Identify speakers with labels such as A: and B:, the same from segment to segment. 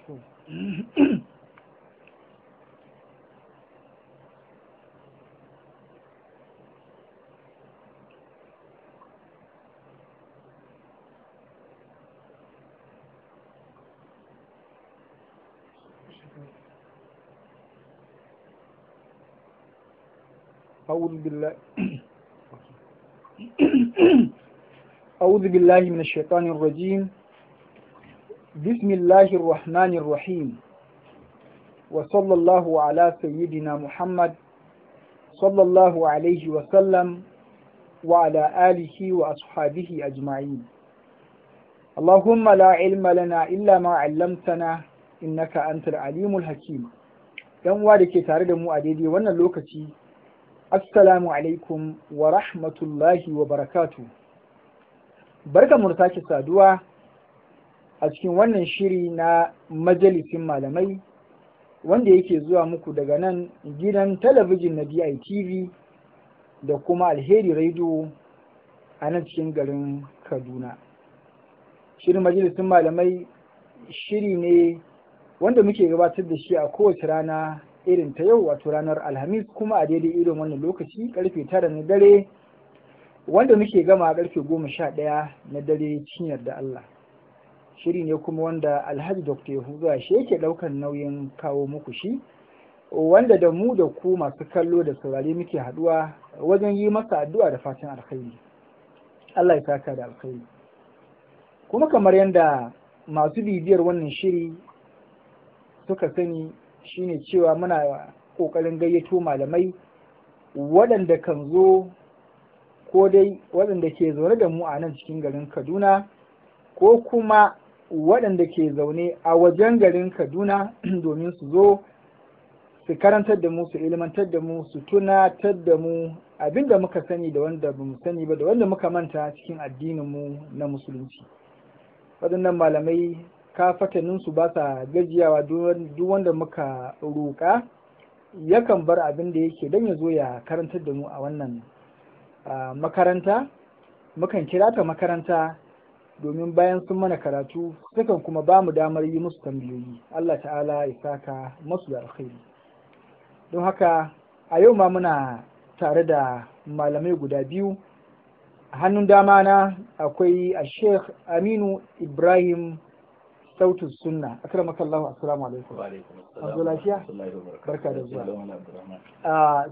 A: مشكور
B: أعوذ بالله أعوذ بالله من الشيطان الرجيم بسم الله الرحمن الرحيم وصلى الله على سيدنا محمد صلى الله عليه وسلم وعلى آله وأصحابه أجمعين اللهم لا علم لنا إلا ما علمتنا إنك أنت العليم الحكيم yan uwa da ke tare da mu a daidai wannan lokaci assalamu alaikum wa rahmatullahi wa barakatu barka mu sake saduwa a cikin wannan shiri na majalisin malamai wanda yake zuwa muku daga nan gidan talabijin na DITV da kuma alheri radio a nan cikin garin Kaduna. Shirin majalisin malamai shiri ne wanda muke gabatar da shi a kowace rana irin ta yau wato ranar alhamis kuma a daidai irin wannan lokaci karfe tara na dare wanda muke gama karfe goma sha ɗaya na dare cinyar da Allah. shiri ne kuma wanda alhaji dr yahuza shi yake ɗaukar nauyin kawo muku shi wanda da mu da ku masu kallo da saurari muke haduwa wajen yi masa addu'a da fatan alkhairi Allah ya saka da alkhairi kuma kamar yadda masu bibiyar wannan shiri suka sani shine cewa muna kokarin gayyato malamai waɗanda kan zo ko dai waɗanda ke zaune da mu a nan cikin garin Kaduna ko kuma waɗanda ke zaune a wajen garin kaduna domin su zo su karantar da mu su ilmantar da mu su tunatar da mu abin da muka sani da wanda ba mu sani ba da wanda muka manta cikin addinin mu na musulunci waɗannan malamai ka kafataninsu ba sa gajiyawa duk wanda muka roƙa yakan bar abin da yake don ya zo ya karantar da mu a wannan makaranta mukan kira ta makaranta domin bayan sun mana karatu sukan kuma ba mu damar yi musu tambayoyi Allah ta'ala ya saka masu da alkhairi don haka a yau ma muna tare da malamai guda biyu a hannun dama na akwai a sheikh aminu ibrahim sautin sunna akramakallahu assalamu alaikum an zo lafiya barka da zuwa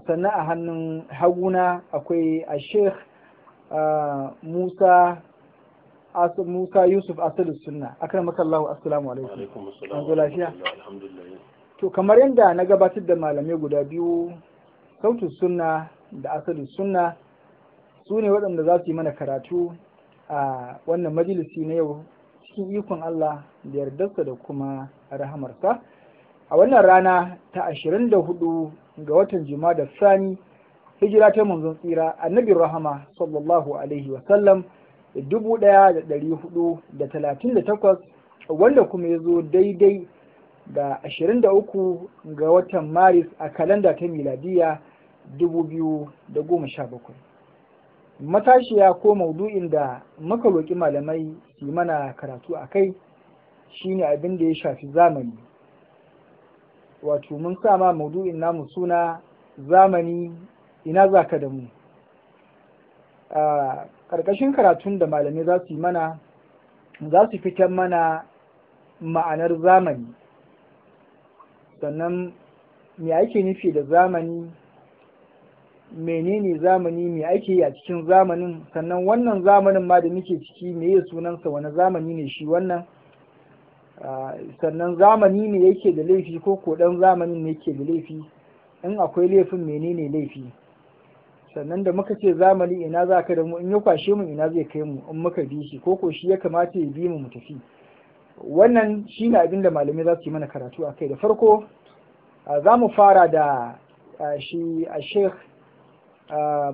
B: sannan a hannun haguna akwai a sheikh musa Musa Yusuf Asadu Sunna akan makallahu assalamu alaikum an zo lafiya to kamar yadda na gabatar da malamai guda biyu sautu sunna da asadu sunna su ne waɗanda za su yi mana karatu a wannan majalisi na yau cikin ikon Allah da yardarsa da kuma rahamarsa a wannan rana ta ashirin da 24 ga watan Juma'a da Sani hijira ta manzon tsira annabi rahama sallallahu alaihi wa sallam dubu ɗaya da ɗari huɗu da talatin da takwas wanda kuma ya zo daidai da ashirin da uku ga watan maris a kalanda ta miladiya dubu biyu da goma sha bakwai matashiya ko maudu'in da muka roƙi malamai su mana karatu a kai shine abin da ya shafi zamani wato mun sama ma maudu'in namu suna zamani ina za ka da mu ah, ƙarƙashin karatun da malamai za su yi mana za su fitar mana ma'anar zamani sannan me ake nufi da zamani menene zamani me ake yi a cikin zamanin sannan wannan zamanin ma da muke ciki me ya sunansa wani zamani ne shi wannan ah, sannan zamani ne yake da laifi ko ko zamanin ne yake da laifi in akwai laifin menene laifi sannan da muka ce zamani ina za ka da mu in ya kwashe mu ina zai kai mu in muka bi shi ko ko shi ya kamata ya bi mu mu tafi wannan shi ne abin da malamai za su yi mana karatu a kai da farko za mu fara da shi a sheikh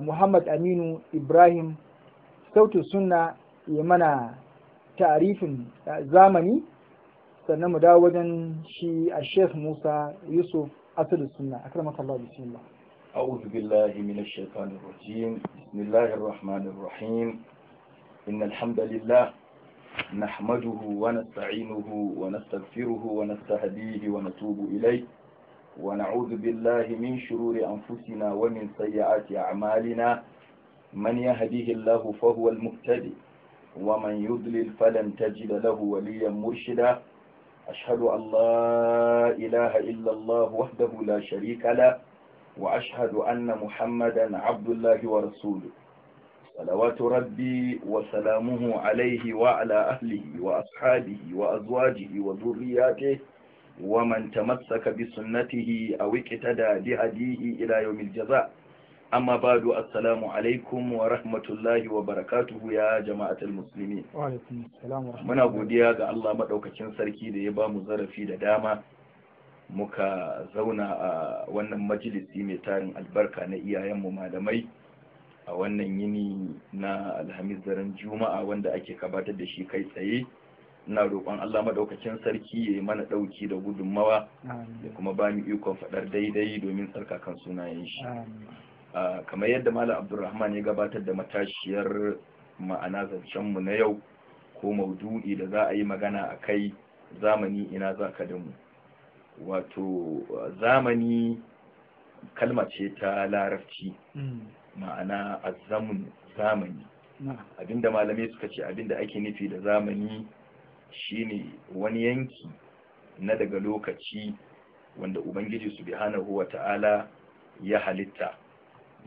B: muhammad aminu ibrahim sautu sunna ya mana tarifin zamani sannan mu dawo wajen shi a sheikh musa yusuf asadu sunna akramakallah bismillah
C: أعوذ بالله من الشيطان الرجيم بسم الله الرحمن الرحيم إن الحمد لله نحمده ونستعينه ونستغفره ونستهديه ونتوب إليه ونعوذ بالله من شرور أنفسنا ومن سيئات أعمالنا من يهديه الله فهو المهتدي ومن يضلل فلن تجد له وليا مرشدا أشهد أن لا إله إلا الله وحده لا شريك له وأشهد أن محمدا عبد الله ورسوله صلوات ربي وسلامه عليه وعلى أهله وأصحابه وأزواجه وذرياته ومن تمسك بسنته أو اقتدى بهديه إلى يوم الجزاء أما بعد السلام عليكم ورحمة الله وبركاته يا جماعة المسلمين
B: وعليكم السلام ورحمة الله من أبو
C: دياغ الله مدعوك كنسر كيدي يبا مزرفي دداما muka zauna a wannan majalisi mai tarin albarka na iyayenmu malamai a wannan yini na alhamis daren juma'a wanda ake kabatar da shi kai tsaye na roƙon Allah maɗaukacin sarki ya yi mana ɗauki da gudunmawa da kuma ba mu ikon faɗar daidai domin kan sunayen shi kamar yadda malam abdulrahman ya gabatar da matashiyar ma'ana zancenmu na yau ko maudu'i da za a yi magana a kai zamani ina za ka da mu wato zamani kalma ce ta larabci mm. ma'ana azamun zamani abinda malamai suka ce abinda ake nufi da zamani shine wani yanki na daga lokaci wanda ubangiji su subhanahu ta'ala ya halitta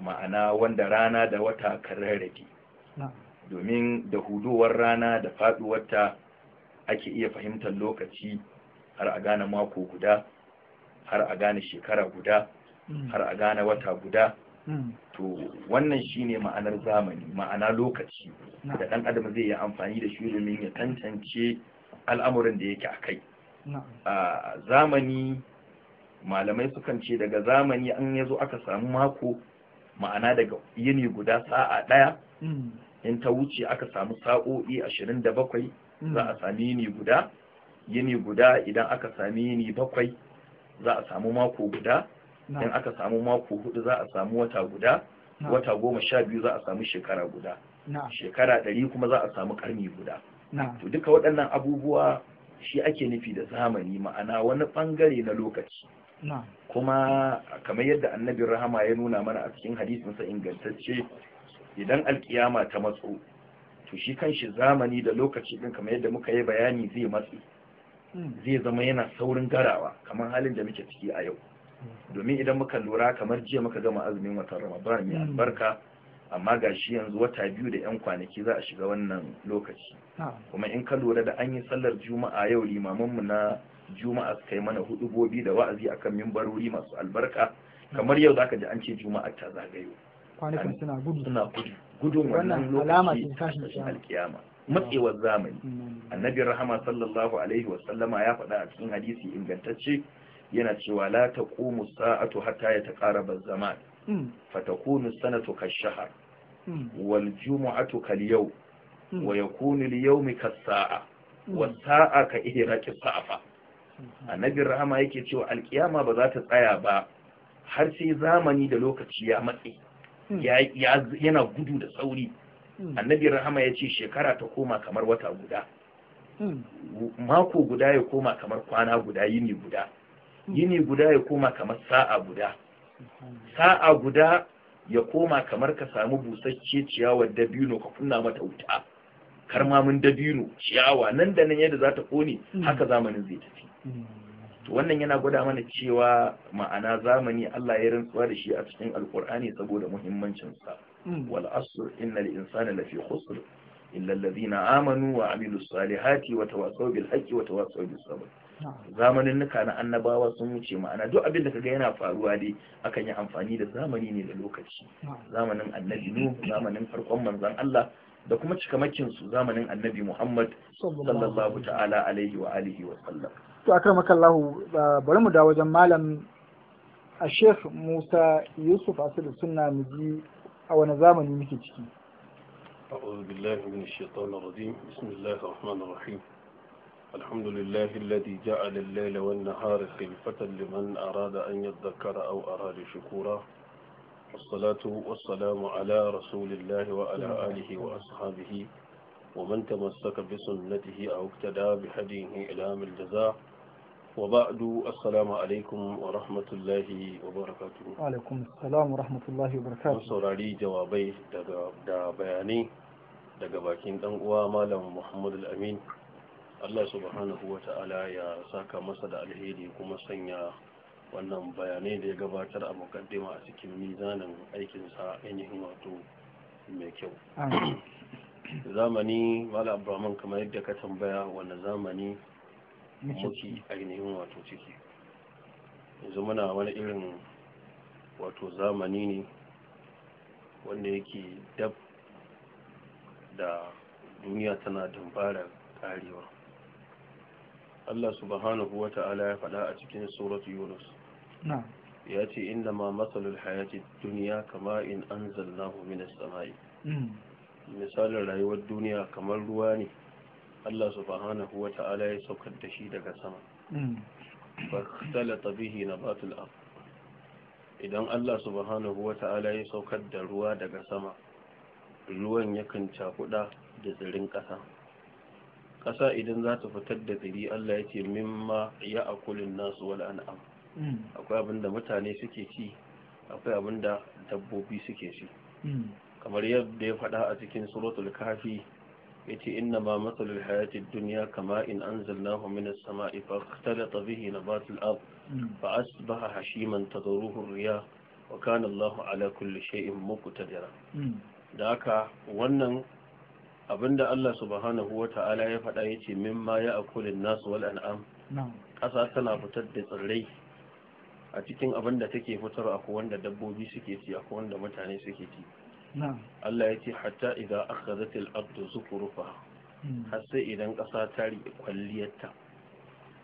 C: ma'ana wanda rana da wata kararrake domin da huduwar rana da faduwarta ake iya fahimtar lokaci har a gane mako guda har a gane shekara guda mm. har a gane wata guda mm. to wannan shine ma'anar zamani ma'ana lokaci da dan adam zai yi amfani da shi domin ya tantance al'amuran da yake a kai a zamani malamai sukan ce daga zamani an yazo aka samu mako ma'ana daga yini guda sa'a ɗaya mm. in ta wuce aka samu sa'o'i ashirin da bakwai za a sami yini guda yini guda idan aka sami yini bakwai za a samu mako guda idan aka samu mako hudu za a samu wata guda wata goma sha biyu za a samu shekara guda shekara ɗari kuma za a samu ƙarni guda to duka waɗannan abubuwa shi ake nufi da zamani ma'ana wani ɓangare na lokaci kuma kamar yadda annabin rahama ya nuna mana a cikin hadisinsa ingantacce idan alkiyama ta matso to shi kan shi zamani da lokaci ɗin kamar yadda muka yi bayani zai matsi zai zama yana saurin garawa kamar halin da muke ciki a yau domin idan muka lura kamar jiya muka gama azumin watan ramadan mai albarka amma gashi yanzu wata biyu da yan kwanaki za a shiga wannan lokaci kuma in ka lura da an yi sallar juma'a yau mu na juma'a suka yi mana hudu gobi da wa'azi a kan mimbarori masu albarka kamar yau zaka ji an ce juma'a ta zagayo
B: kwanakin suna gudu gudun wannan
C: lokaci tashin alkiyama matsewar zamani annabi rahama sallallahu alaihi wasallama ya faɗa a cikin hadisi ingantacce yana cewa la taqumu sa'atu hatta yataqaraba az-zaman hmm. fatakunu sanatu ka shahar. Hmm. wal jumu'atu kal-yawm hmm. wa yakunu al-yawmu kas-sa'a Wa saa ka ihraqi sa'afa annabi rahama yake cewa alkiyama ba za ta tsaya ba har sai zamani da lokaci ya matse yana gudu da sauri Hmm. annabi rahama ya ce shekara ta koma kamar wata guda hmm. mako guda ya koma kamar kwana guda yini guda hmm. yini guda ya koma kamar sa'a guda sa'a guda ya koma kamar ka samu busasshe ciyawar dabino ka kunna mata wuta karmamin dabino ciyawa nan da nan yadda za ta kone haka zamanin zai tafi to wannan yana gwada mana cewa ma'ana zamani Allah ya rantsuwa da shi a cikin alkur'ani saboda muhimmancinsa wal asr innal insana lafi khusr illa alladhina amanu wa Aminu salihati wa tawassaw wa zamanin nuka na annabawa sun wuce ma'ana duk abin da kaga yana faruwa dai akan yi amfani da zamani ne da lokaci zamanin annabi nu zamanin farkon manzon Allah da kuma cikamakin su zamanin annabi Muhammad sallallahu ta'ala alaihi wa alihi wa sallam
B: to akramaka Allah bari mu da wajen malam a Sheikh Musa Yusuf Asadu sunna mu ji a wani zamani muke ciki
D: أعوذ بالله من الشيطان الرجيم بسم الله الرحمن الرحيم الحمد لله الذي جعل الليل والنهار خلفة لمن أراد أن يذكر أو أراد شكورا والصلاة والسلام على رسول الله وعلى آله وأصحابه ومن تمسك بسنته أو اقتدى بهديه إلى من الجزاء وبعد السلام عليكم ورحمة الله وبركاته
B: وعليكم السلام ورحمة الله وبركاته
D: saurari jawabai da bayanai daga bakin ɗan uwa malam Muhammad al Allah subhanahu wa ta'ala ya saka masa da alheri kuma sanya wannan bayanai da ya gabatar a mukaddima a cikin mizanin aikinsa ainihin wato mai kyau zamani malam Abraman kamar yadda ka tambaya wanda zamani ciki ainihin wato ciki yanzu muna wani irin wato zamani ne wanda yake dab da duniya tana dambara karewa Allah subhanahu wa ta'ala ya faɗa a cikin suratu yunus ya ce inda ma matsalul hayati duniya kama in an zalna minas sama'i mm. misalin rayuwar duniya kamar ruwa ne Allah subhanahu wa ta'ala ya saukar da shi daga sama hmm. fakhtalata bihi nabatul ard idan Allah subhanahu wa ta'ala ya saukar da ruwa daga sama ruwan yakan cakuda da tsirin ƙasa ƙasa idan za ta fitar da tsiri Allah ya ce mimma ya akulin nasu wal an'am hmm. akwai abinda mutane suke ci akwai abinda dabbobi suke ci hmm. kamar yadda ya faɗa a cikin suratul kafi yace inna ma matsalar hayatid duniya kama in anzalnahu minas sama'i na batul bihi nabatul ard ba asbaha hashiman tadruhu riyah wa kana Allah ala kulli shay'in muqtadira hmm. da haka wannan abinda Allah subhanahu ta'ala ya faɗa yace mimma ya akulin nasu wal an'am ƙasa tana fitar da tsirrai a cikin abinda take fitar akwai wanda dabbobi suke ci akwai wanda mutane suke ci Allah ya ce hatta idza akhadhat al-ardu zukhrufa hmm. har sai idan ƙasa ta riƙe kwalliyarta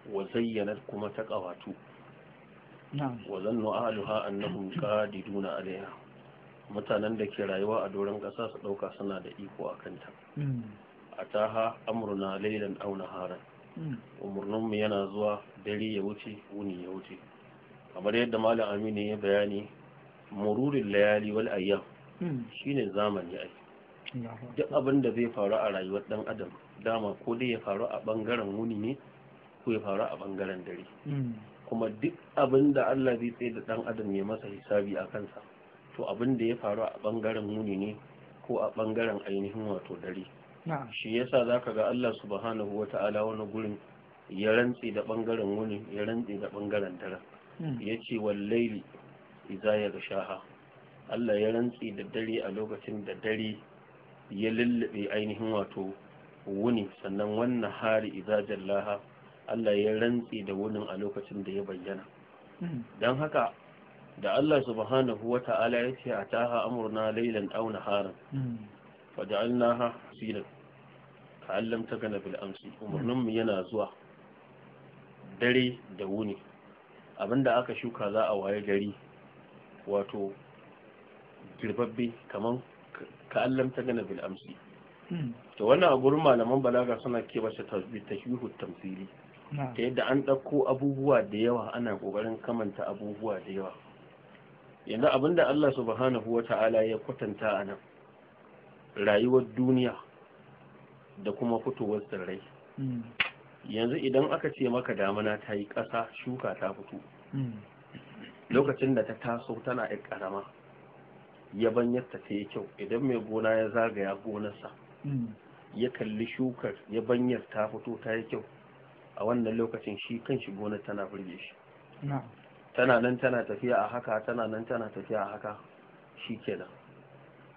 D: wa zayyana kuma ta ƙawatu wa zannu ahluha annahum qadiduna alaiha mutanen da ke rayuwa a doron ƙasa su ɗauka suna da iko a kanta hmm. ataha amruna laylan aw naharan hmm. Umarninmu yana zuwa dare ya wuce wuni ya wuce kamar yadda malam aminu ya bayani mururin layali wal ayyam Hmm. shi ne zamani ai duk abin da zai faru a rayuwar dan adam dama ko dai ya faru a bangaren wuni ne ko ya faru a bangaren dare hmm. kuma duk abinda Allah zai tsaye da dan adam ya masa hisabi a kansa to abin da ya faru a bangaren wuni ne ko a bangaren ainihin wato dare shi yasa zaka ga Allah subhanahu wata'ala wani gurin ya rantse da bangaren wuni ya rantse da bangaren dare hmm. yace wallaili idza yaghshaha Allah ya rantsi da dare a lokacin da dare ya lullube ainihin wato wuni sannan wannan hari idza jallaha Allah ya rantsi da wunin a lokacin da ya bayyana hmm. don haka da Allah subhanahu wata'ala ya ce a taha amurna lailan aw naharan hmm. faja'alnaha silan ka'allam takana bil amsi umurnin mu yana zuwa dare da wuni abinda aka shuka za a waye gari wato girbabbe kaman ka allam ta gana bil amsi hmm. to wannan a gurin malaman balaga suna ke ta tashbihu tamsili ta yadda an ɗauko abubuwa da yawa ana ƙoƙarin kamanta abubuwa da yawa yanzu abinda Allah subhanahu wa ta'ala ya kwatanta a nan rayuwar duniya da kuma fitowar tsirrai hmm. yanzu idan aka ce maka damana ta yi ƙasa shuka ta fito hmm. lokacin da ta taso tana ƙarama yabanyarta ta yi kyau idan mai gona ya zagaya gonarsa hmm. ya kalli shukar yabanyar ta fito ta yi kyau a wannan lokacin shi kan shi gonar tana burge shi tana nan tana tafiya a haka tana nan tana tafiya a haka shi kenan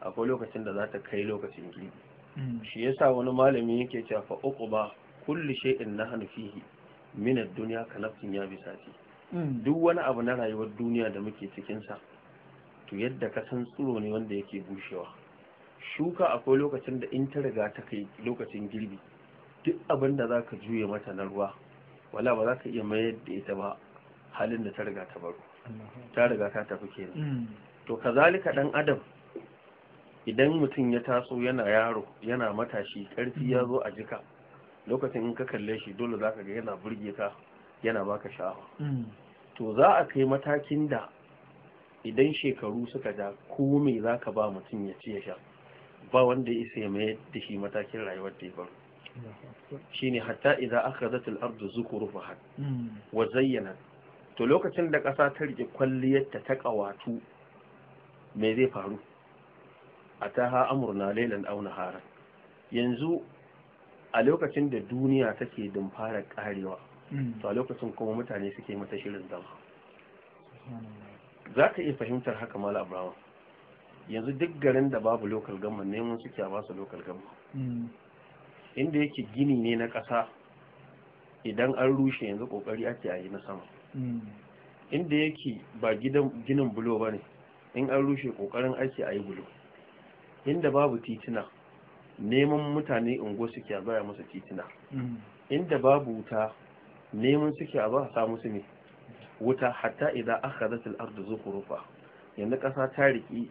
D: akwai lokacin da za ta kai lokacin girbi hmm. shi yasa wani malami yake cewa fa uku ba kulli shay'in na fihi min ad-dunya ka nafsin ya bisati hmm. duk wani abu na rayuwar duniya da muke cikin sa to yadda ka san tsiro ne wanda yake bushewa shuka akwai lokacin da in ta riga ta kai lokacin girbi duk abin da za ka juye mata na ruwa wala ba za ka iya mayar da ita ba halin da ta riga ta baro ta riga ta tafi kenan mm. to kazalika dan adam idan mutum ya taso yana yaro yana matashi karfi ya zo a jika lokacin in ka kalle shi dole za ka ga yana burge ka yana baka sha'awa mm. to za a kai matakin da idan shekaru suka ja ko me za ka ba mutum ya ci ya sha ba wanda ya isa mai da shi matakin rayuwar da ya faru shine hatta idan aka zata al'ardu ardu zukuru hat wa zayyana to lokacin da ƙasa ta rike kwalliyar ta ƙawatu me zai faru a ta ha amurna lailan auna haran yanzu a lokacin da duniya take fara karewa to a lokacin kuma mutane suke mata shirin zama za ka iya fahimtar haka mala abrawa yanzu duk garin da babu lokal gama neman suke a basu lokal gama hmm. inda yake gini ne na ƙasa idan an rushe yanzu ƙoƙari ake a yi na sama hmm. inda yake ba ginin bulo ba ne in an rushe ƙoƙarin ake a yi bulo inda babu titina neman mutane ungo suke a baya masa titina hmm. inda babu wuta neman suke a ba a sa musu ne wuta hatta idan akhadhat al-ardu zukhrufa yanzu ƙasa ta riki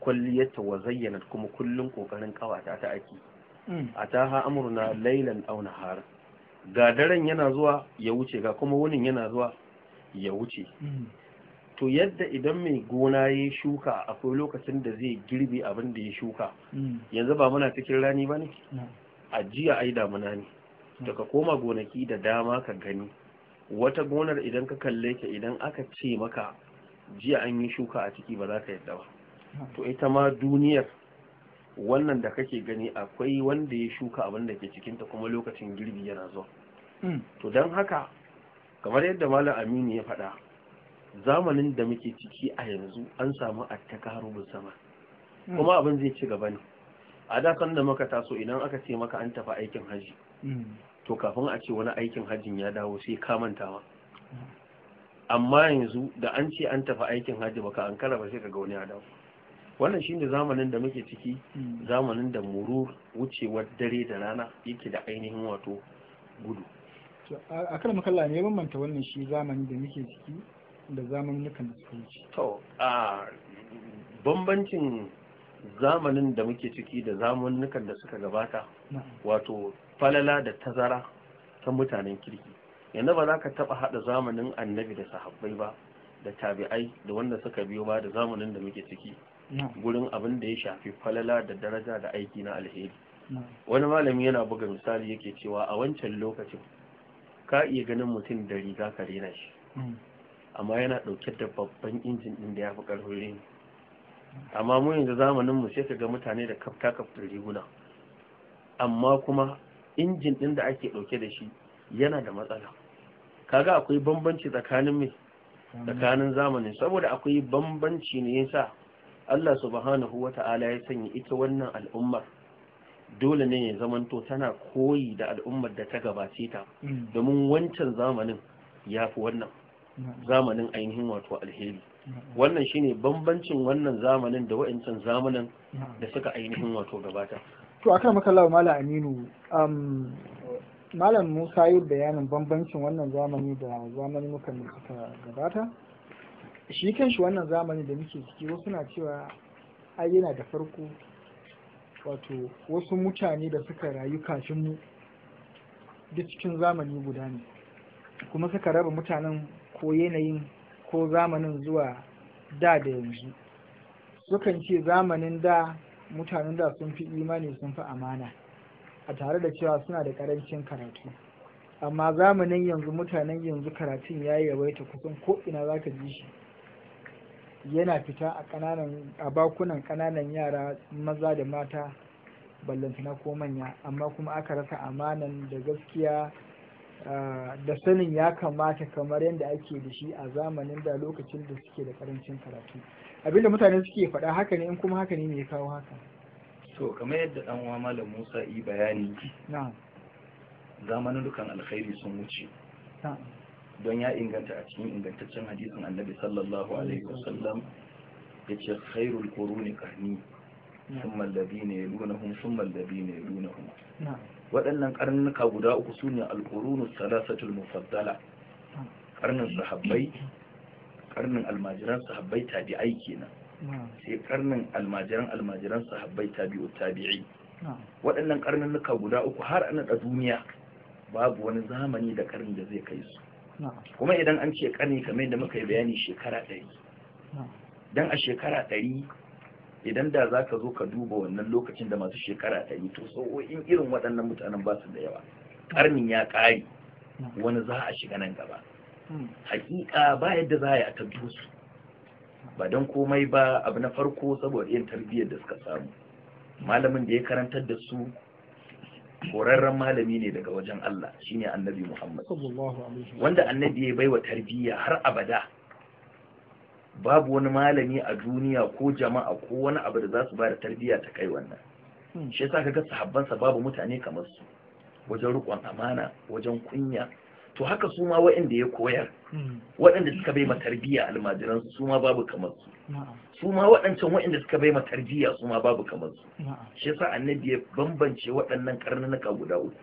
D: kwalliyarta wa zayyana kuma kullum kokarin ƙawata ta aiki. Hmm. A ta ha amurna lailan auna har ga daren yana zuwa ya wuce ga kuma wunin yana zuwa ya wuce hmm. to yadda idan mai gona ya shuka akwai lokacin da zai girbe abin da ya shuka hmm. yanzu ba muna cikin rani ba ne a jiya ai damuna ne daga koma gonaki da dama ka gani wata gonar idan ka kalle ta idan aka ce maka jiya an yi shuka a ciki ba za ka yadda ba to ita ma duniyar wannan da kake gani akwai wanda ya shuka abin da ke cikinta kuma lokacin girbi yana zuwa hmm. to don haka kamar yadda malam aminu ya faɗa zamanin da muke ciki a yanzu an samu attakarubin sama hmm. kuma abin zai ci gaba ne a da kan da muka taso idan aka ce maka an tafi aikin haji hmm. to kafin a ce wani aikin hajjin ya dawo sai ka mantawa amma yanzu da an ce an tafi aikin hajji baka an kara ba sai ka ga wani ya dawo wannan shine zamanin da muke ciki hmm. zamanin da murur wucewar dare da rana yake da ainihin wato gudu
B: a kan makalla ne bambanta wannan shi zamanin da muke ciki da zamanin da suka wuce
D: to a bambancin zamanin da muke ciki da zamanin da suka gabata wato falala da tazara ta mutanen kirki yanzu ba za ka taɓa haɗa zamanin annabi da sahabbai ba da tabi'ai da wanda suka biyo ba da zamanin da muke ciki gurin abin da ya shafi falala da daraja da aiki na alheri wani malami yana buga misali yake cewa a wancan lokacin ka iya ganin mutum da riga ka rena shi amma yana ɗauke da babban injin din da ya fi ƙarfin amma mu yanzu zamanin mu sai ka ga mutane da kafta kafta riguna amma kuma injin ɗin da ake ɗauke da shi yana da matsala kaga akwai bambanci tsakanin mai tsakanin zamanin saboda akwai bambanci ne yasa Allah subhanahu wata'ala ya sanya ita wannan al'ummar dole ne ya zamanto tana koyi da al'ummar da ta gabace ta mm. domin wancan zamanin ya fi wannan mm. zamanin ainihin wato alheri mm. wannan shine bambancin wannan zamanin da wa'incan zamanin da suka ainihin wato
B: gabata to akan makallawa mala aminu um, malam musa yi bayanin bambancin wannan zamani da zamani muka suka gabata shi kanshi wannan zamani da muke ciki wasu na cewa ai yana da farko wato wasu mutane da suka rayu kafin mu duk cikin zamani guda ne kuma suka raba mutanen ko yanayin ko zamanin zuwa da da yanzu sukan ce zamanin da mutanen da sun fi imani sun fi amana a tare da cewa suna da karancin karatu amma zamanin yanzu mutanen yanzu karatun ya yi yawaita kusan ko ina za ka ji shi yana fita a kananan a bakunan kananan yara maza da mata ballantana ko manya amma kuma aka rasa amanan da gaskiya ah, da sanin ya kamata kamar yadda ake da shi a zamanin da lokacin da suke da karancin karatu abinda mutane suke faɗa haka ne in kuma haka ne me ya kawo haka
C: to kamar yadda dan uwa malam Musa yi bayani na'am zamanin dukan alkhairi sun wuce don ya inganta a cikin ingantaccen hadisin annabi sallallahu alaihi wasallam ya ce khairul quruni qarni thumma alladhina yalunahum thumma alladhina yalunahum waɗannan karnuka guda uku sune alqurunu salasatul mufaddala karnin sahabbai karnin almajiran sahabbai tabi'ai kenan sai karnin almajiran almajiran sahabbai tabi'u tabi'i waɗannan nuka guda uku har a naɗa duniya babu wani zamani da karni da zai kai su kuma idan an ce karni kamar yadda muka yi bayani shekara ɗari dan a shekara ɗari idan da za ka zo ka duba wannan lokacin da masu shekara ɗari to sau'o'in irin waɗannan mutanen ba su da yawa Ƙarnin ya ƙare wani za a shiga nan gaba Haƙiƙa ba yadda za a yi a tabbo su ba don komai ba abu na farko saboda yin tarbiyyar da suka samu malamin da ya karantar da su horarren malami ne daga wajen Allah shine annabi Muhammad wanda annabi ya baiwa tarbiyya har abada babu wani malami a duniya ko jama'a ko wani abu da za su bada tarbiyya ta kai wannan hmm. shi yasa sahabban sa babu mutane kamar su wajen riƙon amana wajen kunya to haka su ma waɗanda ya koyar hmm. waɗanda suka bai matarbiya almajiran su ma babu kamar su su ma waɗancan waɗanda suka bai matarbiya su ma babu kamar su shi yasa annabi ya bambance waɗannan karnuka guda uku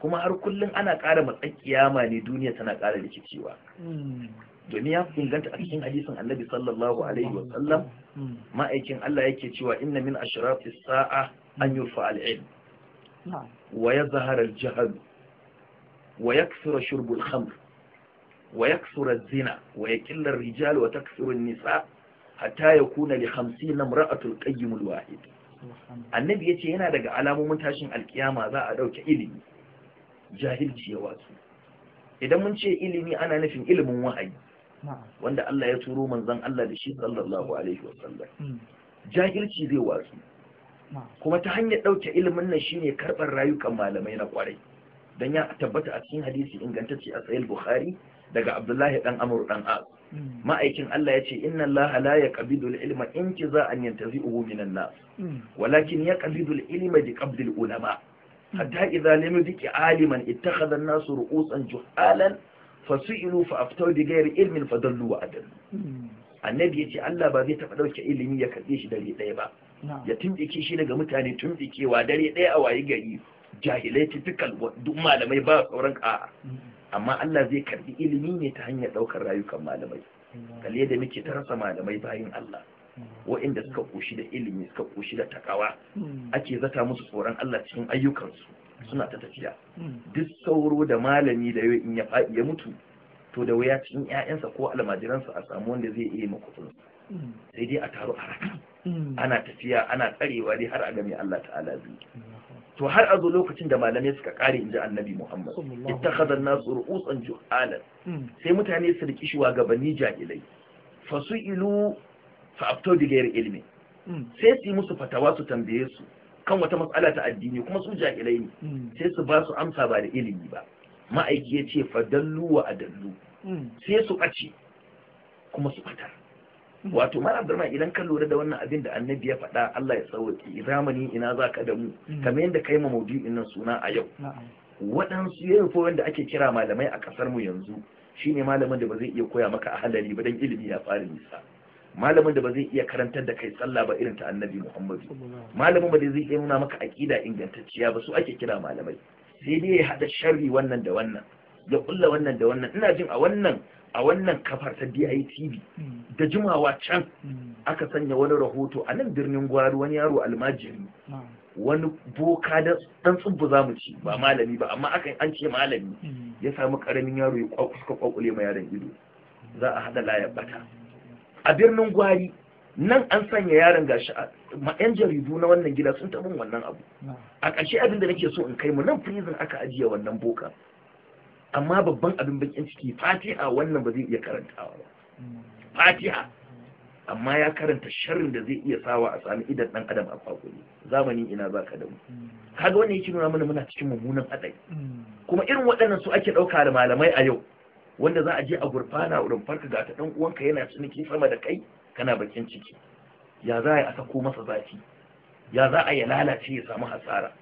C: kuma har kullum ana ƙara matsakiyama ne duniya tana ƙara rikicewa hmm. domin ya inganta a cikin hadisin annabi sallallahu alaihi wa sallam hmm. ma'aikin Allah yake cewa inna min ashrafis sa'a an yurfa al-ilm wa yazhara al-jahl wa yaksura shurbul khamr wa yaksura zina waya killar rijal wa taksuru nisa hatta yakuna li 50 imra'atul qayyim al-wahid annabi yace yana daga alamomin tashin alkiyama za'a dauke ilimi jahilci ya wasu idan mun ce ilimi ana nufin ilimin wahayi wanda Allah ya turo manzon Allah da shi sallallahu alaihi wasallam jahilci zai wasu kuma ta hanyar ɗauke ilimin nan shine karɓar rayukan malamai na kwarai dan ya tabbata a cikin hadisi ingantacce a sahih bukhari daga abdullahi dan Amur, dan as hmm. ma'aikin Allah ya ce inna Allah la yaqbidu al-ilma intiza'an yantazi'uhu min an-nas hmm. walakin ya al-ilma bi qabdi al-ulama
E: hmm. hatta
C: idza lam yudiki aliman ittakhadha an-nas ru'usan juhalan fasu'ilu fa aftaw bi ghairi ilmin fadallu wa adallu annabi yace Allah ba zai taba dauke ilimi ya karbe shi dare daya ba ya tumbike shi daga mutane tumbikewa dare daya a wayi gari jahilai typical duk malamai ba sauran a'a amma Allah zai karbi ilimi ne ta hanyar daukar rayukan malamai kalle da muke ta rasa malamai bayin Allah wa'inda suka koshi da ilimi suka koshi da takawa ake zata musu tsoron Allah cikin ayyukansu suna ta tafiya duk sauro da malami da in ya faɗi ya mutu to da waya cikin ƴaƴansa ko almajiransa a samu wanda zai iya makutun sai dai a taro a raka ana tafiya ana tsarewa dai har a ga mai Allah ta'ala zai to har a zo lokacin da malamai suka kare inji annabi Muhammad ita an-nas ru'usan hmm. sai mutane su riki shugabanni jahilai fasu'ilu fa afto bi ilimi hmm. sai su yi musu fatawa su tambaye su kan wata matsala ta addini kuma su jahilai ne hmm. sai su ba su amsa ba da ilimi ba ma'aiki ya ce fadallu wa adallu sai su ɓace kuma su ɓatar wato malam Abdurrahman idan ka lura da wannan abin da annabi ya faɗa Allah ya tsawaki zamani ina za ka da mu mm. kamar yadda kai ma maudu'in nan suna a yau waɗansu yayin da ake kira malamai a ƙasar mu yanzu shine malamin da ba zai iya koya maka a halari ba dan ilimi ya fara nisa malamin da ba zai iya karantar da kai tsalla ba irin ta annabi Muhammadu malamin ba zai iya nuna maka aqida ingantacciya ba su ake kira malamai sai dai ya hada sharri wannan da wannan ya kulla wannan da wannan ina jin a wannan a wannan kafar ta DITV da jimawa can aka sanya wani rahoto a nan birnin gwari wani yaro almajiri wani boka da dan tsubbu zamu ci ba malami ba amma aka an ce malami ya sami karamin yaro ya kwakuska kwakwule ma yaron ido za a hada layar bata a birnin gwari nan an sanya yaron gashi ma yan jaridu na wannan gida sun tabin wannan abu a ƙarshe abin da nake so in kai mu nan prison aka ajiye wannan boka amma babban abin bakin ciki fatiha wannan ba zai iya karantawa ba fatiha amma ya karanta sharrin da zai iya sawa a sami idan dan adam a fakuri zamani ina zaka da mu kaga wannan yake nuna mana muna cikin mummunan hadari kuma irin waɗannan su ake ɗauka da malamai a yau wanda za a je a gurfana wurin farka ga ta dan uwanka yana ciniki sama da kai kana bakin ciki ya za a sako masa zafi ya za a ya lalace ya samu hasara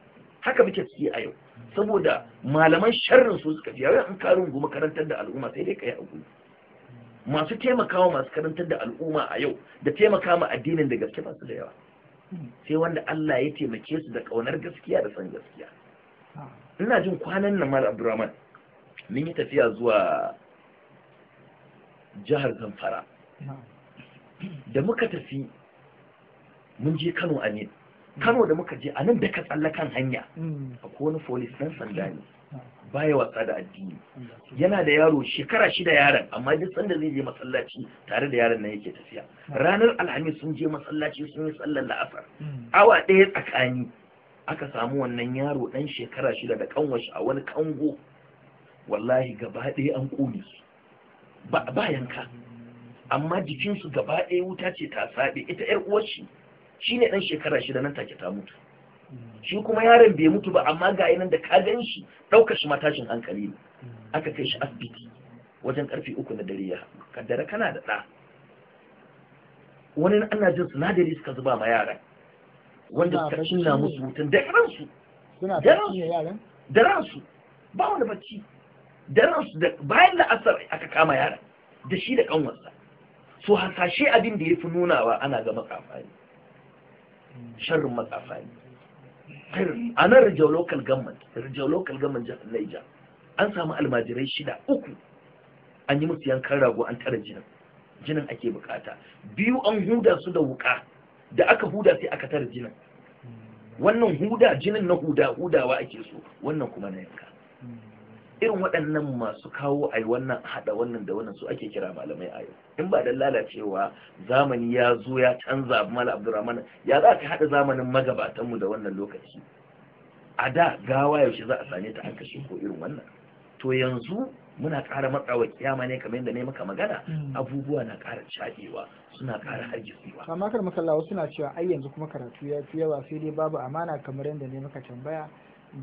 C: haka muke ciki a yau saboda malaman sharrin su suka jiya an ka rungu makarantar da al'umma sai dai ka yi hakuri masu taimakawa masu karantar da al'umma a yau da taimakawa addinin da gaske masu da yawa sai wanda Allah ya taimake su da kaunar gaskiya da san gaskiya ina jin kwanan nan mal Abdurrahman mun yi tafiya zuwa jihar Zamfara da muka tafi mun je Kano Amin kano da muka je a nan da ka tsalla kan hanya hmm. a wani folis ɗan sanda ne hmm. baya wasa da addini hmm, yana da yaro shekara shida yaron amma duk sanda zai je masallaci tare da yaron nan yake tafiya ranar alhamis sun je masallaci sun yi sallar la'asar awa ɗaya tsakani aka samu wannan yaro ɗan shekara shida da kanwashi a wani kango wallahi gaba ɗaya an ƙone su ba yanka amma jikinsu gaba ɗaya wuta ce ta saɓe ita 'yar uwarshi Shi ne ɗan shekara shida nan take ta mutu shi kuma yaron bai mutu ba amma ga yanan da ka gan shi ɗaukar shi matashin hankali ne aka kai shi asibiti wajen ƙarfe uku na dare ya kaddara kana da ɗa wani ana jin sinadari suka zuba ma yaran wanda suka cinna musu hutun da ransu da ransu ba wani bacci da ransu da bayan da asar aka kama yaran da shi da kanwarsa so hasashe abin da ya fi nunawa ana ga makafa sharrin matsafa ne a nan rijau Lokal government rijau local jihar an samu almajirai shida uku an yi musu yankan rago an tara jinin jinin ake bukata biyu an huda su da wuka da aka huda sai aka tara jinin wannan huda jinin na huda hudawa ake so wannan kuma na yanka irin waɗannan masu kawo a wannan haɗa wannan da wannan su ake kira malamai a yau in ba da lalacewa zamani ya zo ya canza mala abdurrahman ya za ka haɗa zamanin magabatanmu da wannan lokaci a da gawa yaushe za a sane ta an kashe ko irin wannan to yanzu muna ƙara matsawa kiyama ne kamar yadda ne maka magana mm. abubuwa na ƙara shaɗewa suna ƙara hargitsewa
B: kamar kar masallawa suna cewa ai yanzu kuma karatu ya fi yawa sai dai babu amana kamar yadda ne maka tambaya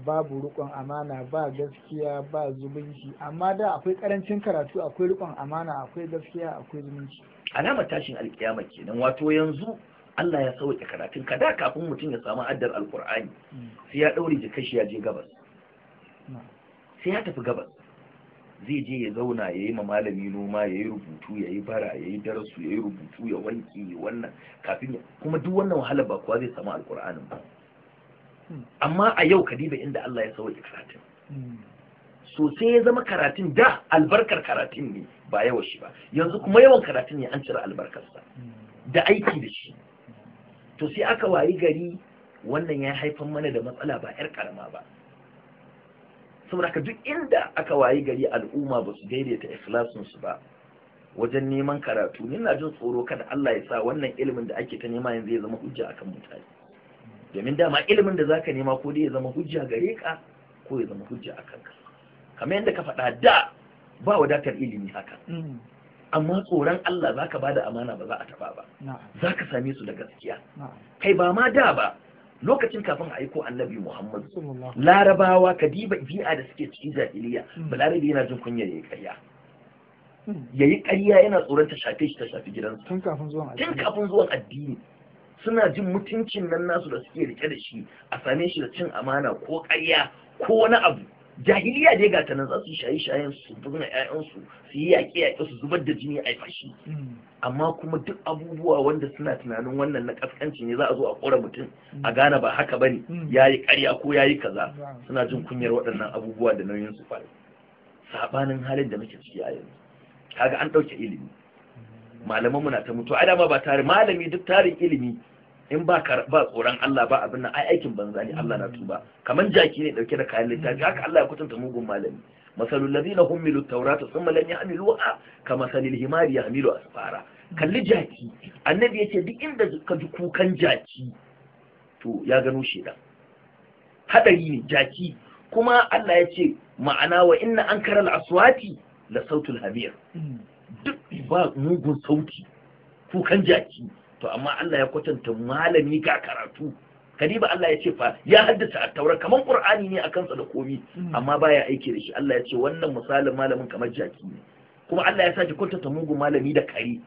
B: babu rikon amana ba gaskiya ba zumunci amma da akwai karancin karatu akwai rikon amana akwai gaskiya akwai zumunci alamar tashin
C: alkiyama kenan wato yanzu Allah ya sauke karatun ka da kafin mutum ya samu addar alkur'ani sai ya daure jikin ya je gabas sai ya tafi gabas zai je ya zauna ya yi malami noma ya yi rubutu ya yi bara ya yi darasu ya yi rubutu ya wanki wannan kafin kuma duk wannan wahala ba kuwa zai samu alkur'anin ba amma a yau ka diba inda Allah ya sauya karatun so sai ya zama karatun da albarkar karatun ne ba yawa shi ba yanzu kuma yawan karatun ne an cire albarkarsa da aiki da shi to sai aka wayi gari wannan ya haifar mana da matsala ba 'yar karama ba saboda duk inda aka wayi gari al'umma ba su daidaita ikhlasinsu ba wajen neman karatu ni na jin tsoro kada Allah ya sa wannan ilimin da ake ta nema yanzu ya zama hujja akan mutane domin dama ilimin da zaka nema ko dai ya zama hujja gare ka ko ya zama hujja a kanka kamar yadda ka faɗa da ba wadatar ilimi haka mm. amma tsoron Allah zaka bada amana ba za a taba ba zaka same su da gaskiya kai ba ma da ba lokacin kafin a aiko annabi Muhammad larabawa kadiba bi'a da suke ciki jahiliya mm. balarabi yana jin ya yayi ƙarya mm. yayi ƙarya yana tsoron ta shafe shi ta shafi gidansa tun kafin zuwan addini suna jin mutuncin nan nasu da suke rike da shi a same shi da cin amana ko ƙarya ko wani abu jahiliya dai gata nan za su shayi shayen su buga ƴaƴansu su yi yaƙe yaƙe su zubar da jini a fashi amma kuma duk abubuwa wanda suna tunanin wannan na ƙasƙanci ne za a zo a kora mutum a gane ba haka ba bane yi ƙarya ko ya yi kaza suna jin kunyar waɗannan abubuwa da nauyin su faru sabanin halin da muke ciki a yanzu kaga an ɗauke ilimi malaman na ta mutu a ba tare malami duk tarin ilimi in ba ba tsoron Allah ba abin nan ai aikin banza ne Allah na tuba kaman jaki ne dauke da kayan littafi haka Allah ya kutunta mugun malami masalul ladina humilu tawrata thumma lam yahmiluha kama salil yahmilu asfara kalli jaki annabi yace duk inda ka ji kukan jaki to ya gano shi da hadari ne jaki kuma Allah ya ce ma'ana wa inna ankara al-aswati la sautul hamir hmm. duk ba mugun sauti kukan jaki to amma Allah ya kwatanta malami ga karatu kadiba Allah ya ce fa ya haddace at-taura kaman qur'ani ne a kansa da komi hmm. amma baya aiki da shi Allah ya ce wannan misalin malamin kamar jaki ne kuma Allah ya sake kwatanta mugun malami da kare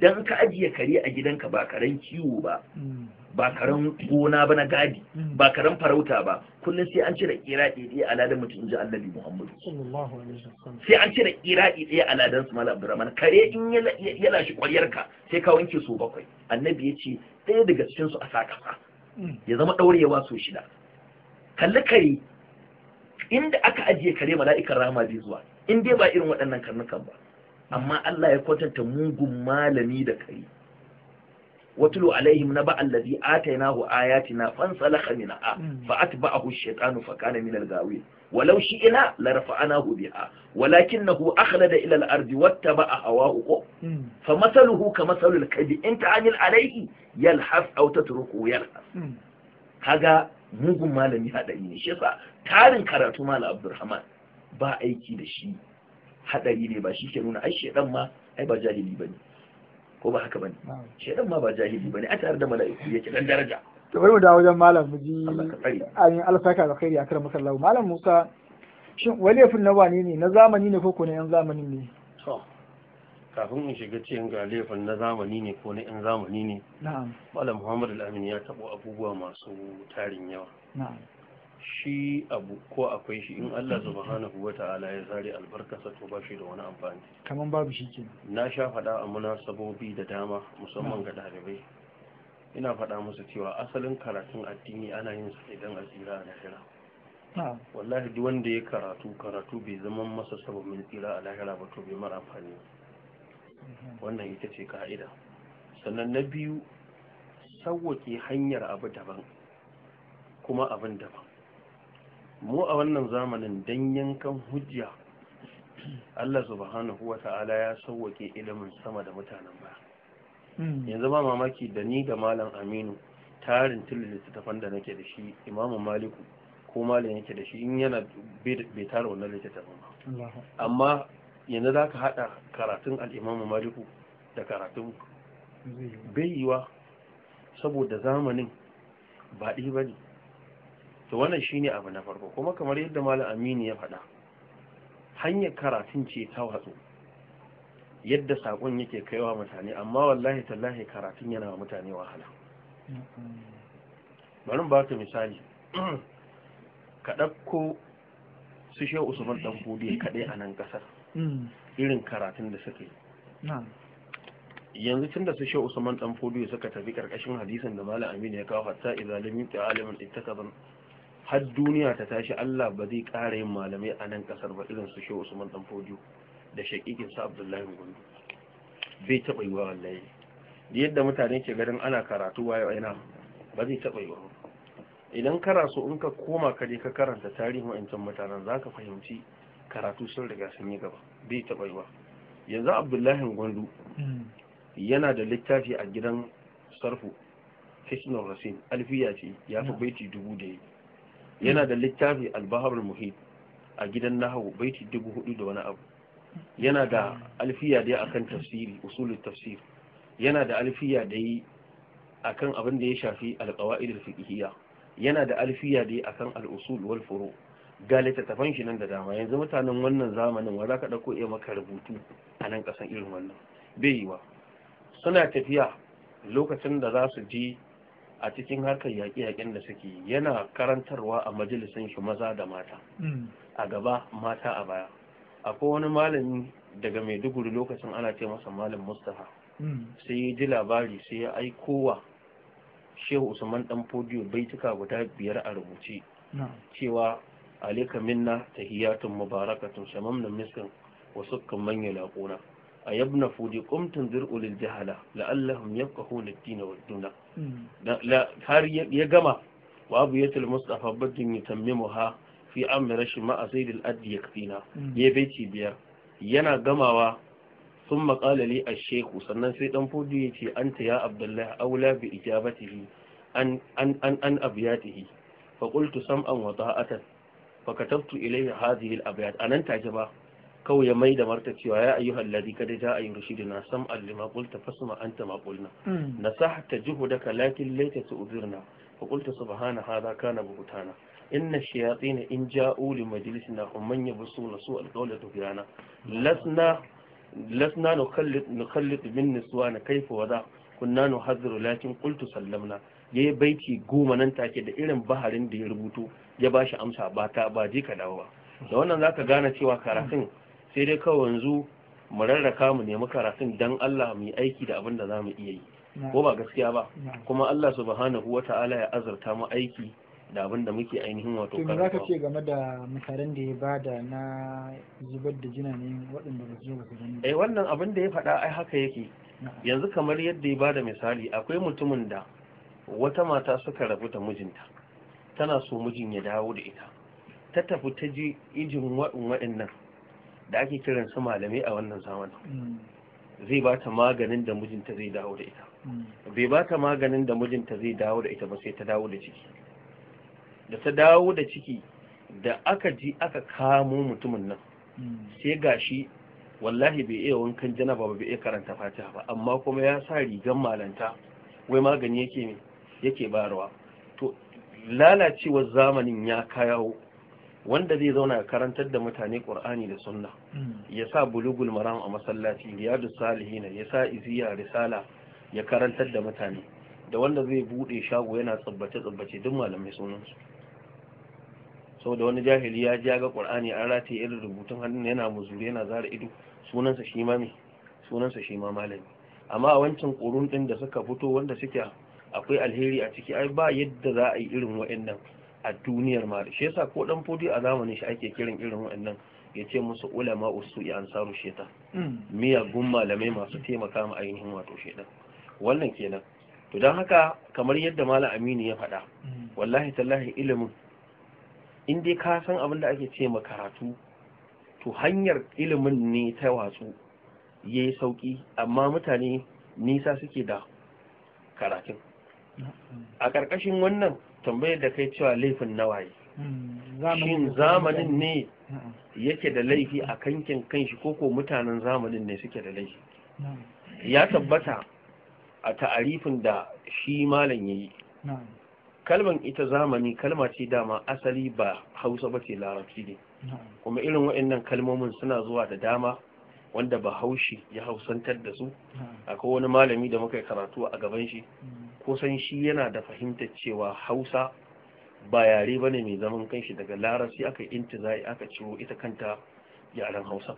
C: dan ka ajiye kare a gidanka ba karen kiwo ba ba karen gona ba na gadi ba karen farauta ba kullum sai an cire kira ɗaya a ladan mutum ji annabi muhammadu sai an cire kira ɗaya a ladan su malam abdurrahman kare in shi ƙwaryar ka sai ka wanke so bakwai annabi ya ce ɗaya daga cikin su a sa kasa ya zama ɗaurewa so shida kalli kare inda aka ajiye kare mala'ikan rahama zai zuwa in dai ba irin waɗannan karnukan ba amma Allah ya kwatanta mugun malami da kai watulu alaihim na naba allazi atainahu ayatina fansalakha minha hmm. fa atba'ahu ash-shaytanu fa kana min al-ghawin bia Walakin nahu rafa'nahu biha walakinahu akhlada ila al-ardi wattaba'a uku. Hmm. fa mathaluhu kamathali al-kadi in ta'anil alayhi yalhas aw tatruku yalhas hmm. kaga mugun malami hadari ne shi yasa tarin karatu malam Abdulrahman ba aiki da shi hadari ne ba shi ke nuna ai shedan ma ai ba jahili bane ko ba haka bane shedan ma ba jahili bane a tare da mala'iku yake dan daraja
B: to bari mu dawo wajen malam mu ji ayin alsaka da khairi akram sallahu malam Musa shin walifin na wane ne na zamani ne ko ko na yan zamani ne
D: to kafin in shiga cikin galefan na zamani ne ko na 'yan zamani ne malam muhammad al'amin ya taɓa abubuwa masu tarin yawa shi abu ko akwai shi in Allah subhanahu wa ta'ala ya zare albarkasa to ba shi da wani amfani
B: kaman babu shi ke
D: na sha faɗa a munasabobi da dama musamman ga ɗalibai ina faɗa musu cewa asalin karatun addini ana yin sa idan a tsira a lahira wallahi duk wanda ya karatu karatu bai zama masa sababin tsira a lahira ba to bai mara amfani
E: mhm.
D: wannan ita ce ka'ida sannan na biyu sauwake hanyar abu daban kuma abin daban mu a wannan zamanin dan yankan hujja Allah subhanahu wa ta'ala ya sauwake ilimin sama da mutanen ba hmm. yanzu ba mamaki da ni da malam aminu tarin tilin littattafan da nake da shi imamu maliku ko malin yake da shi in yana bai tara wannan littattafan ba amma yanzu za ka haɗa karatun al'imamu maliku da karatun bai saboda zamanin ba ba ne to wannan shine abu na farko kuma kamar yadda malam aminu ya faɗa hanyar karatun ce ta watsu yadda saƙon yake kaiwa mutane amma wallahi tallahi karatun yana wa mutane wahala barin ba ka misali ka ɗakko su shehu usman ɗan buɗe kaɗai a nan ƙasar irin karatun da suka yi yanzu tun da su shehu usman ɗan buɗe suka tafi ƙarƙashin hadisan da malam aminu ya kawo hatta idalimin ta alimin ittakadan har duniya ta tashi Allah ba zai ƙara yin malamai a nan ƙasar ba irin su shehu Usman dan Fojo da shaƙiƙin sa Abdullahi Gondo bai taɓa yi wa wallahi da yadda mutane ke garin ana karatu wayo ina ba zai taɓa yi wa idan kara so in ka koma ka je ka karanta tarihin wa'ancan mutanen za ka fahimci karatu sun riga sun yi gaba bai taɓa yi wa yanzu Abdullahi Gondo yana da littafi a gidan sarfu Hisnul Rasim alfiya ce ya fi mm. baiti dubu da yi yana da littafi albahar muhit a gidan nahawu baiti dubu hudu da wani abu yana da alfiya da akan tafsiri usulul tafsir yana da alfiya dai akan abin da ya shafi alqawaid alfiqhiyya yana da alfiya da akan al-usul wal furu ga littattafan shi nan da dama yanzu mutanen wannan zamanin wa ka dauko iya maka rubutu a nan kasan irin wannan bai yi yiwa suna tafiya lokacin da za su je a cikin harkar yaƙe-yaƙen da suke yana karantarwa a majalisun shi maza da mata hmm. a gaba mata a baya akwai wani malami daga maiduguri lokacin ana ce masa malam mustafa hmm. sai ya ji labari sai ya aikowa shehu usman dan fodiyo baituka guda biyar a rubuce cewa alika minna tahiyatun mubarakatun shamamna miskin wasu kan manya laƙuna a yabna fudi kumtun zir'ulil jahala la'allahum yafqahuna ad-din wa
E: ad-dunya
D: har ya gama wa abiyatul mustafa badin yutammimuha fi amri rashi ma'a zaidil addi yakfina ya baiti biyar yana gamawa sun قال a الشيخ sannan sai dan fudi yace anta ya abdullah aula bi ijabatihi an an an an abiyatihi fa qultu sam'an wa ta'atan fa katabtu ilayhi hadhihi al-abyat anan take ba kawai ya mai da marta cewa ya ayyuha alladhi kad jaa yurshiduna sam allima qulta fasma anta ma qulna hmm. nasahta juhdaka lakin laita tu'zirna fa qulta subhana hadha kana buhtana inna shayatin in ja'u li majlisina hum man yabsuna al-dawla tuhyana lasna lasna nukallit nukallit min niswana kayfa wada kunna nuhadhiru lakin qultu sallamna yayi baiti goma nan take da irin baharin da ya rubuto ya bashi amsa ba ta ba je ka dawo ba da wannan zaka gane cewa karatun sai dai kawai yanzu mu rarraka mu nemi karatun dan Allah mu yi aiki da abin da za mu iya yi ko ba gaskiya ba kuma Allah subhanahu wata'ala ya azurta mu aiki da abin da muke ainihin wato karatu. za ka ce
B: game da misalan da ya bada na zubar da jina ne waɗanda ba su zo ba su gani. Eh
D: wannan abin da ya faɗa ai haka yake. Yanzu kamar yadda ya bada misali akwai mutumin da wata mata suka rabu da mijinta tana so mijin ya dawo da ita ta tafi ta je ijin waɗannan da ake kiran su malamai a wannan zamanin mm. zai ba ta maganin da mijinta zai dawo da ita mm. bai ba ta maganin da mijinta zai dawo da ita ba sai ta dawo da ciki da ta dawo da ciki da aka ji aka kamo mutumin nan mm. sai gashi wallahi bai iya wankan jana ba bai iya karanta fatiha ba amma kuma ya sa rigan malanta wai magani yake yake barwa to lalacewar zamanin ya kayawo wanda zai zauna ya karantar da mutane ƙur'ani da sunna hmm. ya sa bulugul maram a masallaci riyadu salihina ya sa iziya risala ya karantar da mutane da wanda zai bude shago yana tsabbace tsabbace duk malamai sunansu da wani jahili ya ji ga ƙur'ani an rataye irin rubutun hannun yana muzuri yana zara ido sunansa shi ma me sunansa shi ma malami amma a wancan ƙurun ɗin da suka fito wanda suke akwai alheri a ciki ai ba yadda za a yi irin waɗannan a duniyar ma shi yasa ko dan fodi a zamanin shi ake kiran irin wannan ya ce musu ulama usu ya ansaru shaitan hmm. miyagun malamai masu taimaka ma ainihin wato shaitan wannan kenan to don haka kamar yadda malam aminu ya faɗa hmm. wallahi tallahi ilimin in dai ka san abin da ake ce karatu to hanyar ilimin ne ta watsu ya yi sauƙi amma mutane nisa suke da karatun a ƙarƙashin wannan tambayar da kai cewa laifin nawaye
E: hmm, shin zamanin ne hmm, hmm.
D: yake da laifi a kankin kanshi koko mutanen zamanin ne suke da laifi ya tabbata a ta'arifin da shi malam ya yi kalman ita zamani kalma ce dama asali ba hausa ba ce larabci ne kuma irin waɗannan kalmomin suna zuwa da dama wanda ba haushi ya hausantar da su hmm. akwai wani malami da muka karatu a gaban shi hmm. ko san shi yana da fahimtar cewa hausa ba yare bane mai zaman kanshi daga larasi aka intizai aka ciro ita kanta yaren hausa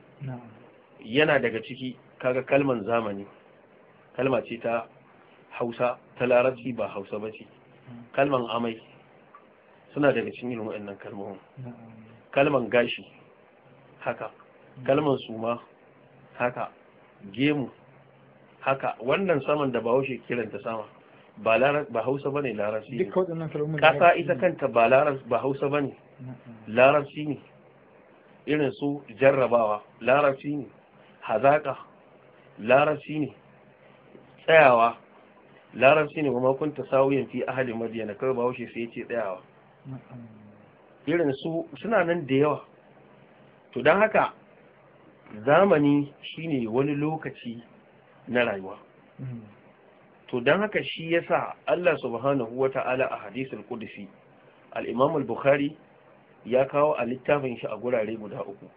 D: yana daga ciki kaga kalman zamani kalma ce ta hausa ta larabci ba hausa ba ce hmm. kalman amai suna daga cikin irin wannan kalmomin kalman gashi haka kalman suma haka gemu haka wannan saman da bahaushe kiranta sama ba ba ne larasi ne
B: kasa ita kanta
D: ba larabci ba ne. larasi ne irin su jarrabawa larasi ne hazaka larasi ne tsayawa larasi ne kuma kunta tasawiyan fi ahli madiyana kai bahaushe sai ya ce tsayawa irin su suna nan da yawa to don haka zamani shine wani lokaci na rayuwa hmm. to dan haka shi yasa Allah subhanahu wataala a hadisul qudsi al-Imam al-Bukhari ya kawo a littafin shi a gurare guda uku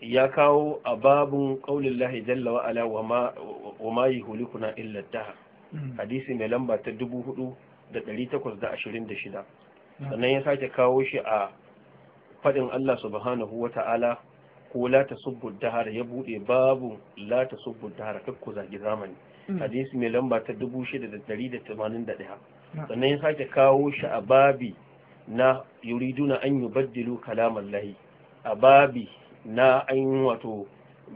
D: ya kawo a babun qaulin lahi jalla wa ala wa ma yuhlikuna illa dah hmm. hadisi mai lamba ta 4826 hmm. sannan ya sake kawo shi a fadin Allah subhanahu wataala ko la tasubbu dahar ya bude babu la tasubbu dahar kakku zagi zamani mm. hadisi mai lamba ta 6181 sannan ya sake kawo shi a babi na na an kalamar lahi a babi na an wato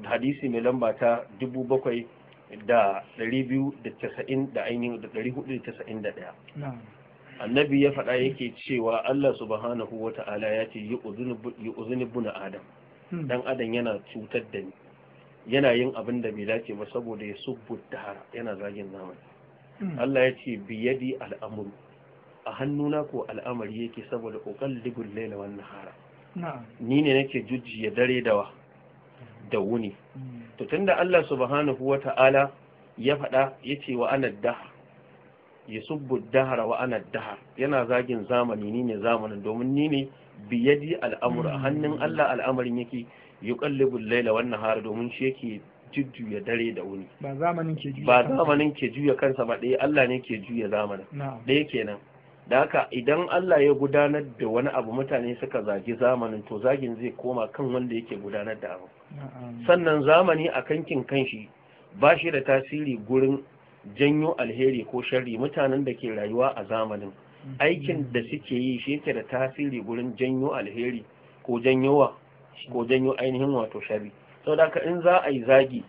D: hadisi mai lamba ta 7000 da da da annabi ya faɗa yake cewa Allah subhanahu wa ta'ala ya ce yi na adam Hmm. dan adam yana cutar da ni yana yin abin da bai dace ba saboda ya subbu har yana zagin zamani hmm. Allah ya ce biyadi al'amuru a hannuna ko al'amari yake saboda uqallibul layla wan nahara ni ne nake jujjiya dare dawa da wuni hmm. to tunda Allah subhanahu wata'ala ya faɗa yace wa ana dahar yasubbu dahara wa ana dahar yana zagin zamani ni ne zamanin domin ni ne biyadi al'amur a hmm. hannun Allah al'amarin yake kallibin laila wannan har domin shi yake jujjuya dare da wuni
B: ba zamanin
D: ke juya kansa ba ɗaya Allah ne ke juya zamanin ɗaya kenan da haka idan Allah ya gudanar da wani abu mutane suka zagi zamanin to zagin zai koma kan wanda yake gudanar da abu sannan zamani a kankin kanshi ba shi da tasiri gurin janyo alheri ko shari mutanen da ke rayuwa a zamanin aikin da suke yi shi yake da tasiri gurin janyo alheri ko janyowa ko janyo ainihin wato shari saboda haka in za a yi zagi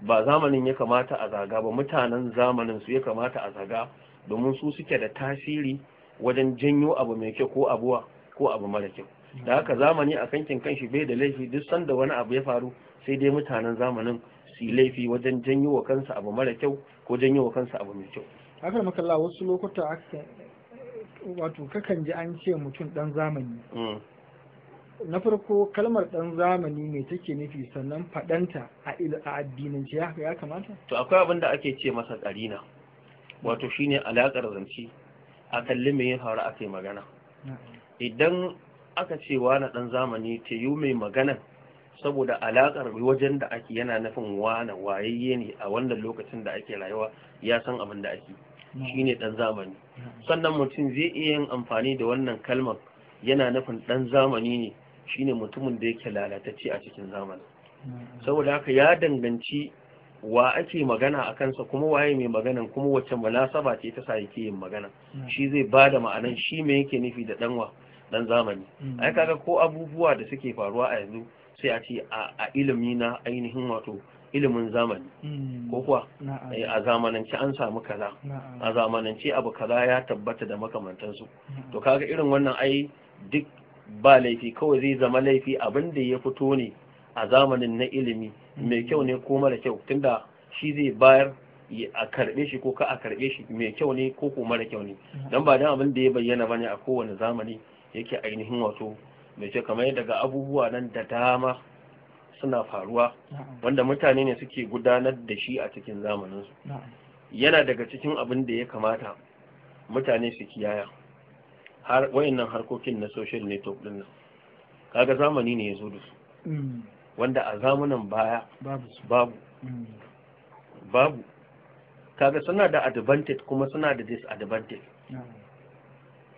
D: ba zamanin ya kamata a zaga ba mutanen zamanin su ya kamata a zaga domin su suke da tasiri wajen janyo abu mai kyau ko abuwa ko abu mara kyau da haka zamani a kankin kanshi bai da laifi duk sanda wani abu ya faru sai dai mutanen zamanin su laifi wajen janyo wa kansa abu mara kyau ko janyo wa kansa abu mai kyau
B: haka makalla wasu lokuta wato kakan ji an ce mutum ɗan zamani mm. na farko kalmar ɗan zamani mai take nufi sannan faɗanta a addinance haka ya kamata
D: to akwai abin da ake ce masa ƙarina wato shine alaƙar zance a kalli mai yin haura aka magana idan aka ce na ɗan zamani ta yi mai magana saboda alaƙar wajen da ake yana nufin wana wayayye ne a wannan lokacin da ake rayuwa ya san abin da ake shi ne ɗan zamani sannan mutum zai iya yin amfani da wannan kalmar yana nufin ɗan zamani ne shi ne mutumin da yake lalatacce a cikin zamani saboda haka ya danganci wa ake magana a kansa kuma waye mai magana kuma wacce munasaba ce ta sa yake yin magana shi zai ba da ma'anan shi me yake nufi da danwa dan zamani mm-hmm. ai kaga ko abubuwa da suke faruwa a yanzu sai a ce a ilimi na ainihin wato ilimin zamani hmm. ko kuwa eh, a zamanance an samu kaza a zamanance abu kaza ya tabbata da makamantansu to kaga irin wannan ai duk ba laifi kawai zai zama laifi abin da ya fito ne a zamanin na ilimi mai kyau ne ko mara kyau tunda shi zai bayar a karbe shi ko ka a karbe shi mai kyau ne ko ko mara kyau ne dan ba dan abin da ya bayyana bane a kowane zamani yake ainihin wato mai kyau kamar daga abubuwa nan da dama suna faruwa wanda mutane ne suke gudanar da shi a cikin zamaninsu yana daga cikin abin da ya kamata mutane su kiyaya har wayannan harkokin na social network din nan kaga zamani ne ya zo da su mm. wanda a zamanin baya babu mm. babu kaga suna da advantage kuma suna da disadvantage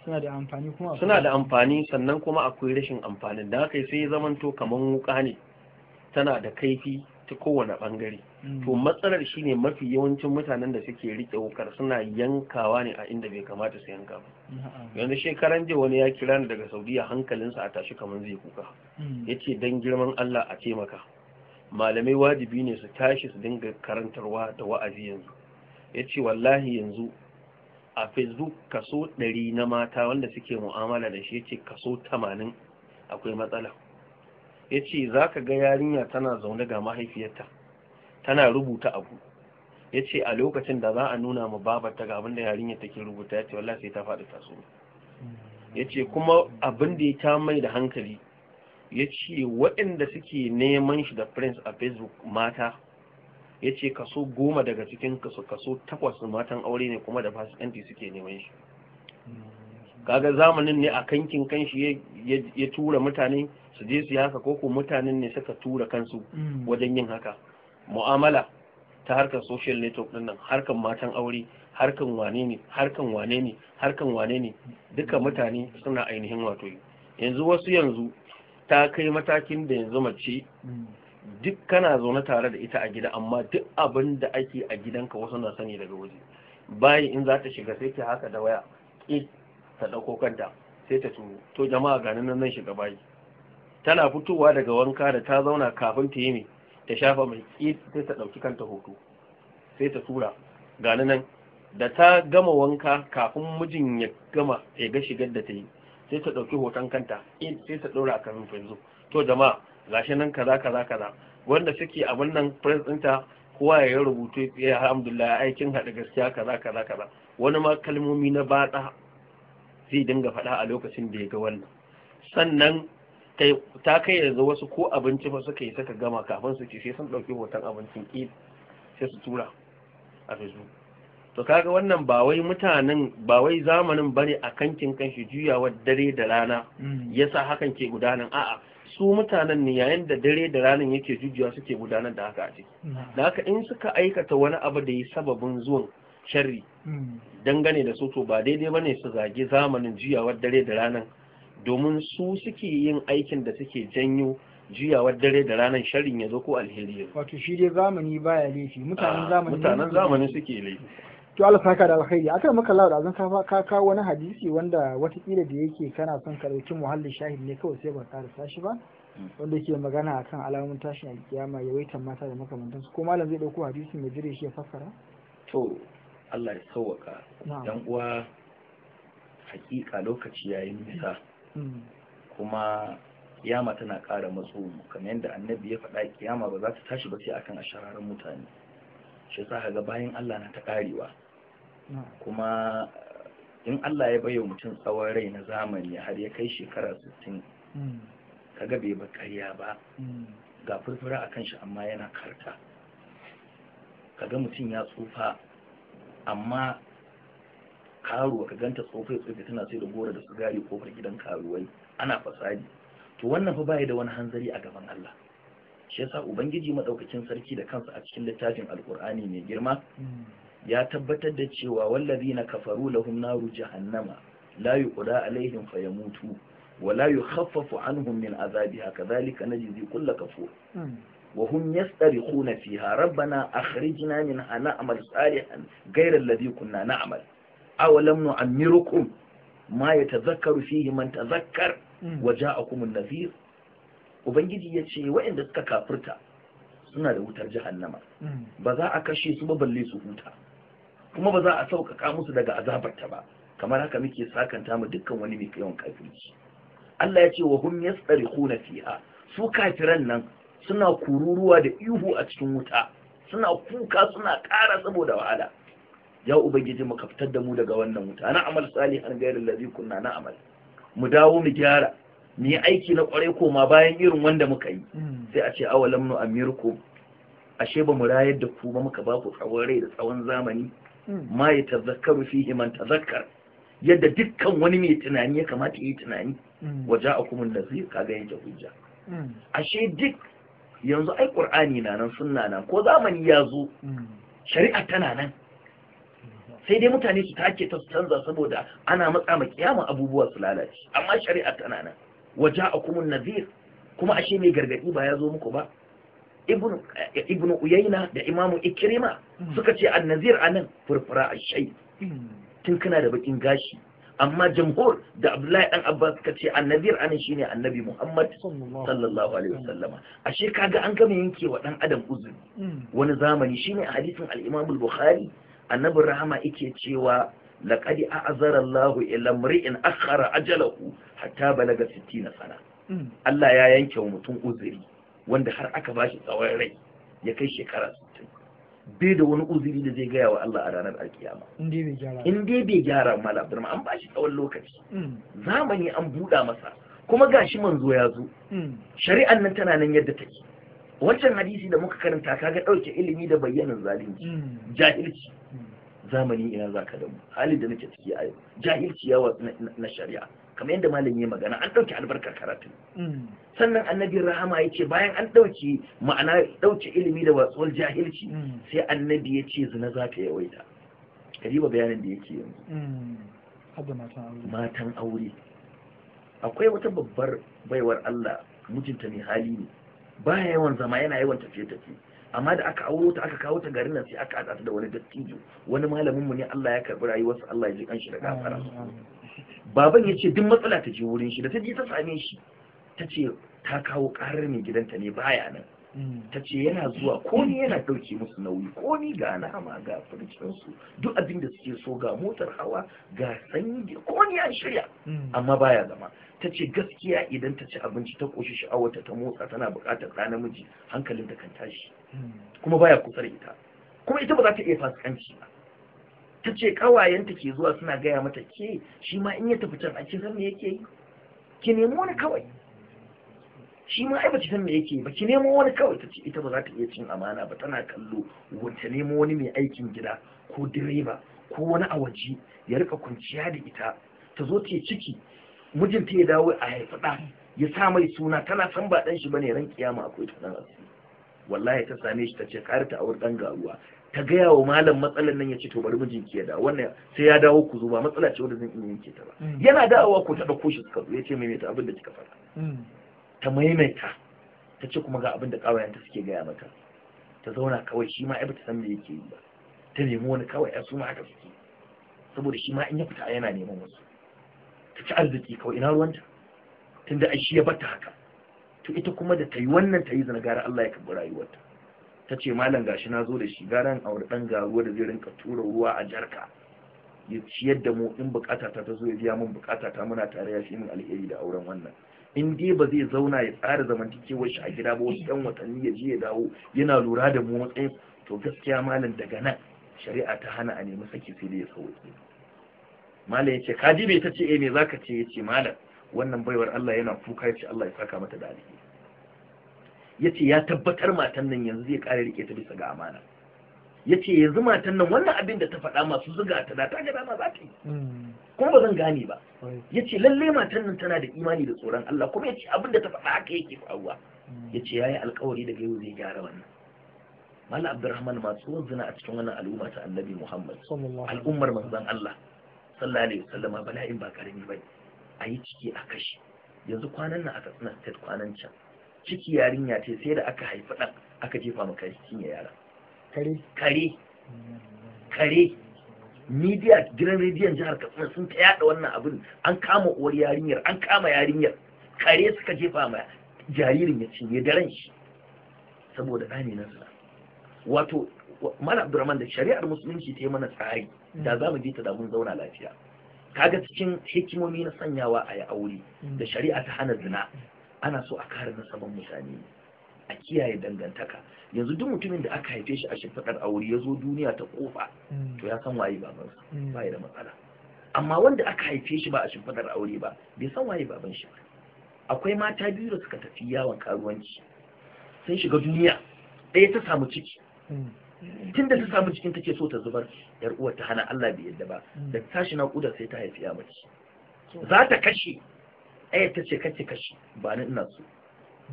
B: suna da amfani kuma suna da
D: amfani sannan kuma akwai rashin amfanin da haka sai ya zamanto kaman wuka ne tana da kaifi ta kowane bangare to mm. matsalar shine mafi yawancin mutanen da suke rike wukar suna yankawa ne a inda bai kamata su yanka ba yanzu shekaran jiya wani ya kira ni daga saudiya hankalinsa a tashi kamar zai kuka mm. ya ce don girman allah a taimaka malamai wajibi ne su tashi su dinga karantarwa da wa'azi yanzu ya ce wallahi yanzu a facebook kaso ɗari na mata wanda suke mu'amala da shi ya ce kaso tamanin akwai matsala ya ce za ka ga yarinya tana zaune ga mahaifiyarta tana rubuta abu ya ce a lokacin da za a nuna ma babarta ga abin da yarinya take rubuta ya ce wallah sai ta faɗi taso ya ce kuma abin da ya ta mai da hankali ya ce waɗanda suke neman shi da prince a facebook mata ya ce kaso goma daga cikin kaso kaso takwas matan aure ne kuma da fasikanti suke neman shi kaga zamanin ne a kankin kanshi ya tura mutane su je su yi haka ko mutanen ne suka tura kansu mm. wajen yin haka mu'amala ta harkar social network din nan harkar matan aure harkan wane ne harkan wane ne harkan wane ne duka mm. mutane suna ainihin wato yanzu wasu yanzu ta kai matakin da yanzu mace mm. duk kana zaune tare da ita a gida amma duk abin da ake a gidanka wasu na sani daga waje bayi in za ta shiga sai ta haka da waya ta ɗauko kanta sai ta turo to jama'a ganin nan shiga bayi tana fitowa daga wanka da ta zauna kafin ta yi mai ta shafa mai sai ta ɗauki kanta hoto sai ta tura gani nan da ta gama wanka kafin mijin ya gama ya ga shigar da ta yi sai ta ɗauki hoton kanta sai ta ɗora a kan facebook to jama'a gashi nan kaza kaza kaza wanda suke a wannan prince ɗinta kowa ya rubutu ya alhamdulillah aikin haɗa gaskiya kaza kaza kaza wani ma kalmomi na baɗa zai dinga faɗa a lokacin da ya ga wannan sannan kai ta kai yanzu wasu ko abinci ba suka yi suka gama kafin su ci sai sun ɗauki hoton abincin eid sai su tura a facebook to kaga wannan ba wai mutanen ba wai zamanin bane a kankin kanshi juyawa dare da rana mm. yasa hakan ke gudanar a'a su mutanen ne yayin da dare da ranar yake jujjuwa suke gudanar da haka a ciki mm. da haka in suka aikata wani abu da ya sababin zuwan sharri mm. dangane da su to ba daidai bane su zagi zamanin juyawar dare da ranar domin su suke yin aikin da suke janyo juyawar dare da ranar sharrin ya zo ko alheri ya
B: wato shi dai zamani baya laifi mutanen ah, zamani mutanen zamani suke laifi to Allah saka da alkhairi aka maka lawa azan ka ka kawo wani hadisi wanda watakila da yake kana son ka dauki muhalli shahid ne kawai sai ba rasa shi ba hmm. wanda yake magana akan alamun tashin alkiyama yawaitan mata da makamantansu ko malam zai dauko hadisi mai jire shi ya fassara
C: to Allah ya sauwaka dan uwa hakika lokaci yayin nisa kuma kiyama tana ƙara matso kamar yadda annabi ya faɗa kiyama ba za ta tashi ba sai akan ashararin mutane shi sa ga bayan Allah na ta ƙarewa kuma in Allah ya bayo mutum tsawon rai na zamani har ya kai shekara 60 kaga bai ba ƙarya ba ga furfura a kan shi amma yana karta kaga mutum ya tsufa amma karuwa ka ganta tsofai tsofai tana sai da gora da sigari kofar gidan karuwai ana fasadi to wannan fa baya da wani hanzari a gaban Allah shi yasa ubangiji madaukakin sarki da kansa a cikin littafin alkur'ani mai girma ya tabbatar da cewa wallazina kafaru lahum naru jahannama la yuqda alaihim fayamutu wa la yukhaffafu anhum min azabiha kadhalika najzi kull kafur wa hum yastarikuna fiha rabbana akhrijna min na'mal salihan ghayra alladhi kunna awalam nu'ammirukum ma yatazakkaru fihi man tazakkar hmm. wa ja'akum an-nadhir ubangiji yace waɗanda suka kafirta suna da wutar jahannama hmm. ba za a kashe su ba balle su huta kuma ba za a sauƙaƙa musu daga azabarta ba kamar haka muke sakanta mu dukkan wani mai yawan kafirci Allah ya ce wa hum yasarikhuna fiha su kafiran nan suna kururuwa da ihu a cikin wuta suna kuka suna ƙara saboda wahala ya ubangiji mu kaftar da mu daga wannan wuta ana amal salihan gairu allazi kunna na amal mu dawo mu gyara mu yi aiki na kwarai koma bayan irin wanda muka yi hmm. sai a ce awalam nu amirku ashe ba mu rayar da ku ba muka ba ku tsawon rai da tsawon zamani hmm. ma ya tazakkaru fihi man tazakkar yadda dukkan wani mai tunani ya kamata ya yi tunani hmm. waje a kuma nazir kaga yake hujja ashe duk yanzu ai qur'ani na nan sunna nan ko zamani ya zo shari'a tana nan sai dai mutane su take ta su canza saboda ana matsa ma kiyama abubuwa su lalace amma shari'a tana nan waja'akumun nadhir kuma ashe mai gargadi ba ya zo muku ba ibnu uyaina da imamu ikrima suka ce annazir anan furfura ashai tun kana da bakin gashi amma jamhur da abdullahi dan abbas suka ce annazir anan shine annabi muhammad sallallahu alaihi wasallama ashe kaga an gama yanke wa dan adam uzuri hmm. wani zamani shine a hadisin al-imam al-bukhari annabi rahama yake cewa laqad a'zara Allahu ila mri'in akhara ajalahu hatta balaga 60 sana hmm. Allah ya yanke wa mutum uzuri wanda har aka bashi tsawon rai ya kai shekara 60 bai da wani uzuri da zai gaya wa Allah a ranar alkiyama in dai bai gyara mal abdurrahman an bashi tsawon lokaci hmm. zamani an buda masa kuma gashi manzo ya zo hmm. shari'an nan tana nan yadda take wancan hadisi da muka karanta kaga ɗauke ilimi da bayyanan zalunci mm. jahilci mm. zamani ina za ka damu halin da nake ciki a yau jahilci yawa na shari'a kamar yadda malami ya magana an ɗauke albarkar karatu mm. sannan annabi rahama ya ce bayan an ɗauke ma'ana ɗauke ilimi da watsuwar jahilci sai annabi ya ce zina za ta yawaita kariba bayanin da yake
E: yanzu
C: matan aure akwai wata babbar baiwar Allah mijinta mai hali ne baya yawan zama yana yawan tafiye-tafiye amma da aka auro ta aka kawo ta garin nan sai aka haɗa ta da wani dattijo wani malamin mu ne Allah ya karbi rayuwarsa Allah ya ji kanshi da gafara baban yace duk matsala ta je wurin shi da ta je ta same shi ta ta kawo karar mai gidanta ne baya nan mm. ta ce yana zuwa ko ni yana ɗauke musu nauyi ko ni ga nama ga furcinsu duk abin da suke so ga motar hawa ga sanyi ko ni an shirya mm. amma baya zama ta ce gaskiya idan ta ci abinci ta koshi sha'awarta ta motsa tana bukatar ɗa namiji hankalin ta kan tashi kuma baya kusa da ita kuma ita ba za ta iya fasikanci ba ta ce kawayenta ke zuwa suna gaya mata ke shi ma in ya tafi can a san me yake yi ki nemo wani kawai shi ma ai ba ki san me yake yi ba ki nemo wani kawai ta ce ita ba za ta iya cin amana ba tana kallo wata nemo wani mai aikin gida ko direba ko wani a waje ya rika kwanciya da ita ta zo ta ciki mijinta ya dawo a haifi ɗa ya sa mai suna tana san ba ɗan shi bane ran kiyama akwai ta tunan asiri wallahi ta same shi ta ce kare ta aure ɗan garuwa ta gaya wa malam matsalar nan ya ce to bari mijinki ya dawo wannan sai ya dawo ku zo ba matsala ce wanda zan iya yanke ta ba mm. yana dawowa ko ta ɗauko shi suka zo ya ce maimaita abin da kika faɗa mm. ta maimaita ta ce kuma ga abin da ƙawayenta suke gaya mata ta zauna kawai shi ma bata san me yake yi ba ta nemi wani kawai ya su ma haka suke saboda shi ma in ya fita yana neman wasu ta ci arziki kawai ina ruwanta tunda ai shi ya bata haka to ita kuma da ta yi wannan ta yi zana gara Allah ya karɓi rayuwarta ta ce malam gashi na zo da shi garan aure ɗan garuwa da zai rinka tura ruwa a jarka ya ciyar da mu in bukata ta ta zo ya biya mun bukata ta muna tare ya fi min alheri da auren wannan in dai ba zai zauna ya tsara zamantakewar shi a gida ba wasu ɗan watanni ya je ya dawo yana lura da mu matsayin to gaskiya malam daga nan shari'a ta hana a nemi saki sai da ya sauke malam yace kaji bai tace eh me zaka ce yace malam wannan baiwar Allah yana kuka yace Allah ya saka mata da alheri yace ya tabbatar matan nan yanzu zai kare rike ta bisa ga amana yace yanzu matan nan wannan abin da ta faɗa masu zuga ta da ta ga dama za ta yi hmm. kuma ba zan gane ba yace lalle matan nan tana da imani da tsoron Allah kuma yace abin da ta faɗa haka yake faruwa hmm. yace yayi alƙawari daga yau zai gyara wannan Malam Abdurrahman masu zina a cikin wannan al'umma ta Annabi Muhammad al'ummar manzon Allah sallallahu alaihi wasallama bala'in ba karami bane a yi ciki a kashi yanzu kwanan nan a katsina state kwanan can ciki yarinya ce sai da aka haifi ɗan aka jefa maka cikin ya yara kare kare mm. kare media gidan rediyon jihar katsina sun ta yada wannan abin an kama uwar yarinyar an kama yarinyar kare suka jefa ma jaririn ya cinye daren shi saboda ɗani na wato mana abdurrahman da shari'ar musulunci ta yi mana tsari da za mu bi ta da zauna lafiya kaga cikin hikimomi na sanyawa a yi aure da shari'a ta hana zina ana so a kare nasaban mutane a kiyaye dangantaka yanzu duk mutumin da aka haife shi a shimfiɗar aure ya zo duniya ta kofa to ya san waye babansa ba da matsala amma wanda aka haife shi ba a shimfiɗar aure ba bai san waye baban shi ba akwai mata biyu da suka tafi yawon karuwanci sun shiga duniya ɗaya ta samu ciki tun da ta samu cikin take so ta zubar yar uwar ta hana Allah bai yadda ba da tashi naƙuda sai ta haifi ya mace za ta kashe ayat ta ce kace kashe ba ni ina so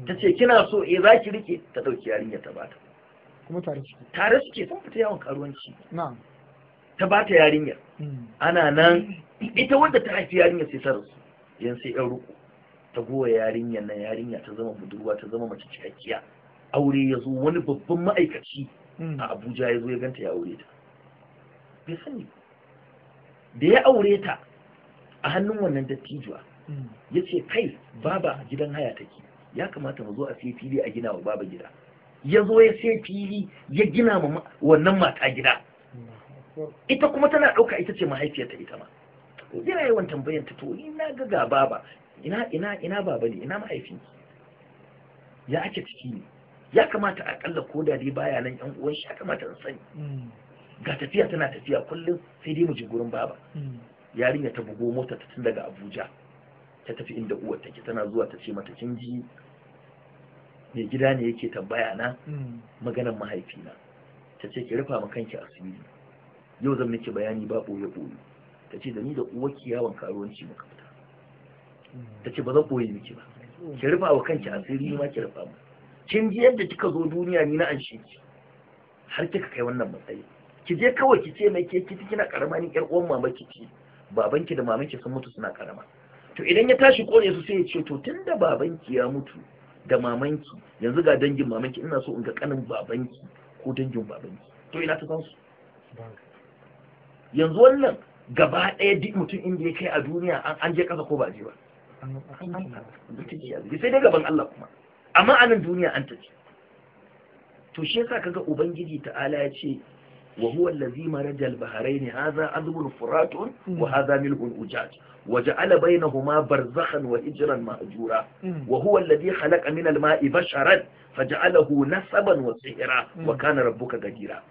C: ta ce kina so eh za ki rike ta dauki yarinya ta bata
B: kuma tare suke
C: tare suke sun fita yawan karuwanci na'am ta bata yarinya hmm. ana nan ita wanda ta haifi yarinya sai ta rasu yan sai yan ruku ta goya yarinya nan yarinya ta zama budurwa ta zama mace cikakkiya aure ya zo wani babban ma'aikaci a mm. abuja ya zo ya ganta ya aure ta bai sani da ya aure ta a hannun wannan dattijuwa mm. ya ce kai baba gidan haya take ya kamata mu zo a sai fili a gina wa baba gida ya zo ya sai fili ya gina ma wannan mata gida ita kuma tana ɗauka ita ce mahaifiyarta ita ma yana yawan tambayan ta to ina ga ga baba ina ina ina baba ne ina mahaifinki ya ake ciki ne ya kamata a kalla ko da dai baya nan yan uwan shi ya kamata in sani mm. ga tafiya tana tafiya kullum sai dai mu je gurin baba mm. yarinya ta bugo mota ta tun daga Abuja ta tafi inda uwar take tana zuwa ta ce mata kin ji Me gida ne yake tambaya na mm. maganar mahaifina ta ce ki rufa maka kanki asiri yau zan miki bayani ba boye boye ta ce da ni da uwar ki yawon karuwanci muka fita ta ce ba zan boye miki ba ki rufa wa kanki asiri ma ki rufa mu kin ji yadda kika zo duniya ni na anshe ki har kika kai wannan matsayi ki je kawai ki ce mai ke kiti kina karama ni yar uwan mama ki babanki da mamanki sun mutu suna karama to idan ya tashi kone su sai ya ce to tunda babanki ya mutu da mamanki yanzu ga dangin mamanki ina so in ga kanin babanki ko dangin babanki to ina ta san su yanzu wannan gaba ɗaya duk mutum inda ya kai a duniya an je ƙasa ko ba je ba sai dai gaban Allah kuma amma a nan duniya an tafi to shi yasa kaga ubangiji ta'ala ya ce wa huwa allazi maraja al-bahrayn hadha azbun furatun wa hmm. hadha milhun ujaj wa ja'ala bainahuma barzakhan wa hijran ma'jura hmm. wa huwa allazi khalaqa min al-ma'i basharan faja'alahu nasaban wa sihra wa hmm. kana rabbuka gadira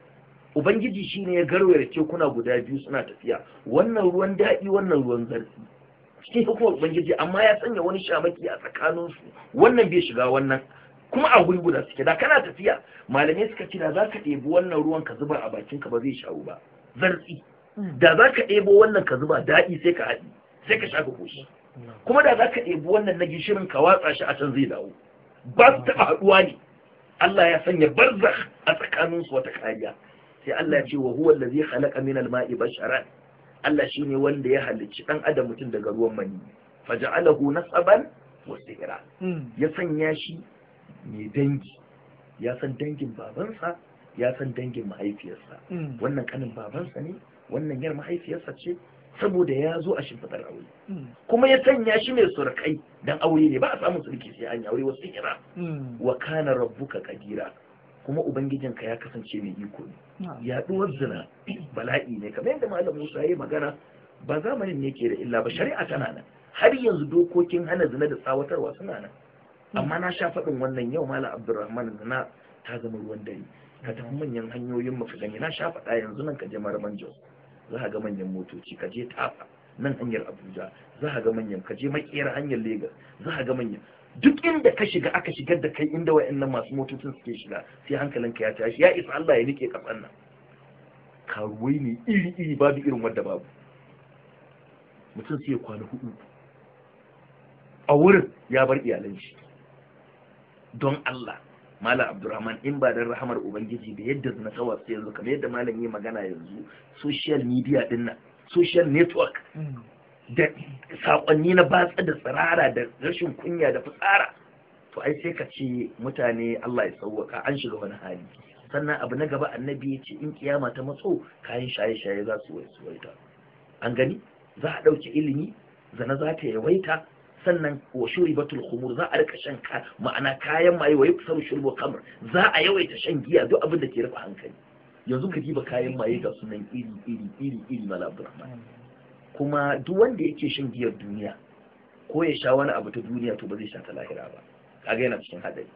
C: ubangiji shine ya garwaya tekuna guda biyu suna tafiya wannan ruwan daɗi wannan ruwan zarfi cikin hukumar ubangiji amma ya sanya wani shamaki a tsakaninsu wannan bai shiga wannan kuma a guri guda suke da kana tafiya malamai suka ce da za ka ɗebi wannan ruwan ka zuba a bakinka ba zai shawo ba zartsi da za ka ɗebo wannan ka zuba daɗi sai ka haɗi sai ka sha ka koshi kuma da za ka ɗebi wannan na gishirin ka watsa shi a can zai dawo ba su taɓa haɗuwa ne Allah ya sanya barzakh a tsakaninsu wata kariya sai Allah ya ce wa huwa allazi khalaqa min al-ma'i basharan Allah shi ne wanda ya halicci ɗan adam mutum daga ruwan mani faja'alahu nasaban wa sihra hmm. ya sanya shi mai dangi ya san dangin babansa ya san dangin mahaifiyarsa hmm. wannan kanin babansa ne wannan yar mahaifiyarsa ce saboda ya zo a shimfidar aure hmm. kuma ya sanya shi mai surkai dan aure ne ba a samu surki sai an yi aure wasu kira wa kana rabbuka kadira kuma ubangijinka ya kasance mai iko ne yaduwar zina bala'i ne kamar yadda malam Musa yayi magana ba zamanin ne ke da illa ba shari'a tana nan har yanzu dokokin hana zina da tsawatarwa suna nan amma na sha faɗin wannan yau malam Abdulrahman na ta zama ruwan dare ka tafi manyan hanyoyin mafitani na sha faɗa yanzu nan ka je Maraban Jos za ka ga manyan motoci ka je Tafa nan hanyar Abuja za ka ga manyan ka je Makera hanyar Lagos za ka ga manyan duk inda ka shiga aka shigar da kai inda nan masu motocin suke shiga sai hankalinka ya tashi ya isa Allah ya nike kasan nan karuwai ne iri iri babu irin wadda babu mutum sai ya kwana hudu a wurin ya bar iyalan shi don Allah Malam Abdurrahman in ba dan rahamar Ubangiji da yadda na tawas yanzu kamar yadda malam yi magana yanzu social media dinnan social network hmm. da saƙonni na batsa da tsirara da rashin kunya da fitsara to ai sai ka ce mutane Allah ya sauwaka an shiga wani hali sannan abu na gaba annabi ya ce in kiyama ta matso kayan shaye-shaye za su waita an gani za a ɗauki ilimi zana za ta yawaita sannan wa shuribatul khumur za a rika shan ka ma'ana kayan maye wa yuksaru shurbu kamar za a yawaita shan giya duk abin da ke rufe hankali yanzu ka diba kayan maye ga sunan iri iri iri iri malabrahman kuma duk wanda yake shin giyar duniya ko ya sha wani abu ta duniya to ba zai sha ta lahira ba kaga yana cikin hadari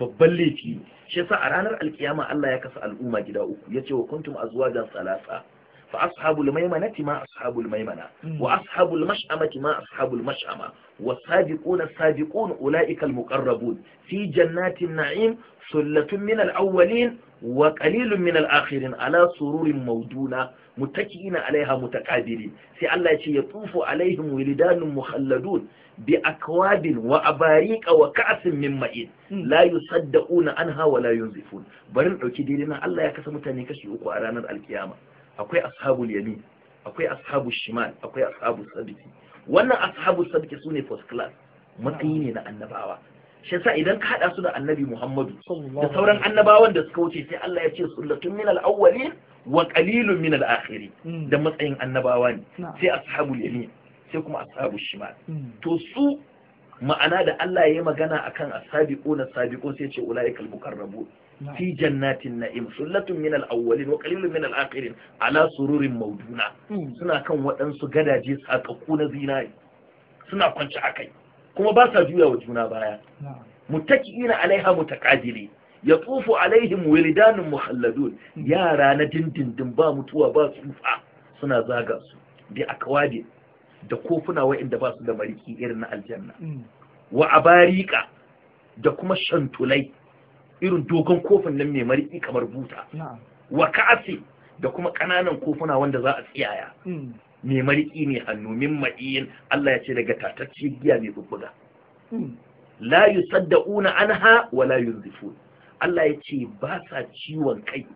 C: babban laifi shi yasa a ranar alkiyama Allah ya kasa al'umma gida uku yace wa kuntum azwajan salasa fa ashabul maimanati ma ashabul maimana wa ashabul mash'amati ma ashabul mash'ama والسابقون السابقون أولئك المقربون في na'im, النعيم ثلة من wa وقليل من الآخرين ala sururin mauduna. Mutaki mutaki'ina alaiha mutaqabili sai Allah ya ce ya tufu alaihim wilidanun mukhalladun bi akwabin wa abariqa wa ka'sin min ma'in la yusaddaquna anha wa la yunzifun bari in dauki daidai nan Allah ya kasa mutane kashi uku a ranar alkiyama akwai ashabul yamin akwai ashabul shimal akwai ashabul sabiti wannan ashabul sabiti sune first class matsayi ne na annabawa shi yasa idan ka haɗa su da annabi Muhammadu da sauran annabawan da suka wuce sai Allah ya ce sullatun min al-awwalin wa qalilun min al-akhiri hmm. da matsayin annabawa ne sai ashabul yamin sai kuma ashabul shimal hmm. to su ma'ana da Allah ya magana akan as na sabiqun sai ce ulaikal muqarrabun fi jannatin na'im sullatun min al-awwalin wa qalilun min al-akhirin ala sururin mawduna hmm. suna kan waɗansu gadaje sakakku na zinari suna a akai kuma ba sa juya wa juna baya muttaqiina alaiha mutaqadiri ya tsufu alaihim wilidanin muhalladun yara na dindindin ba mutuwa ba tsufa suna zaga su bi da kofuna wa'inda ba su da mariki irin na aljanna hmm. wa abarika da kuma shantulai irin dogon kofin nan mai mariki kamar buta wa ka'asi da kuma kananan kofuna wanda za a tsiyaya hmm. mai mariki ne hannu min ma'iyin Allah ya ce daga tatacce giya mai bubbuga hmm. la yusaddauna anha wala yunzifun Allah ya ce ba sa ciwon kai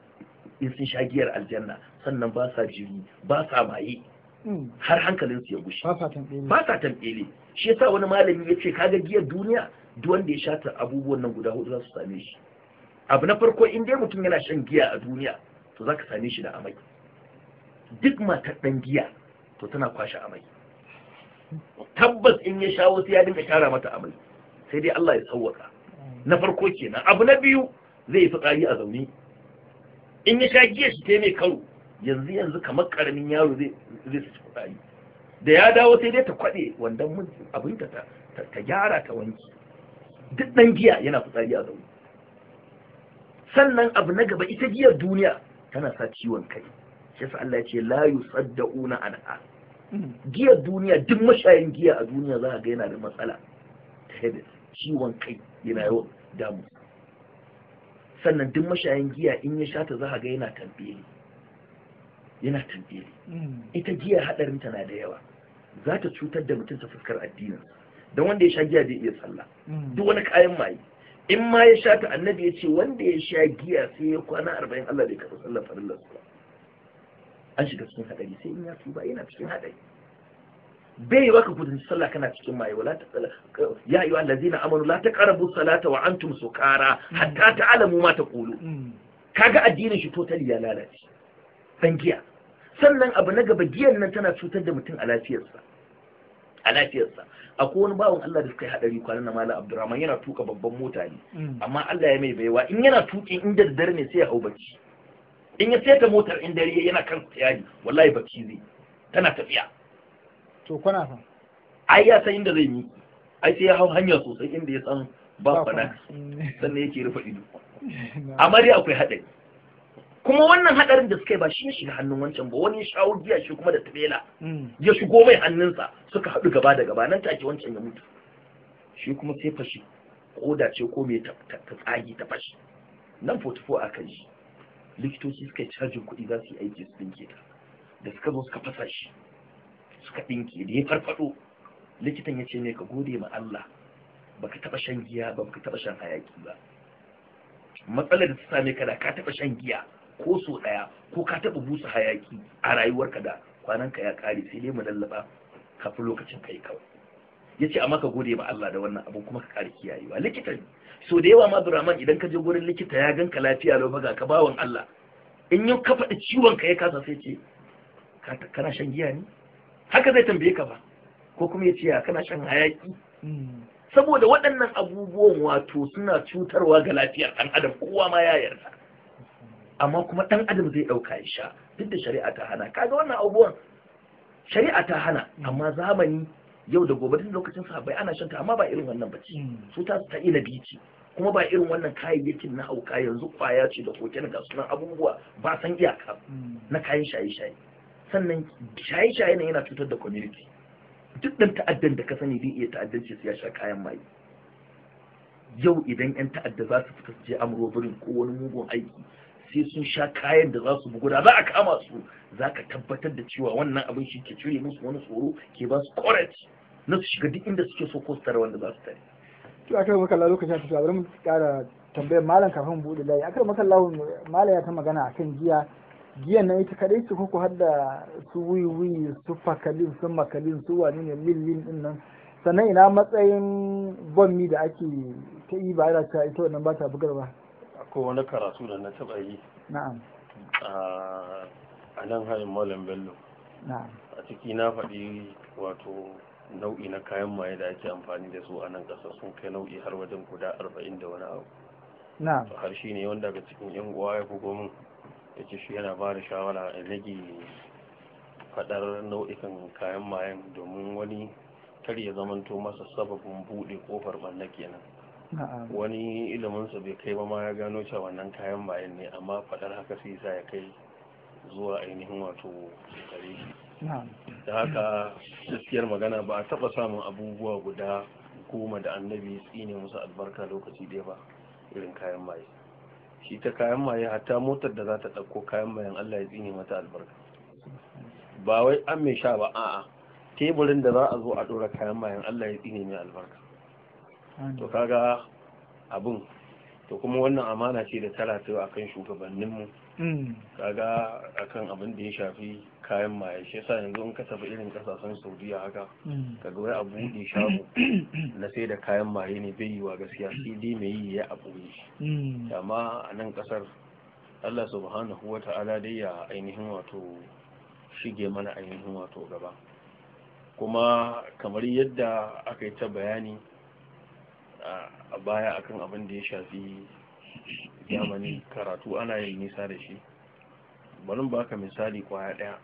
C: in sun sha giyar aljanna sannan ba sa jiri ba sa maye hmm. har hankalin su ya gushe ba sa tambele shi yasa wani malami ya ce kaga giyar duniya duk wanda ya shata abubuwan nan guda hudu za su same shi abu na farko in dai mutum yana shan giya a duniya to zaka same shi da amai duk matar ɗan giya to tana kwashe amai tabbas in ya sha wasu ya dinga tara mata amai sai dai Allah ya tsawaka na farko kenan abu na biyu zai yi fitsari a zaune in ya sha giya shi ta mai karo yanzu yanzu kamar karamin yaro zai su fitsari da ya dawo sai dai ta kwaɗe wandan mun abin ta ta gyara ta wanki duk dan giya yana fitsari a zaune sannan abu na gaba ita giyar duniya tana sa ciwon kai shi yasa Allah ya ce la yusaddauna anha giyar duniya duk mashayin giya a duniya za a ga yana da matsala ta ciwon kai yana yawan damu sannan duk mashayin giya in ya sha ta za ga yana tambeli yana tambeli hmm. ita giya hadarin ta na da yawa za ta cutar da mutum ta fuskar addinin don wanda ya sha giya zai iya tsalla. Hmm. duk wani kayan maye in ma ya sha ta annabi ya ce wanda ya sha giya sai ya kwana arba'in Allah bai karɓi sallar farillar su an shiga cikin hadari sai in ya tuba yana cikin hadari bai yi ka kudanci sallah kana cikin maye wala ta ya ayyuhal ladina amanu la taqrabu salata wa antum sukara hatta ta'lamu ma taqulu kaga addinin shi total ya lalace san giya sannan abu na gaba giyan nan tana cutar da mutum a lafiyarsa a lafiyarsa akwai wani bawan Allah da suka yi hadari kwanan na Malam Abdurrahman yana tuka babban mota ne mm. amma Allah ya mai baiwa in yana tuki inda da dare ne sai ya hau bacci in ya saita motar in dare yana kan tsayani wallahi bacci zai tana tafiya to kuna san ai ya san inda zai miki ai sai ya hau hanya sosai inda ya san ba kwana sannan yake rufe ido amma dai akwai haɗari kuma wannan haɗarin da suka yi ba shi ne shiga hannun wancan ba wani shawo giya shi kuma da tabela mm. ya shigo mai hannunsa suka haɗu gaba da gaba nan take wancan ya mutu shi kuma sai fashi koda ce ko mai ta tsagi ta fashi nan 44 kan shi likitoci suka yi cajin kuɗi za su yi aiki su dinke ta da suka zo suka fasa shi suka ɗinke da ya farfado likitan ya ce ne ka gode ma Allah baka taɓa shan giya ba baka taɓa shan hayaki ba matsalar da ta same ka da ka taɓa shan giya ko so ɗaya ko ka taɓa busa hayaki a rayuwarka da kwananka ya ƙare sai dai mu lallaba kafin lokacin kai kawai ya ce amma ka gode ma Allah da wannan abun kuma ka ƙare kiyayewa likita ne so da yawa ma duraman idan ka je gurin likita ya gan ka lafiya lau ga ka bawan Allah in yau ka faɗi ciwon ka ya kasa sai ce kana shan giya ne haka zai tambaye ka ba ko kuma ya ce ya kana shan hayaki hmm. saboda waɗannan abubuwan wato suna cutarwa ga lafiyar ɗan adam kowa ma ya yarda amma kuma ɗan adam zai ɗauka ya sha duk da shari'a ta hana kaga wannan abubuwan shari'a ta hana hmm. amma zamani yau da gobe duk lokacin bai ana shanta amma ba irin wannan ba ce hmm. su ta ta ila bici kuma ba irin wannan kayayyakin na hauka yanzu kwaya ce da na ga sunan abubuwa ba san iyaka na kayan shaye-shaye sannan shaye-shaye ne yana cutar da community duk ɗan ta'addan da ka sani bai iya ta'addanci su ya sha kayan mai yau idan 'yan ta'adda za su fita je amuro birin ko wani mugun aiki sai sun sha kayan da za su bugu da za a kama su za ka tabbatar da cewa wannan abin shi ke cire musu wani tsoro ke ba su courage na su shiga duk inda suke so ko su tare wanda za su tare.
B: to a kai makalla lokacin su bari mu kara tambayar malam kafin buɗe layi a kan makalla malam ya ta magana a kan jiya. giyan na ita kadai ce kuku har da su wiwi su fakalin su makalin su wani ne lillin din nan sannan ina matsayin bommi da ake ta yi ba da ta ita wannan ba ta bugar ba
D: akwai wani karatu da na taba yi na'am a nan hayin malam bello na'am a ciki na faɗi wato nau'i na kayan maye da ake amfani da su a nan ƙasa sun kai nau'i har wajen guda arba'in da wani abu na'am har shi ne wanda ga cikin yan uwa ya bugo min ya ce shi yana ba da shawara a rage fadar nau'ikan kayan mayan domin wani kar ya zamanto masa sababin bude kofar banna kenan wani iliminsa bai kai ba ma ya gano cewa wannan kayan mayan ne amma fadar haka sai sa ya kai zuwa ainihin wato gare shi da haka gaskiyar magana ba a taba samun abubuwa guda goma da annabi tsine musu albarka lokaci ɗaya ba irin kayan maye shi ta kayan maye hatta motar da za ta ɗauko kayan mayan Allah ya tsine mata albarka ba wai an mai sha ba a'a teburin da za a zo a ɗora kayan mayan Allah ya tsine mai albarka to kaga abin to kuma wannan amana ce da tara ta akan shugabanninmu mm. kaga akan abin da ya shafi kayan maye shi yasa yanzu in ka tafi irin kasashen saudiya haka mm. ka ga wai a buɗe shago na sai da kayan maye ne bai yi wa gaskiya dai mai yi ya abuye shi mm. amma a nan kasar allah subhanahu wa ta'ala dai ya ainihin wato shige mana ainihin wato gaba kuma kamar yadda aka yi ta bayani a baya akan abin da ya shafi zamani karatu ana yin nisa da shi bari baka misali kwaya ɗaya.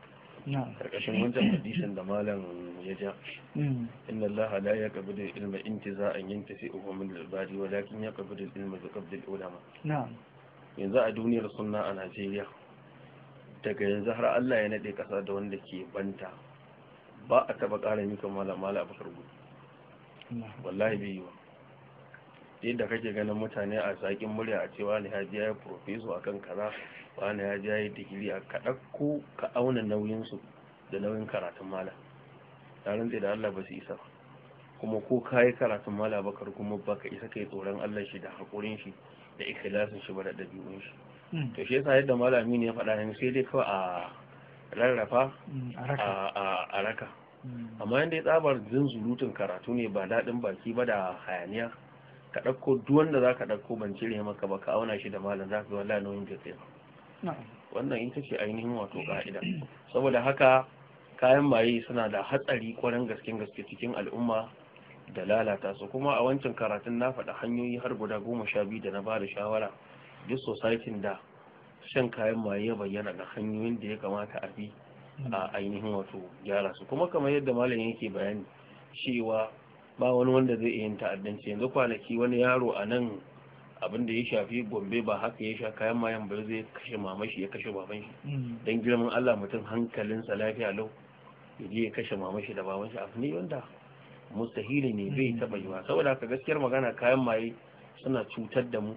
E: karkashin wancan
D: hadisin da malam ya ja mm. inda Allah la yaqbidu ilma intiza'an yantasi'uhu min al-ibadi walakin yaqbidu ilma bi qabdi ulama yanzu a duniyar sunna a Najeriya daga yanzu har Allah ya naɗe kasa da wanda ke banta ba a taba ƙara malamala a bakar Gudu wallahi bai yi wa yadda kake ganin mutane a sakin murya a cewa ne haji ya yi profeso a kan kaza ba ne haji ya yi digiri a kaɗa ko ka auna nauyinsu da nauyin karatun mala tarin da Allah ba su isa kuma ko ka yi karatun mala bakar kuma ba ka isa kai tsoron Allah shi da haƙurin shi da ikhlasin shi ba da ɗabi'un shi hmm. to shi yasa yadda malami ne ya faɗa ne sai dai kawai a rarrafa hmm, a raka hmm. amma yadda ya tsabar zin zurutun karatu ne ba daɗin baki ba da hayaniya ka ɗauko duk wanda za ka ɗauko ban cire maka ba ka auna shi da malam za ka wala nauyin da wannan ita ce ainihin wato ka'ida saboda haka kayan maye suna da hatsari kwarin gaske gaske cikin al'umma da lalata su kuma a wancan karatun na faɗa hanyoyi har guda goma sha biyu da na bada shawara duk societin da shan kayan maye ya bayyana ga hanyoyin da ya kamata a bi a ainihin wato gyara su kuma kamar yadda malam yake bayani cewa ba wani wanda zai yin ta'addanci yanzu kwanaki wani yaro a nan abin da ya shafi gombe ba haka ya sha kayan mayan ba zai kashe mamashi ya kashe baban shi mm. girman Allah mutum hankalinsa lafiya lau ya je ya kashe mamashi da baban shi abu ne wanda mustahili ne bai mm. taba yi ba saboda haka gaskiyar magana kayan maye suna cutar da mu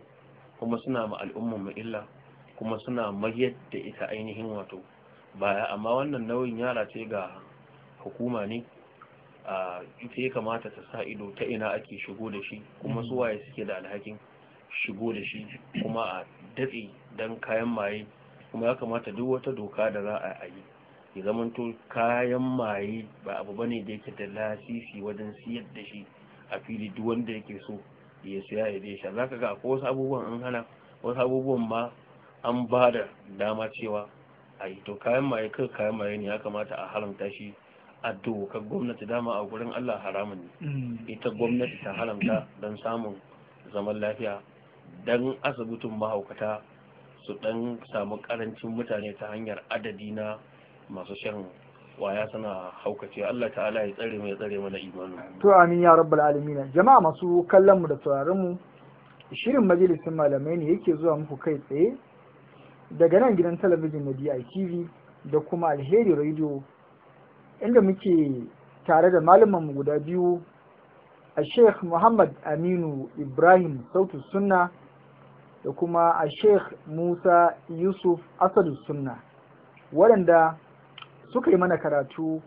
D: kuma suna ma al'ummar mu illa kuma suna mayar da ita ainihin wato baya amma wannan nauyin yara ce ga hukuma ne ita ya kamata ta sa ido ta ina ake shigo da shi kuma su waye suke da alhakin shigo da shi kuma a datse don kayan maye kuma ya kamata duk wata doka da za a yi ya zamanto kayan maye ba abu bane da yake da lasisi wajen siyar da shi a fili duk wanda yake so ya siya ya dai sha zaka ga akwai wasu abubuwan an hana wasu abubuwan ma an ba da dama cewa a yi to kayan maye kai kayan maye ne ya kamata a haramta shi a dokar gwamnati dama a gurin Allah haramun ne mm. ita gwamnati ta haramta don samun zaman lafiya don asibitin mahaukata su dan samu karancin mutane ta hanyar adadi na masu shan waya suna haukace Allah ta'ala ya tsare mai tsare mana imanu
B: to amin ya rabbal alamin jama'a masu kallon mu da sauraron mu shirin majalisin malamai ne yake zuwa muku kai tsaye daga nan gidan talabijin na DITV da kuma alheri radio inda muke tare da mu guda biyu a sheikh muhammad aminu ibrahim sautu sunna da kuma a sheikh musa yusuf asadu sunna waɗanda suka yi mana karatu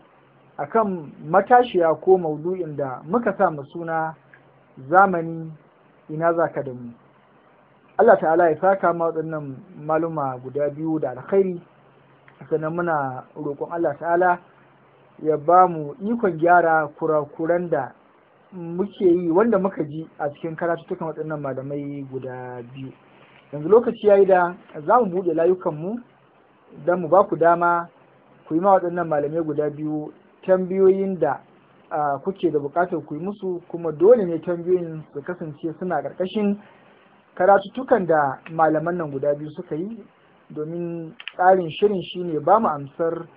B: a kan matashiya ko maudu'in da muka sa mu suna zamani ina za ka da mu Allah ta'ala ya saka ma waɗannan maluma guda biyu da alkhairi sannan muna roƙon Allah ta'ala ya ba mu ikon gyara kurakuran da muke yi wanda muka ji a cikin karatuttukan waɗannan malamai guda biyu yanzu lokaci ya yi da za mu buɗe layukanmu don mu ba ku dama ku yi ma waɗannan malamai guda biyu tambayoyin da kuke da buƙatar ku yi musu kuma dole ne tambayoyin su kasance suna ƙarƙashin karatuttukan da malaman nan guda biyu suka yi domin tsarin shirin shine ba mu amsar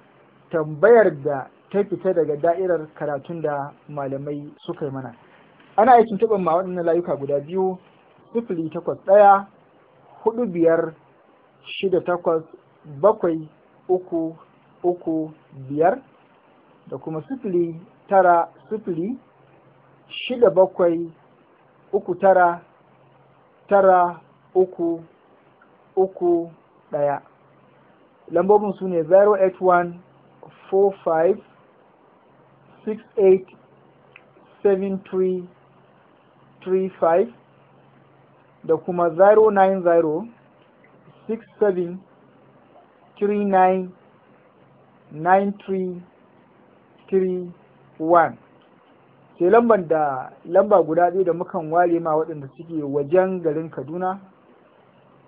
B: tambayar da ta fita daga da'irar karatun da malamai suka yi mana ana aikin taɓa ma waɗannan layuka guda biyu sifili takwas ɗaya hudu biyar shida takwas bakwai uku uku biyar da kuma sifili tara sifili shida bakwai uku tara tara uku uku ɗaya lambobin su ne 081 45 six eight seven da kuma zero nine zero six seven three sai lambar da lamba guda ɗaya da mukan ware ma waɗanda suke wajen garin kaduna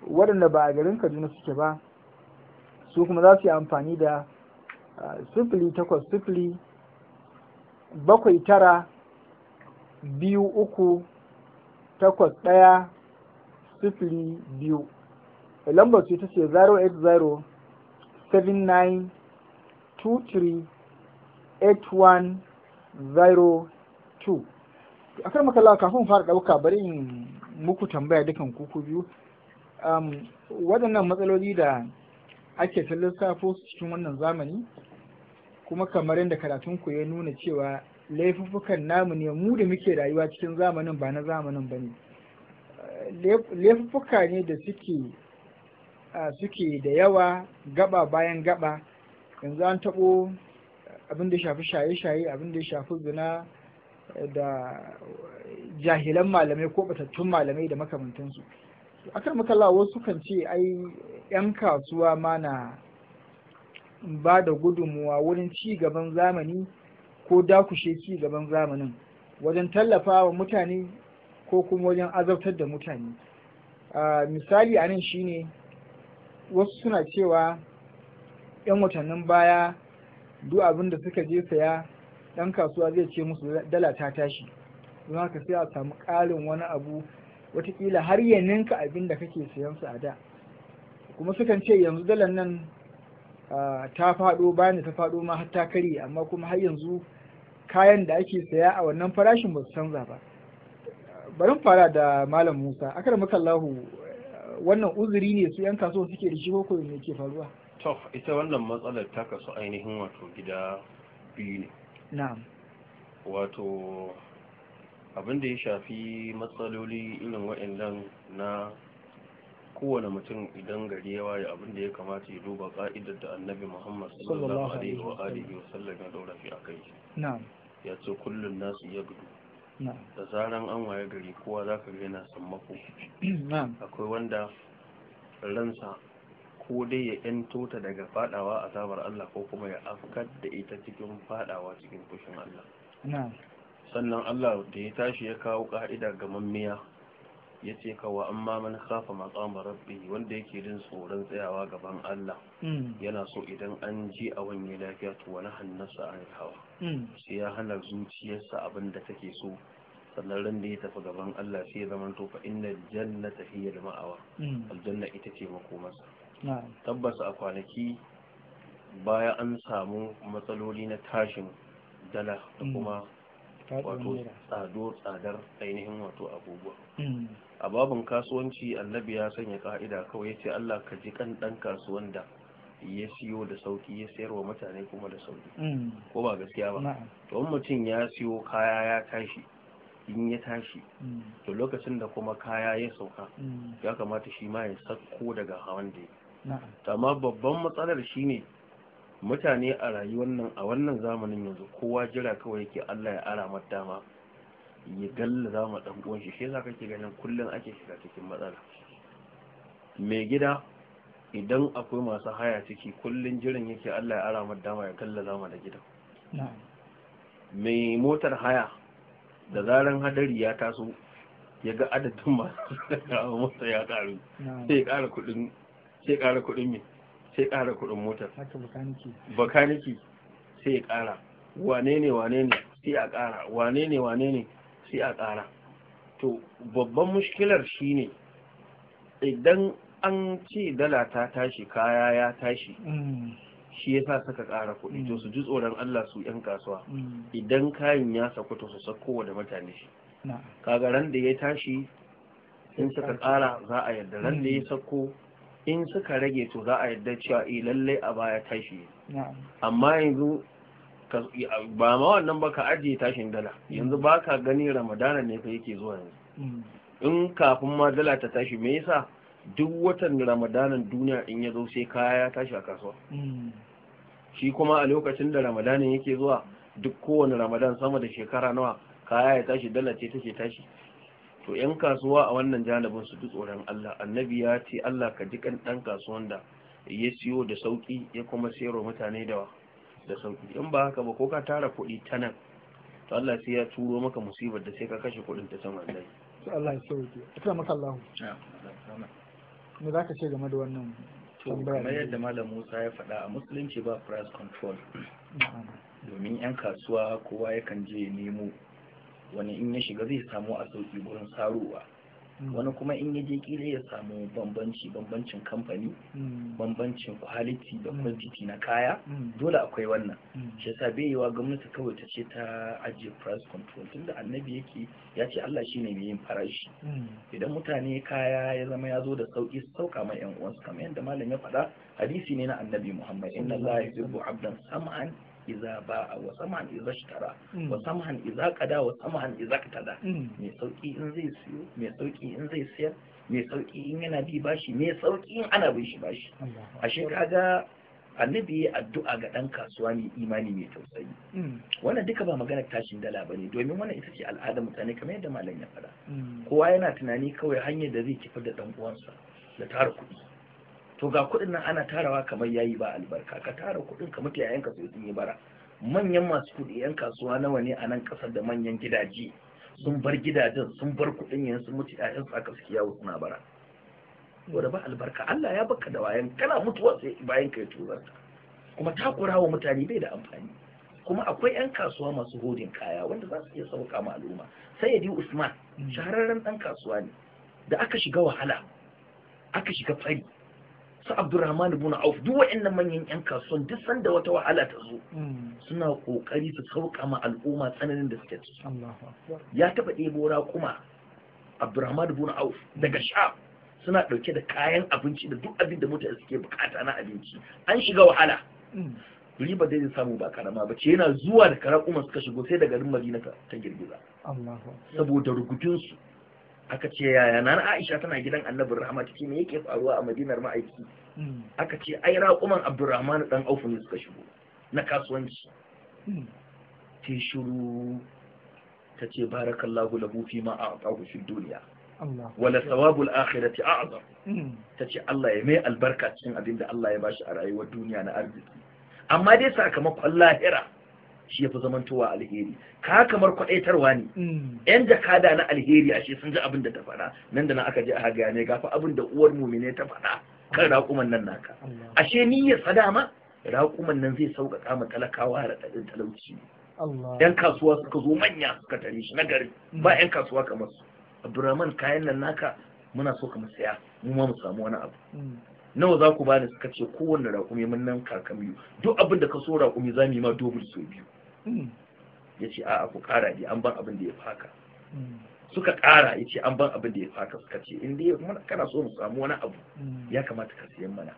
B: waɗanda ba a garin kaduna suke ba su kuma za su yi amfani da ah, sifili takwas sifili bakwai tara biyu uku takwas ɗaya sifili biyu lambar ce ta ce 080 79 a kan makala kafin fara ɗauka bari in muku tambaya dukan kuku biyu um, waɗannan matsaloli da ake ta lissafo cikin wannan zamani kuma kamar yadda karatunku ya nuna cewa laifuffukan namu ne mu da muke rayuwa cikin zamanin ba na zamanin ba ne laifuffuka ne da suke suke da yawa gaba bayan gaba yanzu an taɓo abin da shafi shaye-shaye abin da shafi zina da jahilan malamai ko batattun malamai da makamantansu akan makalla wasu kan ce ai 'yan kasuwa ma na ba da gudunmuwa wurin ci gaban zamani ko dakushe ci gaban zamanin wajen tallafawa mutane ko kuma wajen azabtar da mutane misali a nan shine wasu suna cewa 'yan watannin baya duk abin da suka je saya ɗan kasuwa zai ce musu dala ta tashi don ka sai a samu ƙarin wani abu wataƙila har ya ninka abin da kake sayan a da kuma sukan ce yanzu dalan nan ta faɗo bayan da ta faɗo ma har ta kare amma kuma har yanzu kayan da ake saya a wannan farashin ba su canza ba bari fara da malam musa akar makallahu wannan uzuri ne su yan kasuwa suke da shi ko kuma ke faruwa
D: to ita wannan matsalar ta kasu ainihin wato gida biyu ne na'am wato abin da ya shafi matsaloli irin waɗannan na kowane mutum idan gari ya waye abin da ya kamata ya duba ka'idar da annabi muhammad sallallahu alaihi wa alihi wa sallam ya daura fi akai na'am ya ce kullum nasu ya gudu da zaran an waye gari kowa za ka yana sammako akwai wanda ransa ko dai ya 'yantota ta daga fadawa a azabar Allah ko kuma ya afkar da ita cikin fadawa cikin kushin Allah sannan Allah da ya tashi ya kawo ka'ida ga mammiya ya ce kawa amma man kafa matsama rabbi wanda yake jin tsoron tsayawa gaban Allah hmm. yana so idan an ji a wani lafiya to wani hannasa an hawa hmm. sai ya hana zuciyarsa abin da take so sannan ran da ya tafi gaban Allah sai ya zama to fa inna jannata hiya ma'awa hmm. aljanna ita ce makomarsa tabbas a kwanaki baya an samu matsaloli na tashin dala da kuma
E: wato
D: tsadar ainihin wato abubuwa a babin kasuwanci annabi ya sanya ka'ida kawai yace Allah ka ji kan dan kasuwan da ya siyo da sauki ya sayarwa mutane kuma da sauki mm. ko ba gaskiya ba to mutum ya siyo kaya ya tashi in ya tashi mm. to lokacin da kuma kaya ya sauka mm. ya kamata shi ma ya sakko daga hawan da ya amma babban matsalar shine mutane a rayuwar nan a wannan zamanin yanzu kowa jira kawai yake Allah ya ara dama ya za ma ɗan uwan shi shi ka ke ganin kullum ake shiga cikin matsala mai gida idan akwai masu haya ciki kullum jiran yake Allah ya ara mu dama ya za mu da gida. mai motar haya da zaran hadari ya taso ya ga adadin masu mota ya ƙaru sai ya kudin sai kara kudin me sai ƙara kudin motar bakaniki sai ya ƙara, wane ne wane ne sai a ƙara wane ne wane ne sai a ƙara to babban mushkilar shine idan an ce dala ta tashi kaya ya tashi mm. shi yasa saka ƙara kuɗi to mm. su ji tsoron Allah su yan kasuwa mm. idan kayan ya saku to su sako da mutane shi kaga ran da ya tashi
E: in suka ƙara
D: za a yarda ran da ya sako in suka rage to za a yarda cewa eh lallai a baya tashi amma yanzu ba ma wannan ba ka ajiye tashin dala yanzu ba ka gani ramadana ne ka yake zuwa yanzu mm. in kafin ma dala ta tashi me yasa duk watan ramadanan duniya in ya zo sai kaya ya tashi a kasuwa mm. shi kuma a lokacin da ramadanan yake zuwa duk kowane ramadan sama da shekara nawa kaya ya tashi dala ce take tashi to yan kasuwa a wannan janibin su duk tsoron Allah annabi ya ce Allah ka ji kan dan kasuwan da ya siyo da sauki ya kuma sayarwa mutane da da sauki in ba haka ba ko ka tara kuɗi ta nan to Allah sai ya turo maka
C: musibar da sai ka kashe kuɗin ta saman wallahi
B: to Allah ya sauke ita maka Allah me zaka ce game da wannan to kamar yadda
C: malam Musa ya faɗa a musulunci ba price control domin yan kasuwa kowa yakan je ya nemo wani in ya shiga zai samu a sauki gurin saruwa. Hmm. wani kuma in yaje kila ya samu bambanci bambancin kamfani hmm. bambancin quality da hmm. quantity na kaya dole akwai wannan shi yasa bai yiwa gwamnati kawai ta ce ta ajiye price control tunda annabi yake ya ce Allah shine mai yin farashi idan mutane kaya ya zama ya zo da sauki sauka ma yan uwansu kamar yadda malam ya faɗa hadisi ne na annabi Muhammad inna Allah yuhibbu abdan sam'an iza ba a wa samhan iza shitara wa saman iza kada wa saman iza kada mai sauki in zai siyo mai sauki in zai siyar mai sauki in yana bi bashi mai sauki in ana bin shi bashi ashe kaga annabi ya addu'a ga ɗan kasuwa mai imani mai tausayi wannan duka ba magana tashin dala bane domin wannan ita ce al'ada mutane kamar yadda malam ya faɗa kowa yana tunani kawai hanyar da zai kifar da ɗan uwansa da tara kuɗi to ga kuɗin nan ana tarawa kamar yayi ba albarka ka tara kuɗin ka mutu yayan ka sun yi bara manyan masu kuɗi yan kasuwa nawa ne a nan ƙasar da manyan gidaje sun bar gidajen sun bar kuɗin yan sun mutu yayan su aka suke yawo suna bara saboda ba albarka Allah ya baka da wayan kana mutuwa sai bayan ka ya kuma takura wa mutane bai da amfani kuma akwai 'yan kasuwa masu hodin kaya wanda za su iya sauka ma al'umma sayyadi usman shahararren ɗan kasuwa ne da aka shiga wahala aka shiga fari su abdurrahman ibn auf duk wa'annan manyan yan kasuwan duk sanda wata wahala ta zo hmm. suna kokari su sauka ma al'umma tsananin da suke ciki ya taba ɗebo kuma, abdurrahman ibn auf daga sha suna ɗauke da kayan abinci da duk abin da mutane suke bukata na abinci an shiga wahala hmm. riba dai zai samu ba karama ba ce yana zuwa da karakuma suka shigo sai da garin madina ta girgiza saboda su aka ce yaya na Aisha tana gidan Annabi Rahama take me yake faruwa a Madinar ma'aiki hmm. aka ce ai raƙuman Abdurrahman dan Auf ne suka shigo na kasuwanci hmm. ta shiru ta ce barakallahu lahu fi ma a'tahu fi duniya wala thawabul akhirati a'zam hmm. ta ce Allah ya mai albarka cikin abin da Allah ya bashi a rayuwar duniya na arziki amma dai sakamakon lahira shi ya fi zamantowa alheri ka kamar kwaɗaitarwa ne mm. yan jakada na alheri ashe sun ji abin da ta faɗa nan da na aka ji a hagaya ne gafa abin da uwar mumine ta faɗa kan mm. raƙuman nan naka ashe niyyar ma. raƙuman nan zai sauƙaƙa ma talakawa da ɗaɗin talauci yan kasuwa suka zo manya suka tare shi na gari mm. ba yan kasuwa kamar su abdurrahman kayan nan naka muna so ka saya mu ma mu samu wani abu nawa za ku bani suka ce kowanne raƙumi mun nan kaka duk abin da ka so raƙumi za mu yi ma dubu so biyu ya ce a'a ku kara ji an ban abin da ya faka hmm. suka kara ya ce an ban abin da ya faka suka ce ya kuma kana so mu samu wani abu hmm. ya kamata ka siyan mana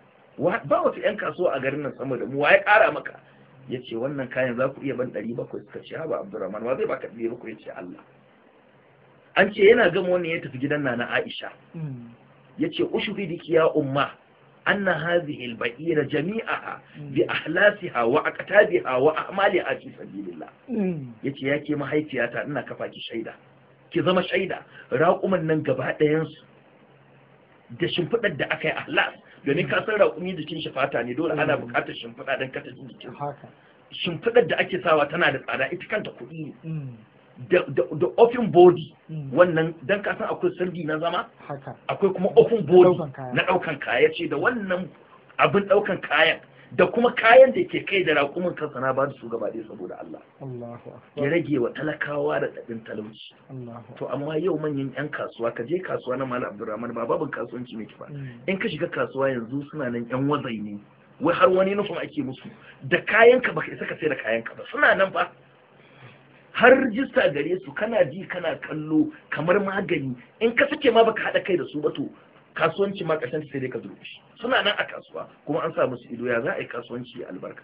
C: ba wata 'yan kasuwa a garin nan sama da mu wa ya kara maka ya ce wannan kayan za ku iya ban ɗari bakwai suka ce haba abdurrahman wa zai baka ɗari bakwai ya ce allah an ce yana gama wannan ya tafi gidan nana aisha hmm. ya ce ushuri dikiya ya umma أن هذه البعير جميعها بأحلاسها وأكتابها وأعمالها في سبيل الله يتي ياكي ما هيتي ياتا أنا كفاكي kafa ki zama shaida raƙuman nan gaba ɗayansu da shimfiɗar da aka yi ahlas domin ka san raƙumi jikin shi fata ne dole ana buƙatar shimfiɗa don kata jikin shimfiɗar da ake sawa tana da tsada ita kanta kuɗi ne da ofin bodi. Hmm. wannan dan kasan akwai sirri na zama akwai kuma ofin bodi na daukan kaya ce da wannan abin daukan kayan da kuma kayan da ke kai da raƙumin kansa na ba da su gaba ɗaya saboda
A: Allah
C: ya rage wa talakawa da ɗaɗin talauci to amma yau manyan 'yan kasuwa ka je kasuwa na Malam Abdulrahman ba babin kasuwanci ne kifa. Hmm. in ka shiga kasuwa yanzu suna nan 'yan wazai ne wai har wani nufin ake musu da kayan ka baka isa ka sai da kayan ka ba suna nan ba har rijista gare su kana ji kana kallo kamar magani in ka sake ma baka haɗa kai da su ba to kasuwanci ma kasance sai dai ka shi. suna nan a kasuwa kuma an sa musu ido ya za a yi kasuwanci albarka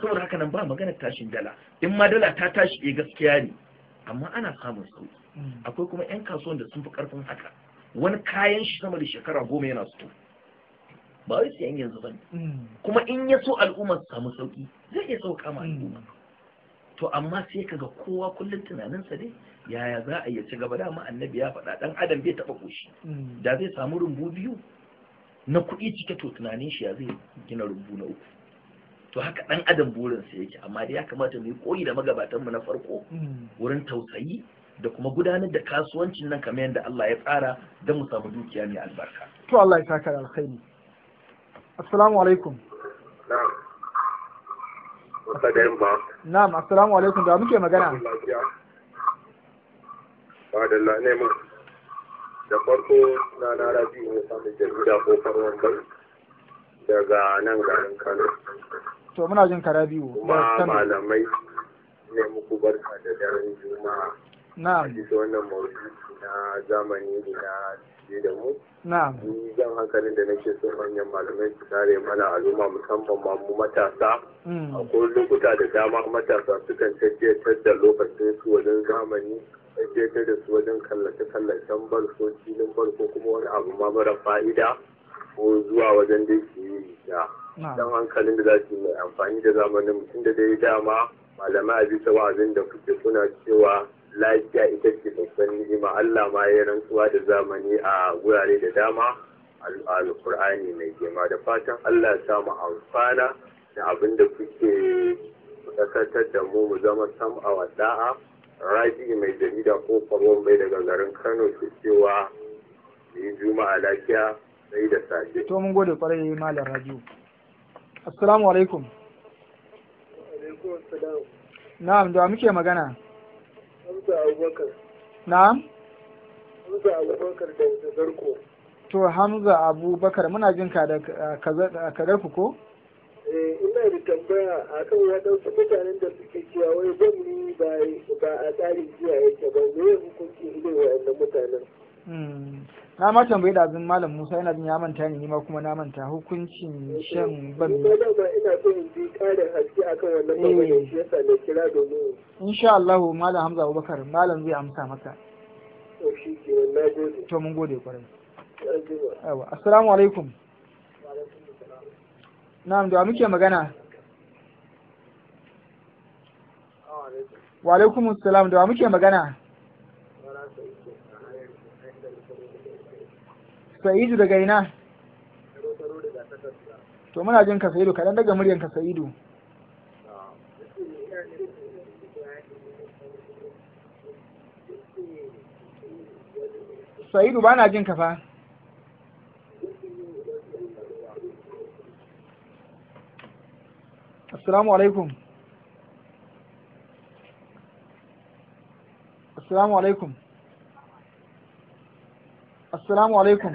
C: saboda haka nan ba magana tashin dala in ma dala ta tashi e gaskiya ne amma ana samun sauki hmm. akwai kuma yan kasuwan da sun fi karfin haka wani kayan shi sama da shekara goma yana su ba wai sayan yanzu ne. Hmm. kuma in ya so al'ummar su samu sauki zai iya sauka ma al'umma hmm. to amma sai kaga kowa kullum tunaninsa ne yaya za a iya ci gaba dama annabi ya faɗa ɗan adam bai taɓa ƙoshi mm. da zai samu rumbu biyu na kuɗi cike to tunanin shi ya zai gina rumbu na uku to haka ɗan adam burinsa yake amma dai ya kamata mu yi koyi da magabatanmu na farko mm. wurin tausayi da kuma gudanar da kasuwancin nan kamar yadda Allah ya tsara don mu samu dukiya mai albarka.
B: To Allah ya saka alkhairi. Assalamu alaikum.
F: barka da yamma
B: na'am assalamu alaikum da muke magana
F: ba da la ne mu da farko na na rabi mu samun jarida ko farwan kai daga nan garin Kano
B: to muna jin kara biyu kuma malamai
F: ne muku barka da daren juma'a na'am wannan mawuyi na zamani na fiye da mu ni jan hankalin da nake so manyan malamai su kare mana al'umma musamman ma mu matasa hmm. a lokuta da dama matasa sukan tajjatar da lokacin su wajen zamani tajjatar da su wajen kallace-kallacen barko cinin barko kuma wani abu ma mara fa'ida ko zuwa wajen da ke yi da dan hankalin da za su yi mai amfani da zamanin mutum da dai dama malamai a bisa wa'azin da kuke suna cewa lafiya ita ce babban ni'ima Allah ma ya rantsuwa da zamani a wurare da dama al-Qur'ani mai girma da fatan Allah ya samu amfana da abin da kuke dakatar da mu mu zama sam a wada'a raji mai jarida ko kwabon mai daga garin Kano ke cewa yi juma'a lafiya sai da sake.
B: To mun gode kwarai malam radio. Assalamu alaikum. Na'am da muke magana. na'am
G: hamza abubakar da zarko
B: to hamza abubakar muna jin ka da kagarku ko
G: eh, ina da tambaya akan kan dauki mutanen da suke cewa wai gwamni ba a tsarin jiya yake ba me hukunci irin wa'annan mutanen
B: na ma bai da abin malam musa yana jin ya manta ne nima kuma na manta hukuncin shan ban
G: ina so in ji kare
H: haske akan wannan bangaren shi yasa da kira domin
B: insha Allah malam Hamza Abubakar malam zai amsa maka
G: to shi ke na gode
B: to mun gode kwarai yawa assalamu alaikum na'am da muke magana wa alaikumus salam da muke magana sa'idu daga ina to muna jin ka sa'idu kaɗan daga muryan ka sa'idu
G: sa'idu ba na jin
B: ka fa assalamu alaikum assalamu alaikum assalamu alaikum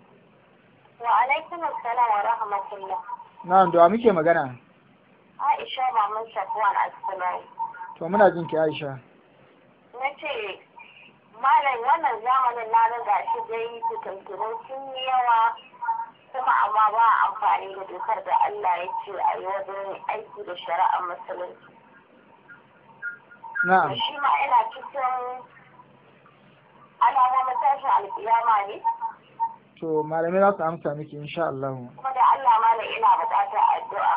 A: Wa alaikum assalam wa rahmatullah.
B: Na'am, da muke magana?
A: Aisha maman Safwan Asmai.
B: To muna jin ki Aisha.
A: Na ce malam wannan zamanin na riga shi yi tuntunu sun yi yawa kuma amma ba amfani da dokar da Allah ya ce a yi wajen aiki da shari'ar musulunci. Na'am. Shi ma ina cikin alamomin tashin alƙiyama ne.
B: to malamai za su amsa miki insha Allah kuma
A: da Allah malam ina bukata addu'a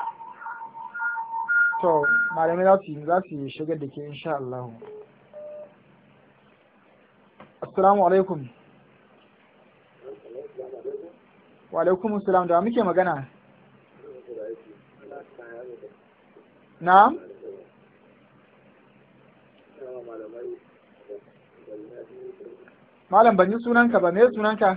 B: to malamai za su za su shigar da ke insha Allah assalamu alaikum wa alaikum assalam da muke magana na'am malam ban yi sunanka ba me sunanka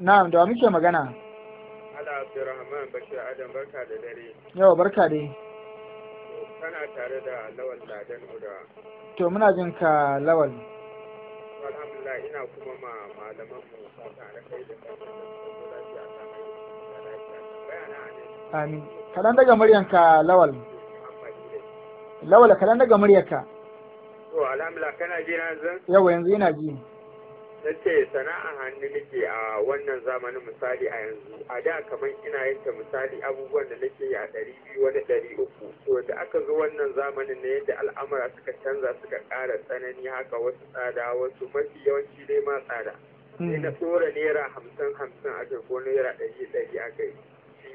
B: na'am da muke magana
H: ala abdurrahman bashir adam barka da dare
B: yawa barka dai
H: kana tare da lawal ladan uda
B: to muna jin ka lawal
H: alhamdulillah ina kuma ma malaman
G: mu tare kai da
B: amin kaɗan daga muryanka lawal lawal kaɗan daga muryarka.
H: to alhamdulillah kana ji na zan yawa yanzu ina ji na ce sana'a hannu nake a wannan zamanin misali a yanzu a da kamar ina yin misali abubuwan da nake yi a ɗari biyu wani ɗari uku to da aka zo wannan zamanin na yadda al'amura suka canza suka kara tsanani haka wasu tsada wasu mafi yawanci dai ma tsada
F: sai
B: na tsora
H: naira hamsin hamsin a ko naira ɗari ɗari a kai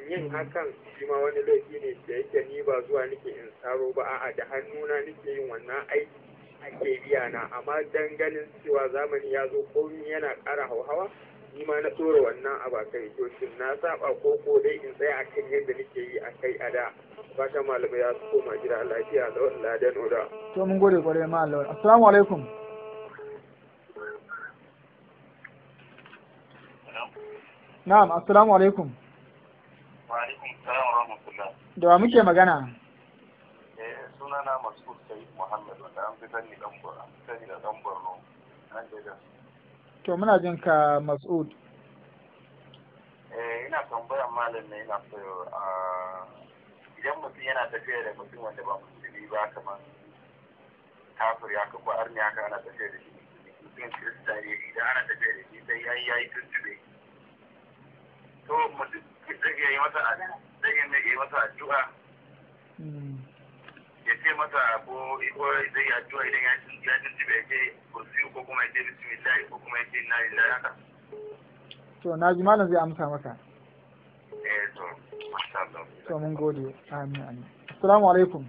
H: yin hmm. hakan shi ma wani laifi ne da yake ni ba zuwa nake in tsaro ba a'a da hannuna nake yin wannan aiki ake biya na amma dan ganin cewa zamani ya zo komi yana kara hauhawa ni ma na tsoro wannan a kai to shin na saba ko ko dai in tsaya akan yadda nake yi a kai a da fatan malamai ya su koma gida lafiya da wannan ladan oda
B: to mun gode kwarai ma Allah assalamu alaikum
E: na'am assalamu alaikum wa alaikum assalam
F: wa rahmatullah
B: da wa muke magana
F: eh sunana
B: to muna jin ka mas'ud
F: eh, ina tambayar malam ne ina so idan mutum yana tafiya da mutum wanda ba musulmi ba kamar kafir ya ko arni haka ana tafiya da shi mutum kirista ne idan ana tafiya da shi sai yayi yayi tuntube to mutum zai yi masa zai yi masa addu'a mata ko zai tuwa idan ya ci ya ci ya ce kursiyu ko kuma ya ce bismillah ko kuma ya ce inna lillahi haka
B: to na ji malam zai amsa maka eh to to mun gode amin amin assalamu alaikum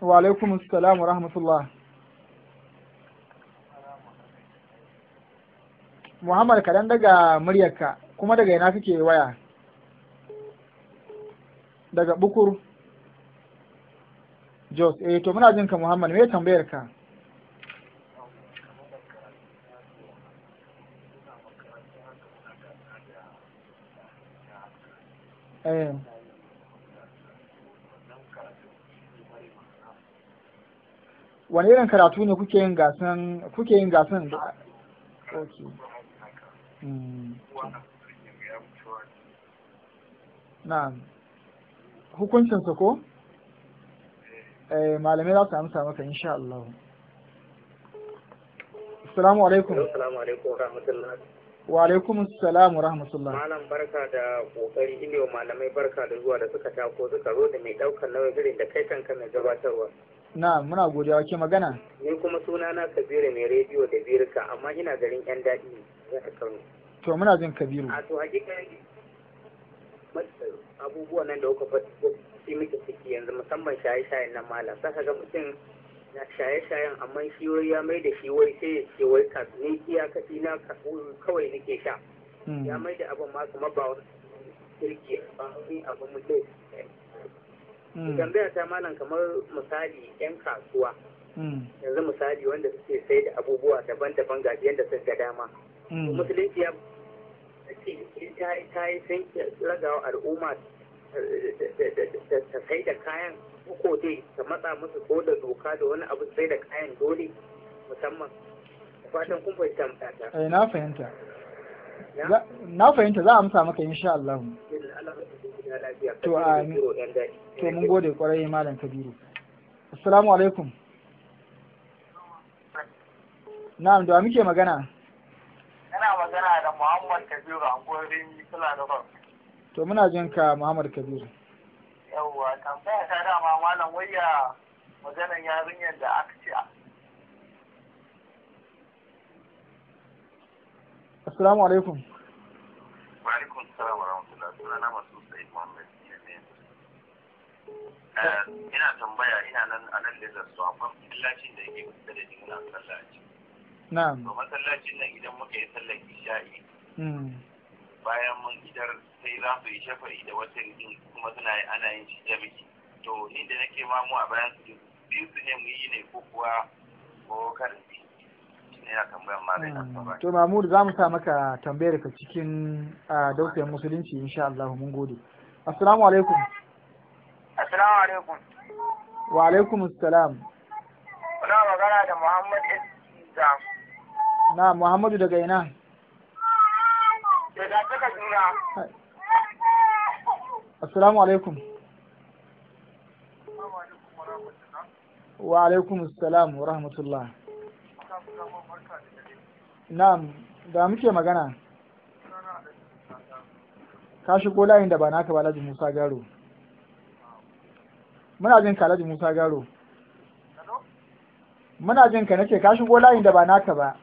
B: wa alaikum assalam wa rahmatullah Muhammad ka dan daga muryarka kuma daga ina kake waya daga bukur jos eh to muna jinka muhammad me tambayar ka eh. wani irin karatu ne kuke yin gasan kuke yin gasan da okay hmm, na'am hukuncinsa ko eh, malamai za su amsa maka insha Allah assalamu alaikum assalamu
I: alaikum wa rahmatullahi
B: wa alaikum assalam wa rahmatullahi.
I: malam barka da kokari ile wa malamai barka da zuwa da suka tako suka zo da mai daukar nawa irin da kai kanka mai gabatarwa
B: na muna godiya ke magana
I: ni kuma suna na kabiru mai rediyo da birka amma ina garin yan daɗi ne
B: to muna jin kabiru a
I: to hakika abubuwan nan da kuka faɗi shi muke ciki yanzu musamman shaye-shayen nan malam saka ga mutum na shaye-shayen amma shi ya mai da shi wai sai ce wai ka ni iyakaci na kawai nake sha hmm. ya mai da abin ma kuma ba wani kirki ba ni abin mutum tambaya ta malam kamar misali yan kasuwa hmm. yanzu misali wanda suke sai da abubuwa daban-daban ga yadda suka dama
E: hmm. musulunci
I: ya ce ta yi sai ragawa al'umma eh, eh, eh, ta sai da kayan ko dai ta matsa musu ko da doka da wani abu sai da kayan dole musamman fatan kun fahimta mutata. Eh
B: na fahimta. Na fahimta za a amsa maka insha Allah.
I: To amin. To mun gode
B: kwarai malam Kabiru. Assalamu alaikum. Na'am da muke magana?
I: Ina magana da Muhammad Kabiru
F: kula da Rock.
B: To muna jin ka Muhammad Kabiru.
F: Yawwa tambaya ta dama malam waya maganan yarinyar da aka ce
B: Assalamu alaikum.
F: Wa alaikum salam wa rahmatullah. na Masu sai Muhammad.
E: Eh,
F: ina tambaya ina nan a nan Lagos to akwai illacin da yake kusa da jimuna sallah a ciki. na'am to masallacin nan idan muka yi sallar isha'i hmm. bayan mun idar sai za su yi shafa'i da wata yin kuma suna ana yin shi jami'i to inda nake mamu a bayan su biyu su ne mu yi ne ko kuwa ko karin hmm.
B: To Mahmud za mu sa maka tambayar ka cikin ah, daukar musulunci insha Allah mun gode. Assalamu alaikum.
F: Assalamu alaikum.
B: Wa alaikum assalam.
F: Kuna magana da Muhammad
B: na Muhammadu daga ina
F: Assalamu alaikum
B: wa alaikum salam. wa rahmatullah na'am da muke magana ka shigo layin da ba naka ba Alhaji Musa Garo muna jin ka Alhaji Musa Garo muna jin ka nake ka shigo layin da ba naka ba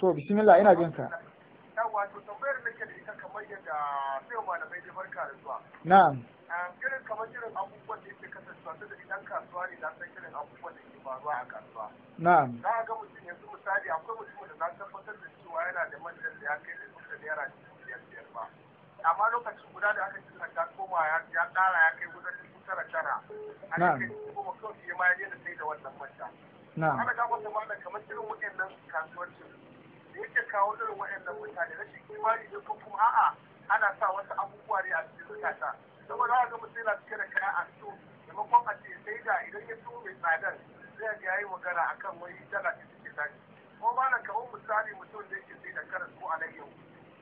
F: to bismillah ina jin ka yawa to tambayar da ke da ita kamar yadda sai malamai da barka da zuwa na'am irin kamar irin abubuwan da yake kasancewa da idan kasuwa ne dan san irin abubuwan da ke faruwa a kasuwa na'am za ga mutum yanzu misali akwai mutum da na tabbatar da cewa yana da manjan da ya kai da mutum da naira biyar biyar ba amma lokacin guda da aka ci ta koma ya ƙara ya kai wajen dubu tara tara a cikin kuma kawai ya ma ya daina sai da wannan manja. Ana ga wata malam kamar irin waɗannan kasuwancin yake kawo irin waɗannan mutane rashin kimari da kuma a'a ana sa wasu abubuwa ne a cikin zukata saboda haka mutum yana cike da kaya a su Da makon a ce sai da idan ya so mai tsadar zai ya yayi magana akan wani dala ce take tashi ko ba na kawo misali mutum da yake sai da a nan yau.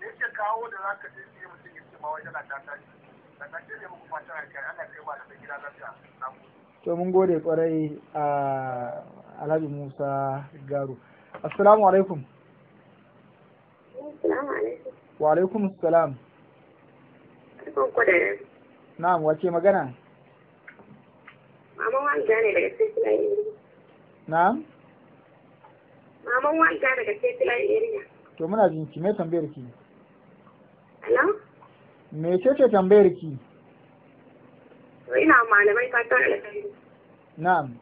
F: da yake kawo da za je sai mutum ya ce ma wai dala ta tashi sannan ce ne muku fatan alkai Allah kai ba da gida lafiya na
B: to mun gode kwarai a ah, Alhaji Musa Garu. Assalamu alaikum. Wa alaikum salam. Na'am wace magana?
E: Maman
I: wanda ne daga Tetilayi area. Na'am? Maman wanda daga Tetilayi area.
B: To muna jin ki me tambayar ki? Hello? Me ce ce tambayar ki?
I: To Ina malamai da alkhairi. Na'am.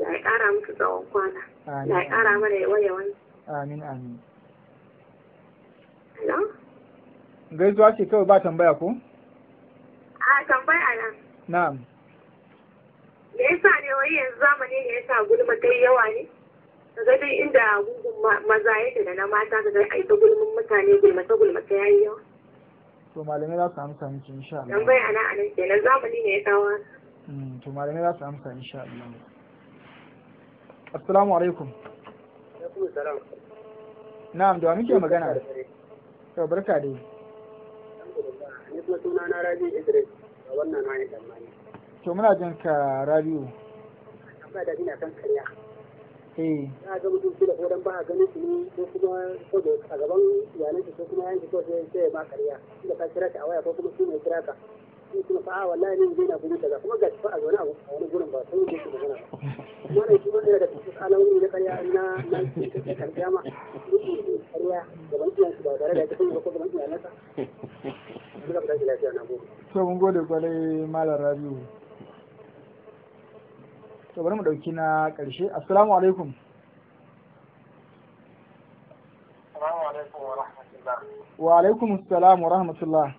I: Ya ƙara musu tsawon kwana. Ya ƙara mana yawa yawa.
B: Amin amin. Gaisuwa ce kawai ba tambaya ko?
I: A tambaya na. Na'am. Me yasa ne wai yanzu zamani ne yasa gulma ta yawa ne? Kaga dai inda gungun maza yake da na mata kaga ai ta gulmin mutane gulma ta gulma ta yayi yawa.
B: To malamai za su amsa miki insha Allah. Tambaya
I: a nan kenan zamani ne ya kawo.
B: Hmm, to malamai za su amsa insha Allah. Assalamu alaikum. Na'am da muke magana. to barka dai
I: a wannan tsammani
B: to muna jin ka rabiu kan karya eh
I: na ga mutum da ko dan ba ganin su ne ko kuma ko da a gaban iyalan ko kuma yanki ko sai sai ba karya da ka kira ka a waya ko kuma su mai kira ka shi kuma fa a ah, wallahi ne zai na guri kuma ga shi a zaune abu a wani gurin ba sai ne shi magana kuma ne shi ma da cikin alamomi da ƙarya na na cikin
A: karfiya ma duk da ƙarya gaban iyayen su ba tare da cikin ko gaban iyayen sa
G: duka fita shi lafiya na gobe
B: to mun gode kwarai malam Rabiu to bari mu dauki na ƙarshe assalamu alaikum wa alaikum assalam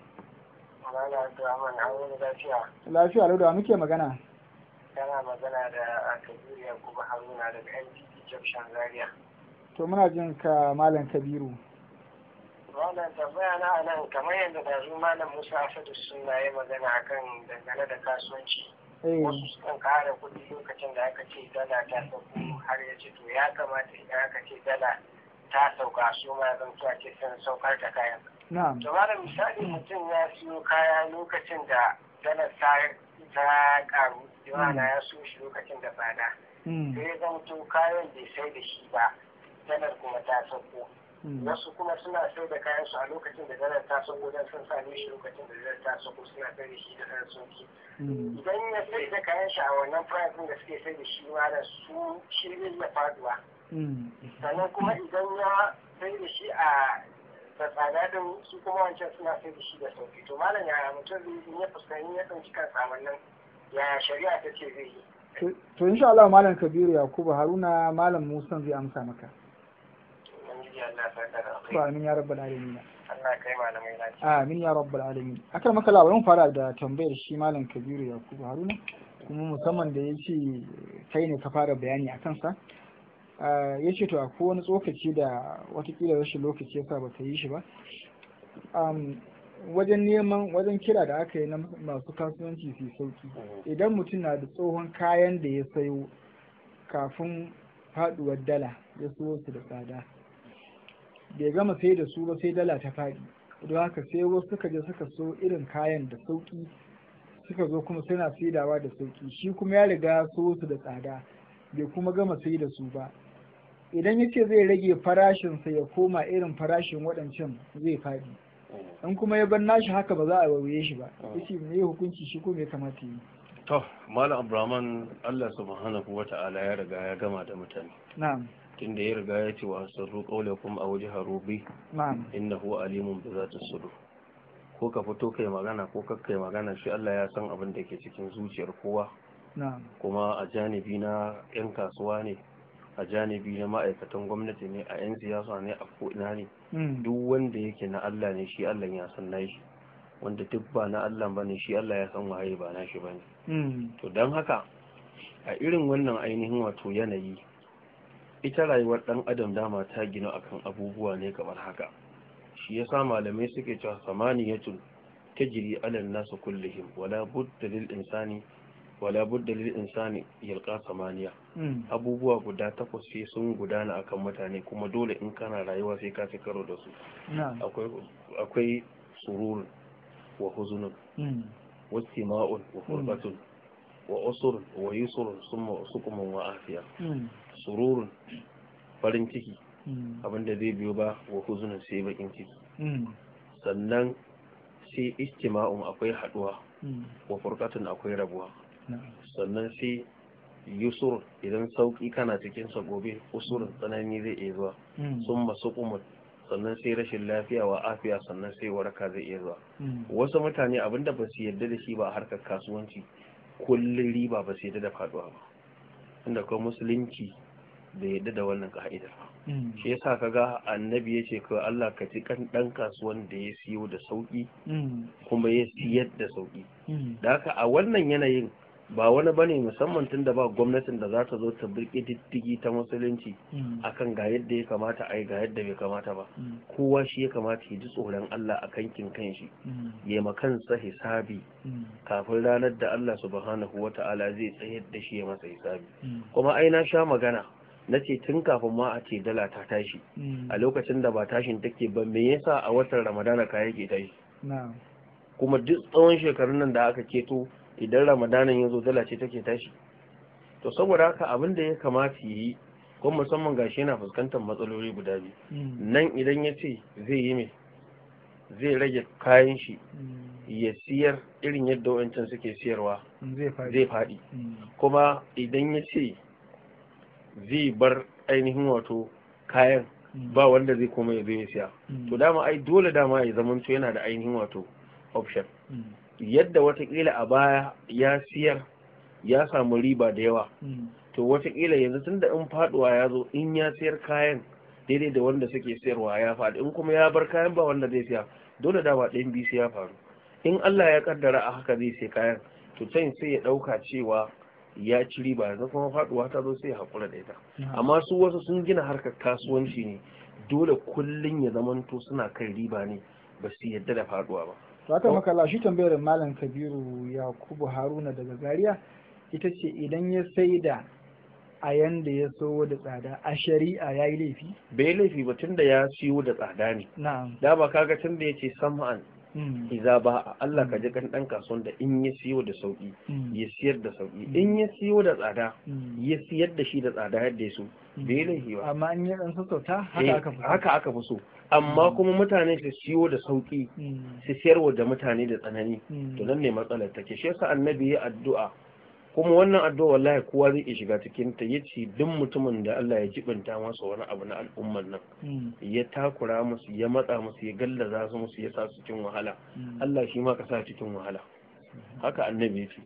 B: Lafiya lau a muke magana.
A: Yana magana da Kabiru Yakubu Haruna daga NTT Junction Zaria.
B: To muna jin ka Malam Kabiru.
A: Malam tambaya na nan kamar yadda da Malam Musa Asadu suna yi magana akan dangane da kasuwanci. Eh. wasu sukan kara kuɗi lokacin da aka ce dala ta sauku har ya ce to ya kamata idan aka ce dala ta sauka su ma zan a ce sun saukar da kayan Na'am. To misali mutum ya siyo kaya lokacin da dalar ta karu, yana ya so shi lokacin da tsada. Hmm. Sai ya zamto kayan bai sai da shi ba, dalar kuma ta sauko. Hmm. Wasu kuma suna sai da kayan su a lokacin da dalar ta sauko don sun same shi lokacin da dalar ta sauko suna sai da shi da dalar sauki. Hmm. Idan ya sai da kayan shi a wannan farashin da suke sai da shi ma da su shi zai faduwa. Sannan kuma idan ya sai da shi a da tsada din su kuma wancan suna sai da shi da sauki to malam yaya mutum zai yi ya fuskanci ya ɗauki kan samannin yaya shari'a ta ce zai yi
B: to insha Allah malam Kabiru Yakubu Haruna malam Musa zai amsa maka to amin ya rabbal alamin amin ya rabbal alamin akan maka labarin fara da tambayar shi malam Kabiru Yakubu Haruna kuma musamman da ya ce kai ne ka fara bayani a kansa Eh, ya ce to akwai wani tsokaci da watakila rashin lokaci yasa ba ta yi shi ba wajen neman wajen kira da aka yi na masu kasuwanci su sauki mm-hmm. idan mutum na da tsohon kayan da ya sayo kafin faduwar dala ya siyo su da tsada bai gama sai da su ba sai dala ta faɗi don haka sai wasu suka je suka so irin kayan da sauki suka zo kuma suna saidawa da sauki shi kuma ya riga so su da tsada bai kuma gama sai da su ba idan ya ce zai rage farashinsa ya koma irin farashin waɗancan zai faɗi eh. in kuma ya bar nashi haka ba za a wawaye shi ba eh. yace me hukunci shi ko me kamata yi
D: to malam abraman Allah subhanahu wata'ala ya riga ya gama da mutane na'am tunda ya riga ya ce wa asarru qawlakum a jaharu bi na'am innahu alimun bi zati sudur ko ka fito kai magana ko kakkai magana shi Allah ya san abin da ke cikin zuciyar kowa kuma a janibi na yan kasuwa ne a janibi na ma'aikatan gwamnati ne a 'yan siyasa ne a ko'ina ne hmm. duk wanda yake na Allah ne shi Allah ya san na shi. wanda duk ba na Allah ba ne shi Allah ya san waye ba na shi ba ne
E: hmm. to don
D: haka a irin wannan ainihin wato yanayi ita rayuwar ɗan adam dama ta gina akan abubuwa ne kamar haka shi yasa malamai suke cewa samaniyatul tajri alal nasu kullihim wala budda lil insani wala budda lil insani yalqa samaniya hmm. abubuwa guda takwas sai sun gudana akan mutane kuma dole in kana rayuwa sai ka fi karo da su akwai akwai surur wa huzun hmm. wa istima'un wa hmm. furqatun wa usur wa yusur summa sukumun wa afiya surur farin ciki abinda zai biyo ba wa huzun sai bakin ciki sannan sai istima'un akwai haduwa wa furqatun akwai rabuwa sannan sai yusur idan sauki kana cikin sa gobe usurin tsanani zai iya zuwa sun masu kuma sannan sai rashin lafiya wa afiya sannan sai waraka zai iya zuwa hmm. wasu mutane abinda ba su yarda da shi ba a harkar kasuwanci kullum riba ba su yarda da faduwa ba inda kuma musulunci da yarda da wannan ka'idar ba hmm. shi yasa ga annabi ya ce kawai Allah ka ci kan dan kasuwan da ya siyo da sauki hmm. kuma ya siyar da sauki da haka a wannan yanayin ba wani bane musamman tun da ba gwamnatin da za ta zo ta birki diddigi ta musulunci hmm. a kan ga yadda ya kamata a yi ga yadda bai kamata ba hmm. kowa shi ya kamata ya ji tsoron Allah a kankin shi, hmm. ya ma kansa hisabi kafin ranar da Allah subhanahu ta'ala zai tsayar da shi ya masa hisabi kuma ai na sha magana na ce tun kafin ma a ce dala ta tashi a lokacin da ba tashin take ba me yasa a watan ramadana kaya ke tashi kuma duk tsawon shekarun nan da aka keto idan ramadanin ya zo dala ce take tashi to saboda haka abin da ya kamata yi ko musamman gashi yana fuskantar matsaloli guda biyu hmm. nan idan ya ce zai yi mai zai rage kayan shi hmm. ya siyar irin yadda wancan suke siyarwa
B: hmm, zai
D: faɗi kuma idan ya ce zai bar ainihin wato kayan ba wanda zai koma ya zai ya siya to dama ai dole dama ya zamanto yana da ainihin wato option yadda watakila a baya ya siyar ya samu riba da yawa hmm. to watakila yanzu tun da in faduwa ya zo in ya siyar kayan daidai da wanda suke siyarwa ya faɗi in kuma ya bar kayan ba wanda zai siya dole da ba ɗayan bisu ya faru in Allah ya kaddara a haka zai sai kayan to can sai ya ɗauka cewa ya ci riba yanzu kuma faduwa ta zo sai ya haƙura da ita hmm. amma su wasu sun gina harkar kasuwanci ne dole kullum ya zamanto suna kan riba ne ba su yadda da faduwa ba
B: Wata oh. makalla shi tambayar Malam Kabiru Yakubu Haruna daga Zariya. ita ce idan ya sai da a yanda ya siyo da tsada a shari'a ya yi laifi?
D: Bai laifi ba tun da ya siyo da tsada ne. Da ba kaga tun da ya ce sam'an hmm. iza ba a Allah ka hmm. ji kan ɗan kasuwan da in ya siyo da sauƙi hmm. ya siyar da sauƙi in ya siyo da tsada ya siyar da shi da tsada yadda ya so bai laifi ba. Amma in ya ɗan sassauta haka eh, aka fi so. amma mm. kuma mutane su siyo da sauki mm. su siyarwa da mutane da tsanani mm. to nan ne matsalar take shi yasa annabi ya addu'a kuma wannan addu'a wallahi kowa zai iya shiga cikin ta yace duk mutumin da Allah ya jibinta masa wani abu na al'umman
E: nan
D: ya takura musu ya matsa musu ya gallaza su musu ya sa su cikin wahala Allah shi ma ka sa cikin wahala haka annabi ya ce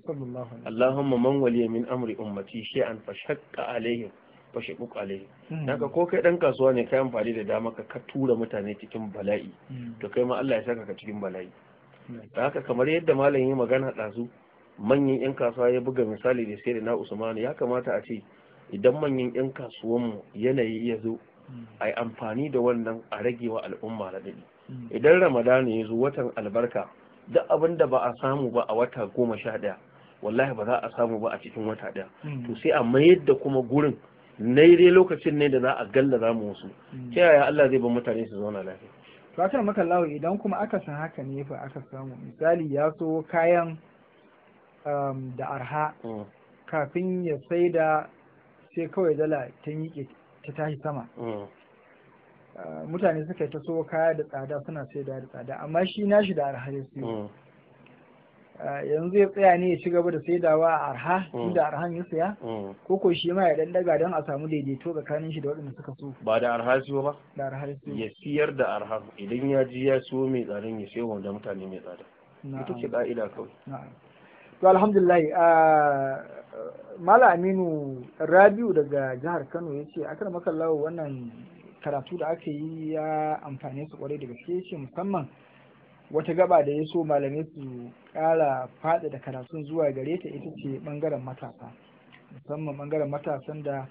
D: Allahumma man waliya min amri ummati shay'an fashaqqa alaihim fashe shiqu alai daga ko kai dan kasuwa ne kai amfani da dama ka ka tura mutane cikin bala'i hmm. to kai ma Allah ya saka ka cikin bala'i hmm. da haka kamar yadda malam yi magana ɗazu manyan yan kasuwa ya buga misali da sai da na Usman ya kamata a ce idan manyan yan kasuwan mu yanayi ya zo hmm. a amfani da wannan a rage wa al'umma raɗaɗi idan ramadana ya zo watan albarka duk abin da ba a samu ba a wata goma sha ɗaya wallahi ba za a samu ba a cikin wata daya to sai a mayar da kuma gurin na yi dai lokacin ne da za a galla za mu wasu hmm. ta yaya Allah zai ba mutane su zauna lafiya
B: to akan maka lawo idan kuma aka san haka ne fa aka samu misali ya so kayan um, da arha hmm. kafin ya sai da sai kawai dala ta yi ta tashi sama hmm. uh, mutane suka yi ta so kaya da tsada suna sai da tsada amma shi nashi da arha ya siyo Eh, yanzu ya tsaya ne ya ci gaba da saidawa a arha mm. inda arhan ya saya mm. ko ko shi ma ya dan daga don a samu daidaito tsakanin shi da waɗanda suka so ba da arha siyo ba da arha
D: siyo ya siyar da arha idan ya ji ya siyo mai tsarin ya siyo wanda mutane mai
E: tsada
B: ita ce ka'ida kawai to alhamdulillah eh, mala aminu rabiu daga jihar kano ya ce akar makallawa wannan karatu da aka yi ya amfane su kwarai da gaske musamman wata gaba da ya so malamai su kara ƙara da karatun zuwa gare ta ita ce bangaren matasa musamman bangaren matasan da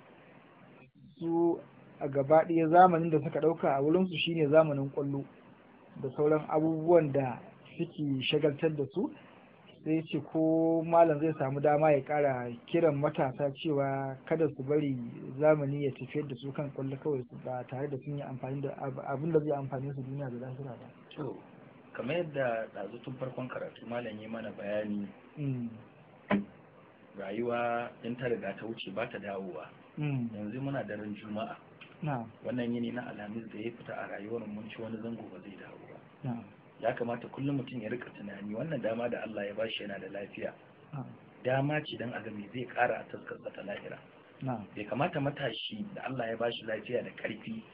B: su a gaba ɗaya zamanin da suka ɗauka a wurinsu shine zamanin kwallo da sauran abubuwan da suke shagaltar da su sai ce ko malam zai samu dama ya kara kiran matasa cewa kada su bari zamani ya tafi da su kan kwallo kawai ba tare da sun yi amfani da abin da zai amfani su duniya da lafiya
C: ba. kamar yadda ɗazu tun farkon karatu malam yi mana bayani mm. rayuwa in ta riga ta wuce ba ta dawowa mm. yanzu muna daren juma'a wannan yini na alhamis da ya fita a rayuwar mun ci wani zango ba zai dawo ba ya kamata kullum mutum ya rika tunani wannan dama da Allah ya bashi yana da lafiya dama ce dan azumi zai kara a taskarsa ta lahira bai kamata matashi da Allah ya bashi lafiya da karfi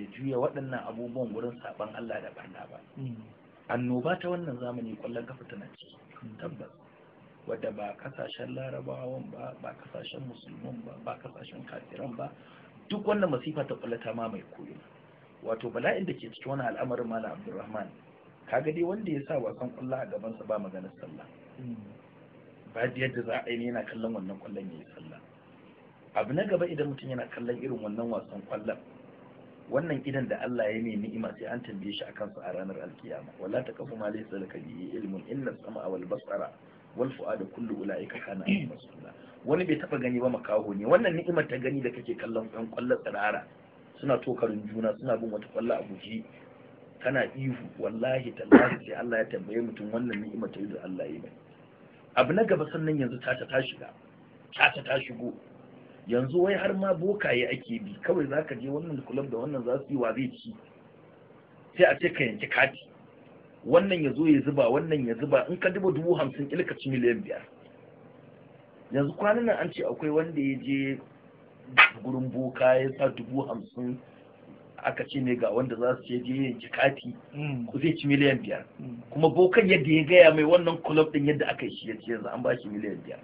C: ya juya waɗannan abubuwan wurin saban Allah da barna ba mm. annoba ta wannan zamani kwallon kafa tana ci tabbas wadda ba kasashen larabawan ba ba kasashen musulman ba ba kasashen kafiran ba duk wannan masifa ta kwallo ta mai koyo wato bala'in da ke cikin wani al'amarin malam abdurrahman kaga dai wanda ya sa wasan kwallo a gabansa ba maganar sallah ba yadda za a yi yana kallon wannan kwallon ya yi sallah abu na gaba idan mutum yana kallon irin wannan wasan kwallon wannan idan da Allah ya mai ni'ima sai an tambaye shi akan su a ranar alkiyama wala taqafu ma laysa laka bihi ilmun inna as-sama'a wal basara wal fu'adu kullu ulaika kana mas'ula wani bai taba gani ba makaho ne wannan ni'imar ta gani da kake kallon ɗan kwallon tsirara suna tokarin juna suna bin wata kwallo a guji kana ihu wallahi tallahi sai Allah ya tambaye mutum wannan ni'imar ta yi da Allah ya yi abu na gaba sannan yanzu ta ta shiga ta ta shigo yanzu wai har ma bokaye ake bi kawai za ka je wannan kulab da wannan za su yi wa zai ci sai a ce ka yanki kati wannan ya zo ya zuba wannan ya zuba in ka duba dubu hamsin ilka ci miliyan biyar yanzu kwanan nan an ce akwai wanda ya je gurin boka ya sa dubu hamsin aka ce ne ga wanda za su je yanki kati mm. ko zai ci miliyan biyar mm. kuma bokan yadda ya gaya mai wannan kulob din yadda aka yi shi ya ce yanzu an ba shi miliyan biyar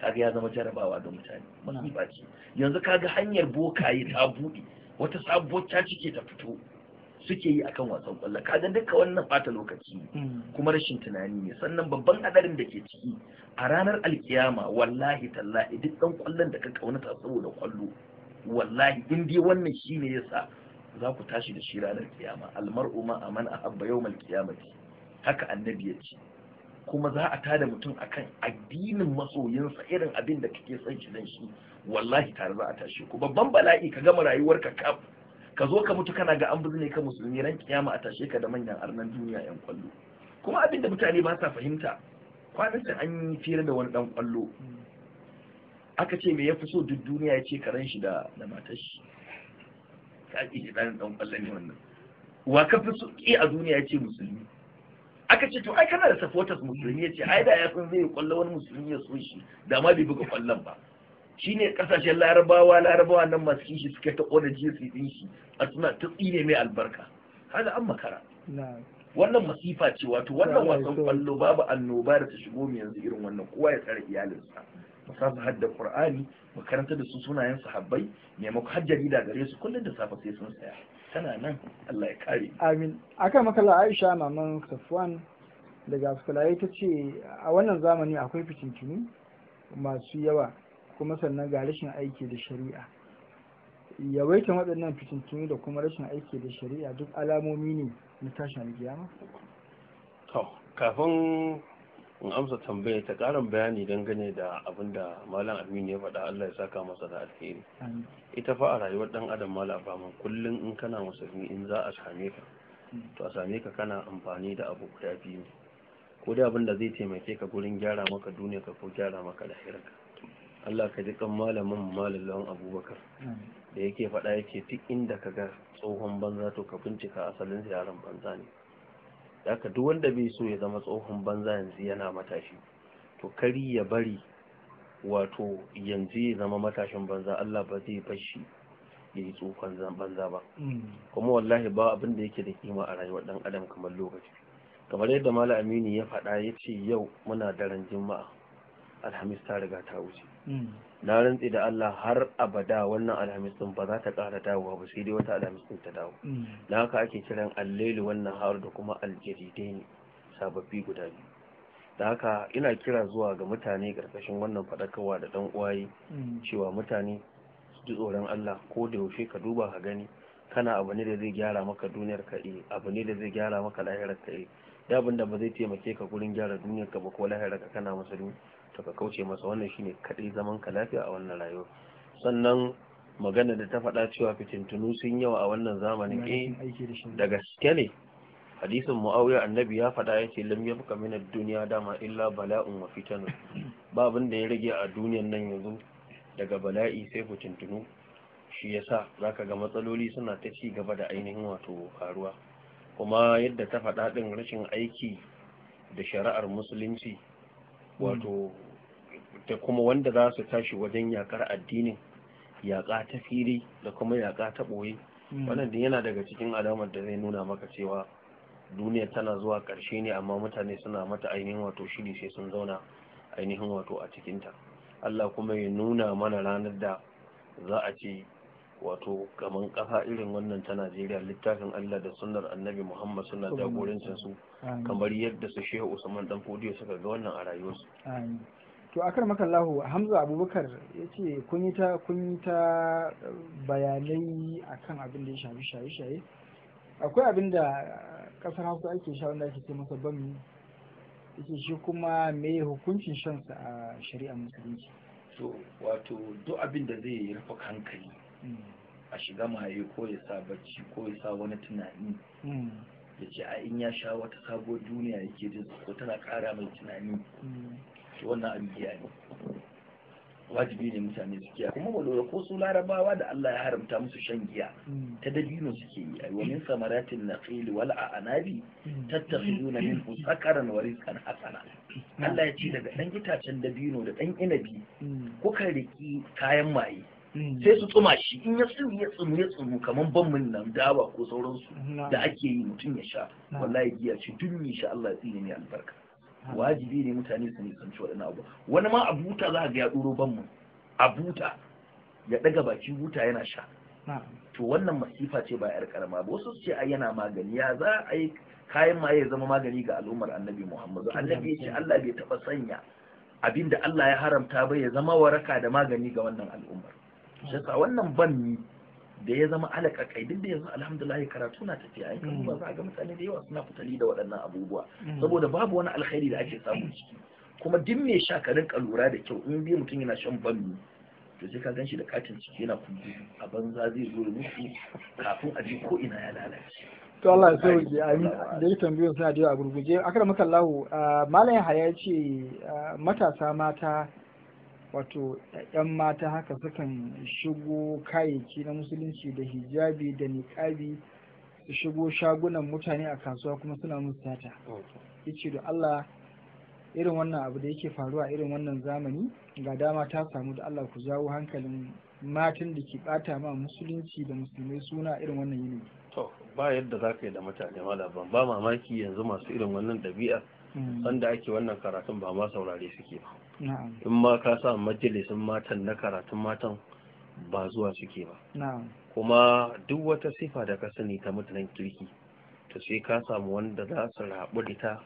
C: kaga ya zama jarabawa ga mutane musiba ce yanzu kaga hanyar bokaye ta buɗe wata sabuwar caci ke ta fito suke yi akan wasan kwallo kaga duka wannan bata lokaci hmm. kuma rashin tunani ne sannan babban hadarin da ke ciki a ranar alkiyama wallahi tallahi duk dan kwallon da ka kaunata saboda kwallo wallahi in dai wannan shine yasa za ku tashi da shi ranar kiyama almar'u ma aman ahabba yawmal qiyamati haka annabi ya ce kuma za a tada mutum akan addinin masoyinsa irin abin da kake son shi dan shi wallahi tare za a tashi ku babban bala'i ka gama rayuwarka kaf ka zo ka mutu kana ga an buzne ka musulmi ran kiyama a tashe ka da manyan arnan duniya yan kwallo kuma abin da mutane ba sa fahimta kwanan can an yi fira da wani dan kwallo aka ce me ya fi so duk duniya ya ce ka ran shi da da matar shi ka ki dan dan kwallo ne wannan wa ka fi so ki a duniya ya ce musulmi aka ce to ai kana da supporters musulmi yace ai da ya san zai kwallo wani musulmi ya so shi da ma bai buga kwallon ba shine kasashen larabawa larabawa nan masu kishi suka ta ƙona jinsi din shi a suna ta tsine mai albarka kaga an makara wannan masifa ce wato wannan wasan kwallo babu annoba da ta shigo mu yanzu irin wannan kowa ya tsare iyalinsa mu sa su hadda qur'ani mu karanta da su sunayen sahabbai maimakon har jarida gare su kullum da safe sai sun tsaya tana nan Allah ya kare
B: amin akan makala Aisha maman Safwan daga Fulaye ta ce a wannan zamani akwai fitintuni masu yawa kuma sannan ga rashin aiki da shari'a yawaitan waɗannan fitintunu da kuma rashin aiki da shari'a duk alamomi ne na tashin alkiyama
D: to kafin in amsa tambaya ta karin bayani dangane da abin da malam aminu ya faɗa allah ya saka masa da alheri ita fa a rayuwar dan adam malam abaman kullum in kana musulmi in za a same ka to a same ka kana amfani da abu guda biyu ko da abin da zai taimake ka gurin gyara maka duniya ka ko gyara maka da lahirarka allah ka ji kan malamin lawan abubakar da yake faɗa yake duk inda ka ga tsohon banza to ka bincika asalin yaran banza ne da duk wanda bai so ya zama tsohon banza yanzu yana matashi to kari ya bari wato yanzu ya zama matashin banza Allah ba zai bar shi ya yi tsohon banza ba mm. kuma wallahi ba abin da yake da kima a rayuwar dan adam kamar lokaci kamar yadda malam aminu ya faɗa ya ce yau muna daren juma'a alhamis ta riga ta wuce na rantsi da Allah har abada wannan alhamis din ba za ta ƙara dawowa ba sai dai wata alhamis din ta dawo mm. na haka ake kiran allelu wannan har da kuma aljaridai ne sababbi guda biyu da haka ina kira zuwa ga mutane karkashin wannan faɗakarwa da ɗan uwaye mm. cewa mutane su ji tsoron Allah ko da yaushe ka duba ka gani kana abu ne da zai gyara maka duniyar ka eh, abu ne da zai gyara maka lahirar ka eh. da abin da ba zai taimake ka gurin gyara duniyar ka ba ko lahirar ka kana musulmi sa ka kauce masa wannan shine kadai zaman ka lafiya a wannan rayuwar? sannan magana da ta faɗa cewa fitintunu sun yawa a wannan zamanin eh da gaske ne hadisin muawiya annabi ya faɗa ya lam yabqa min ad-dunya dama illa bala'un wa fitanu ba abin da ya rage a duniyar nan yanzu daga bala'i sai fitintunu shi yasa zaka ga matsaloli suna ta ci gaba da ainihin wato faruwa kuma yadda ta faɗa ɗin rashin aiki da shari'ar musulunci wato da kuma wanda za su tashi wajen yakar addinin yaƙa ta fili da kuma yaƙa ta ɓoye hmm. wannan yana daga cikin alamar da zai nuna maka cewa duniya tana zuwa ƙarshe ne amma mutane suna mata ainihin wato shiri sai sun zauna ainihin wato a cikinta Allah kuma ya nuna mana ranar da za a ce wato kaman ƙasa irin wannan ta Najeriya littafin Allah da sunnar annabi Muhammad suna jagorancin su kamar yadda su Shehu Usman dan Fodiyo suka ga wannan a rayuwarsu
B: to akar makallahu hamza abubakar ya ce kun yi ta bayanai akan abin da ya shafi shaye-shaye akwai abin da kasar hausa ake sha wanda ake ce masa bami yake shi kuma me hukuncin shansa a shari'a musulunci
C: to wato duk abin da zai rufa hankali a shiga maye ko ya sa bacci ko ya sa wani tunani mm. ya ce a in ya sha wata sabuwar duniya yake jin ko tana kara mai tunani mm. ce wannan abin ne. wajibi ne mutane su kiya kuma ba lura ko su larabawa da Allah ya haramta musu shan giya mm. ta dabino suke yi ai wamin samaratin Wal'a a anabi mm. tattakhiduna minhu sakaran wa rizqan hasana Allah ya ce daga dan itacen dabino da dan inabi mm. kuka riki kayan maye sai su tsuma shi in ya tsumu ya tsumu ya tsumu kamar bammin nan dawa ko sauransu da ake yi mutum ya sha wallahi giya ce duk sha Allah ya tsine ne albarka wajibi ne mutane su nisanci waɗannan abu wani ma a buta za a ga ya ɗuro ban mu a buta ya ɗaga baki buta yana sha to wannan masifa ce ba yar karama ba wasu ce a yana magani ya za a yi kayan maye ya zama magani ga al'ummar annabi muhammadu annabi ya ce allah bai taɓa sanya abin da allah ya haramta ba ya zama waraka da magani ga wannan al'ummar shi wannan ban ni da ya zama alaka kai duk da yanzu alhamdulillah karatu na tafiya ai kuma ba za ga mutane da yawa suna fitali da waɗannan abubuwa mm. saboda babu wani alkhairi da ake samu ciki kuma duk mai sha ka rinka lura da kyau in bi mutum yana shan banmi to sai ka ganshi da katin ciki yana kunji a banza zai zo da mutu kafin a je ko ina ya lalace
B: to Allah ya sauke amin da ya tambayo suna da a gurguje akara makallahu ah, malam Yahaya ya ce ah, matasa mata wato 'yan mata haka sukan shigo kayayyaki na musulunci da hijabi da niƙabi su shigo shagunan mutane a kasuwa kuma suna musu sata yace da Allah irin wannan abu da yake faruwa irin wannan zamani ga dama ta samu da Allah ku jawo hankalin matan da ke bata ma musulunci da musulmai suna irin wannan yanayi
D: to ba yadda za ka yi da mutane malaban ba mamaki yanzu masu irin wannan ɗabi'a wanda hmm. ake wannan karatun ba ma saurare suke ba in ma ka sa majalisin matan na karatun matan ba zuwa suke ba kuma duk wata sifa da ka sani ta mutanen kirki to sai ka samu wanda za su rabu da ta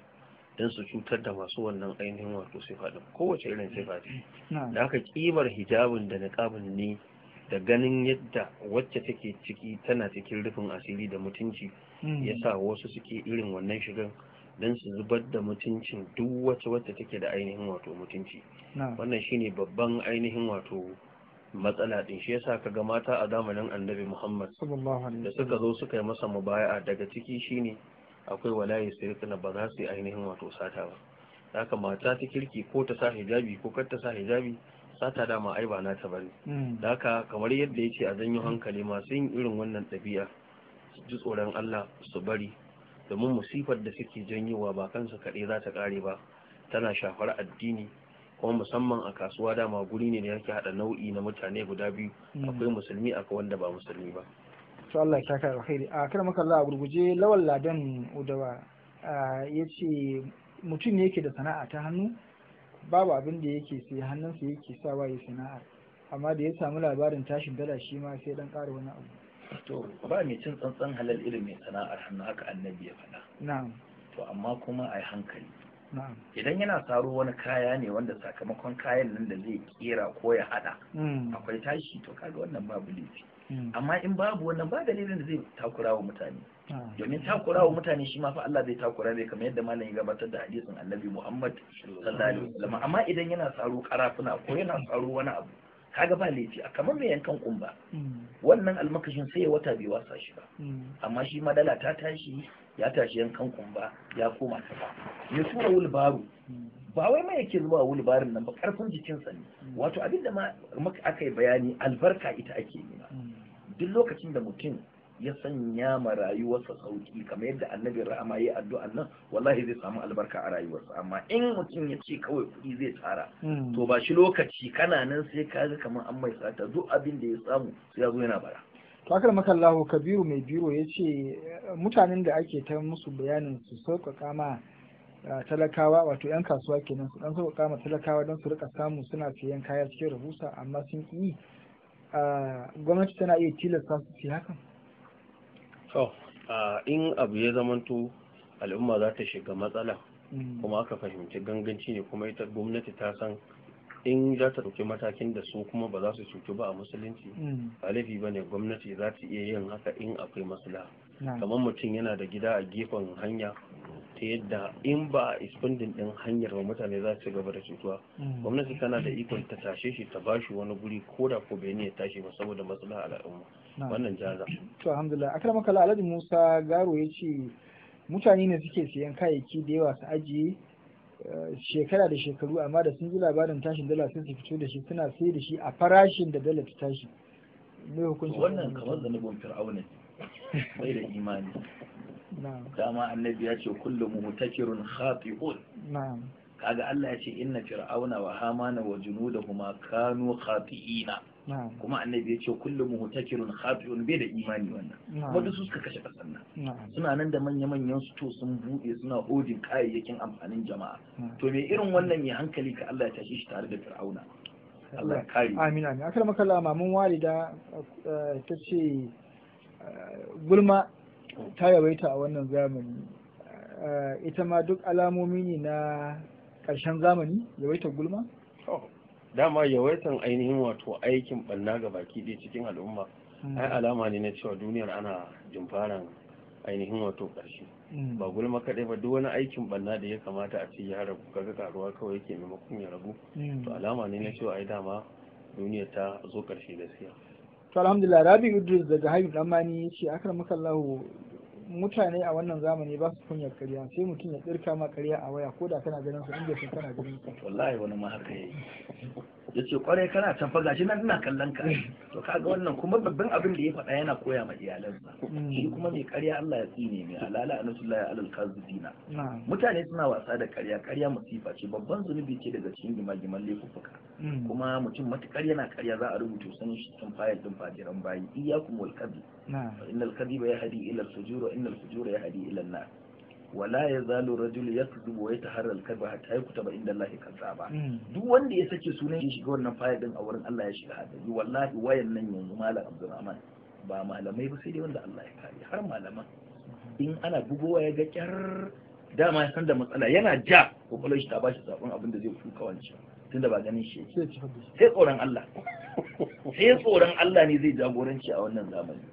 D: don su cutar da masu wannan ainihin wato sifa din kowace irin sifa ce da aka kimar hijabin da niqabin ne da ganin yadda wacce take ciki tana cikin rufin asiri da mutunci mm. ya sa wasu suke irin wannan shigan don su zubar da mutuncin duk wacce wacce take da ainihin wato mutunci wannan shine babban ainihin wato matsala din shi yasa kaga mata a zamanin annabi Muhammad da suka zo suka yi masa mubaya'a daga ciki shine akwai walayi sirkina ba za su yi ainihin wato sata ba haka mata ta kirki ko ta sa hijabi ko kar ta sa hijabi sata dama ai ba nata bane hmm. da haka kamar yadda yace a janyo hankali masu yin irin wannan ɗabi'a su ji tsoron Allah su bari domin musifar da suke janyowa ba kansa kaɗai za ta ƙare ba tana shafar addini kuma musamman a kasuwa dama guri ne da yake haɗa nau'i na mutane guda biyu hmm. akwai musulmi akwai wanda ba musulmi ba
B: to Allah ya alkhairi a kar maka Allah gurguje lawal ladan udawa yace mutum ne yake da sana'a ta hannu babu abin da yake sai hannunsa yake sawa ya sana'a amma da ya samu labarin tashin dala shi ma sai dan ƙara wani abu
C: to ba mai cin tsantsan halal irin mai sana'ar hannu haka annabi ya
B: faɗa
C: to amma kuma a hankali idan yana saro wani kaya ne wanda sakamakon kayan nan da zai kera ko ya hada mm. akwai tashi to kaga wannan babu laifi mm. amma in babu wannan ba dalilin da zai takura wa mutane ah. domin takura wa mutane shi ma fa Allah zai takura ne kamar yadda malam ya gabatar da hadisin Annabi Muhammad sallallahu alaihi amma idan yana saro karafuna ko yana saro wani abu kaga ba laifi a kamar mai yankan kumba hmm. wannan almakashin sai ya wata bai wasa shi ba hmm. amma shi madala ta tashi ya tashi yankan kumba ya koma ta ba ya tura wulbaru hmm. ba wai mai yake zuwa wulbarin nan ba karfin jikinsa ne wato abinda ma aka yi bayani albarka ita ake yi ba. duk lokacin da mutum ya sanya ma rayuwarsa sauki kamar yadda annabi rahama ya addu'an nan wallahi zai samu albarka a rayuwarsa amma in mutum ya ce kawai kuɗi zai tsara
D: hmm.
B: to ba
C: shi lokaci kana nan sai ka ga kamar an mai sata duk abin da ya samu sai ya zo yana bara
B: fakar makallahu kabiru mai biro ya ce mutanen da ake ta musu bayanin su sauƙaƙa ma talakawa wato 'yan kasuwa kenan su dan sauƙaƙa ma talakawa don su rika samu suna siyan kaya cikin rahusa amma sun ƙi gwamnati tana iya tilasta su ci hakan
D: to in abu ya zamanto al'umma za ta shiga matsala mm. kuma aka fahimci ganganci ne kuma ita gwamnati ta san in za ta ɗauki matakin da su kuma ba za su cutu ba a musulunci mm. alifi ba ne gwamnati za ta iya yin haka in akwai maslaha
E: kamar mutum
D: yana da gida a gefen hanya ta yadda in ba a ispandin din hanyar ba mutane za su gaba da cutuwa mm. gwamnati tana da ikon ta tashe shi ta bashi wani guri ko da ko bai ne ya tashi ba saboda matsala al'umma
B: wannan jaza to alhamdulillah akrama kala alhaji musa garo ya ce mutane ne suke siyan kayayyaki da yawa su ajiye eh, shekara da shekaru amma da sun ji labarin tashin dala sun su fito da shi suna sai da shi a farashin da dala ta tashi wannan
C: kamar zanubin fir'auna ne sai da imani dama annabi ya ce kullum mutakirun khati'un kaga Allah ya ce inna fir'auna wa hamana wa junudahuma kanu khati'ina kuma annabi ya ce kullum mutakirun khati'un bai da imani wannan wanda su suka kashe kasan nan suna nan da manya manyan su sun bude suna hodin kayayyakin amfanin jama'a to me irin wannan mai hankali ka Allah ya tashi shi tare da fir'auna Allah ya kare amin
B: amin akalla makalla mamun walida eh, ta ce gulma ta yawaita a wannan zamani eh, ita ma duk alamomi ne na ƙarshen zamani yawaitar gulma?
D: dama yawaitar ainihin wato aikin ɓanna ga baki ɗaya cikin al'umma hmm. ai alama ne na cewa duniyar ana jimfaran ainihin wato ƙarshe hmm. ba gulma kaɗai ba duk wani aikin ɓanna da ya kamata a ce ya ragu kaga karuwa kawai ke maimakon ya ragu hmm. to alama ne na cewa ai dama duniya ta zo ƙarshe gaskiya
B: to alhamdulillah rabi idris daga hayu damani ya ce akar makallahu mutane a wannan zamani ba su kunya karya sai mutum ya tsirka ma karya a waya ko da kana ganin su inda sun kana ganin su
C: wallahi wani ma ya yi ya ce kwarai kana can faga gashi nan ina kallon ka eh. to kaga wannan kuma babban abin da ya faɗa yana koya ma iyalansa mm. shi kuma mai ƙarya Allah ya tsine mai alala anasullahi alal kazibina mutane suna wasa da ƙarya ƙarya musifa ce babban zunubi ce daga cikin gimagiman laifuka mm. kuma mutum matukar yana ƙarya za a rubuta sanin shi cikin fayil din fajiran bayi iyyakum wal kadhib fa innal kadhiba yahdi ila al-fujur wa innal fujura yahdi ila an-nar wala ya zalo rajul ya tudu wa ya taharra alkalba Ta ya kutaba inda Allah ya kansa ba hmm. duk wanda ya sake sunan shi shiga wannan fayil din a wurin Allah ya shiga yi wallahi wayan nan yanzu malam abdurrahman ba malamai ba sai dai wanda Allah ya kare har malaman in ana bugowa ya ga kyar dama ya san da matsala yana ja kokolon shi ta bashi sabon abin da zai fuka wancan tunda ba ganin shi sai tsoron Allah sai tsoron Allah ne zai jagoranci a wannan zamani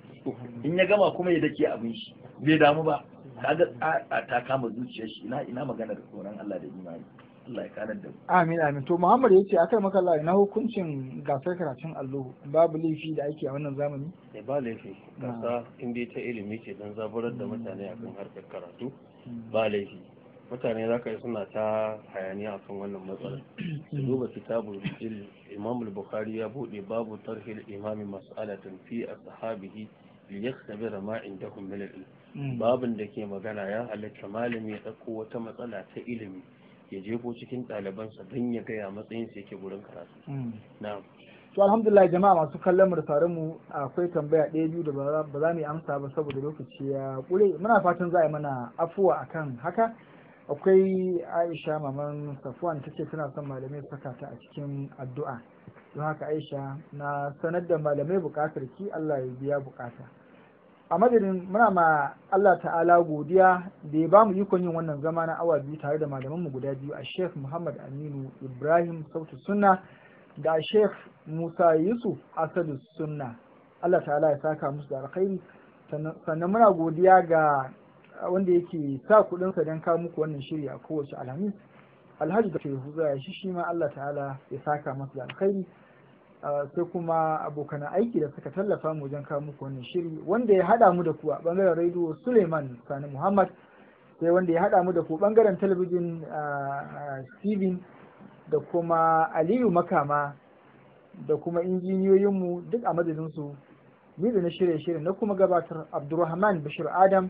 C: in ya gama kuma ya dake abin shi bai damu ba kaga tsatsa ta kama zuciyar shi ina ina da tsoron Allah da imani Allah ya kanar da mu
B: amin amin to Muhammad yace akai maka Allah na hukuncin gasar karatun allo babu laifi da ake a wannan zamani
D: eh ba laifi ah. gasa in dai ta ilimi ce dan zaburar da mutane akan harkar karatu hmm. ba laifi mutane za ka yi suna ta hayaniya akan wannan matsalar su hmm. duba kitabul ilm imam al-bukhari ya bude babu tarhil imami mas'alatin fi ashabihi liyaktabira ma indahum min al-ilm Mm. babin da ke magana ya halitta malami ya ko wata matsala ta ilimi ya jefo cikin ɗalibansa don ya gaya matsayin sa yake gurin karatu mm. na
B: to alhamdulillah jama'a masu kallon mu da tare mu akwai tambaya ɗaya biyu da ba za mu amsa ba saboda lokaci ya ƙure muna fatan za a yi mana afuwa akan haka akwai aisha maman safwan ta ce tana son malamai saka ta a cikin addu'a don haka aisha na sanar da malamai bukatar ki allah ya biya buƙata. a madadin muna ma Allah ta'ala godiya da ya bamu ikon yin wannan zama na awa biyu tare da malaman mu guda biyu a Sheikh Muhammad Aminu Ibrahim Sautu Sunna da Sheikh Musa Yusuf Asadu Sunna Allah ta'ala ya saka musu da alkhairi sannan muna godiya ga wanda yake sa kuɗinsa don kawo muku wannan shiri a kowace alhamis alhaji da ke huza shi shi ma Allah ta'ala ya saka musu da alkhairi Eh, sai kuma abokan aiki da suka tallafa mu wajen kawo muku wannan shiri wanda ya haɗa mu da ku a ɓangaren rediyo Suleiman Sani Muhammad sai wanda ya haɗa mu da ku bangaren talabijin Steven eh, da kuma Aliyu Makama da kuma injiniyoyinmu duk a su ni da na shirye shirin na kuma gabatar Abdulrahman Bashir Adam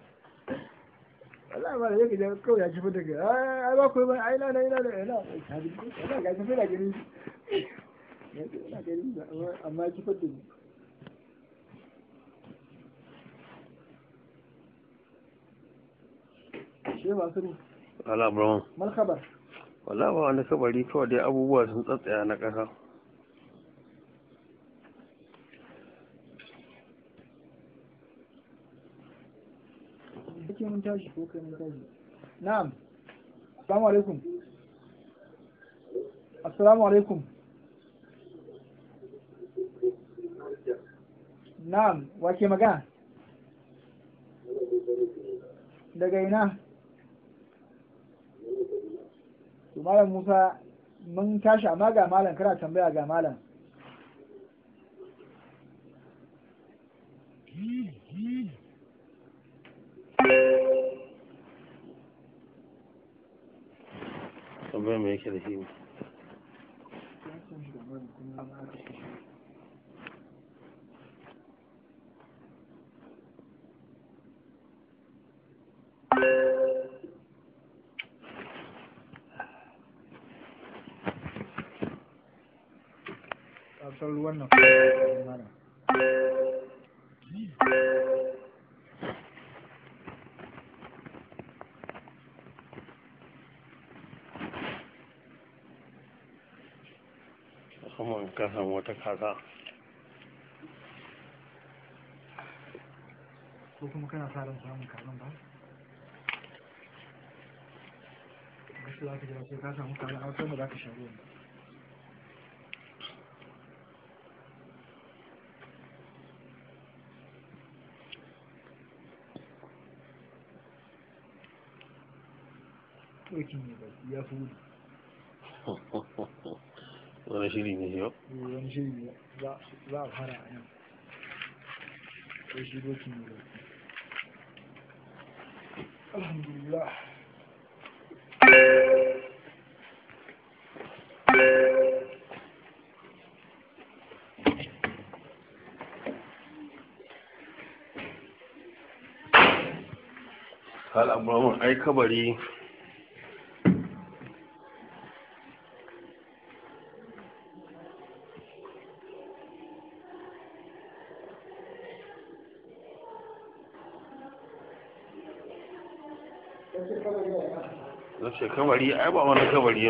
B: Allah ba yake da kawai ya kifi daga ai ba kuma ai na na ina da ina ina ga kifi da gani ina gani amma kifi da shi ba su ne ala bro mal khabar
D: wallahi ba wani kabari kawai dai abubuwa sun tsatsaya na kasa
B: gaskiya mun tashi ko kai mun tashi na'am assalamu alaikum assalamu alaikum na'am wa ke magana daga ina to malam musa mun tashi amma ga malam kana tambaya ga malam Mm-hmm.
E: tambayar mai yake da shi
B: ƙasar ruwan
D: Ka samu wata kaza
B: ko kuma kana sa ran samun kazan ba gashi za ka jira sai ka samu kazan a wata ba za ka shago ruwan ya ya hudu
D: wani shiri ne yau
B: wani shiri ne za a fara a yau sai shi dokin ne alhamdulillah
D: hal abu ai kabari
F: 这可不利，俺爸爸那可不利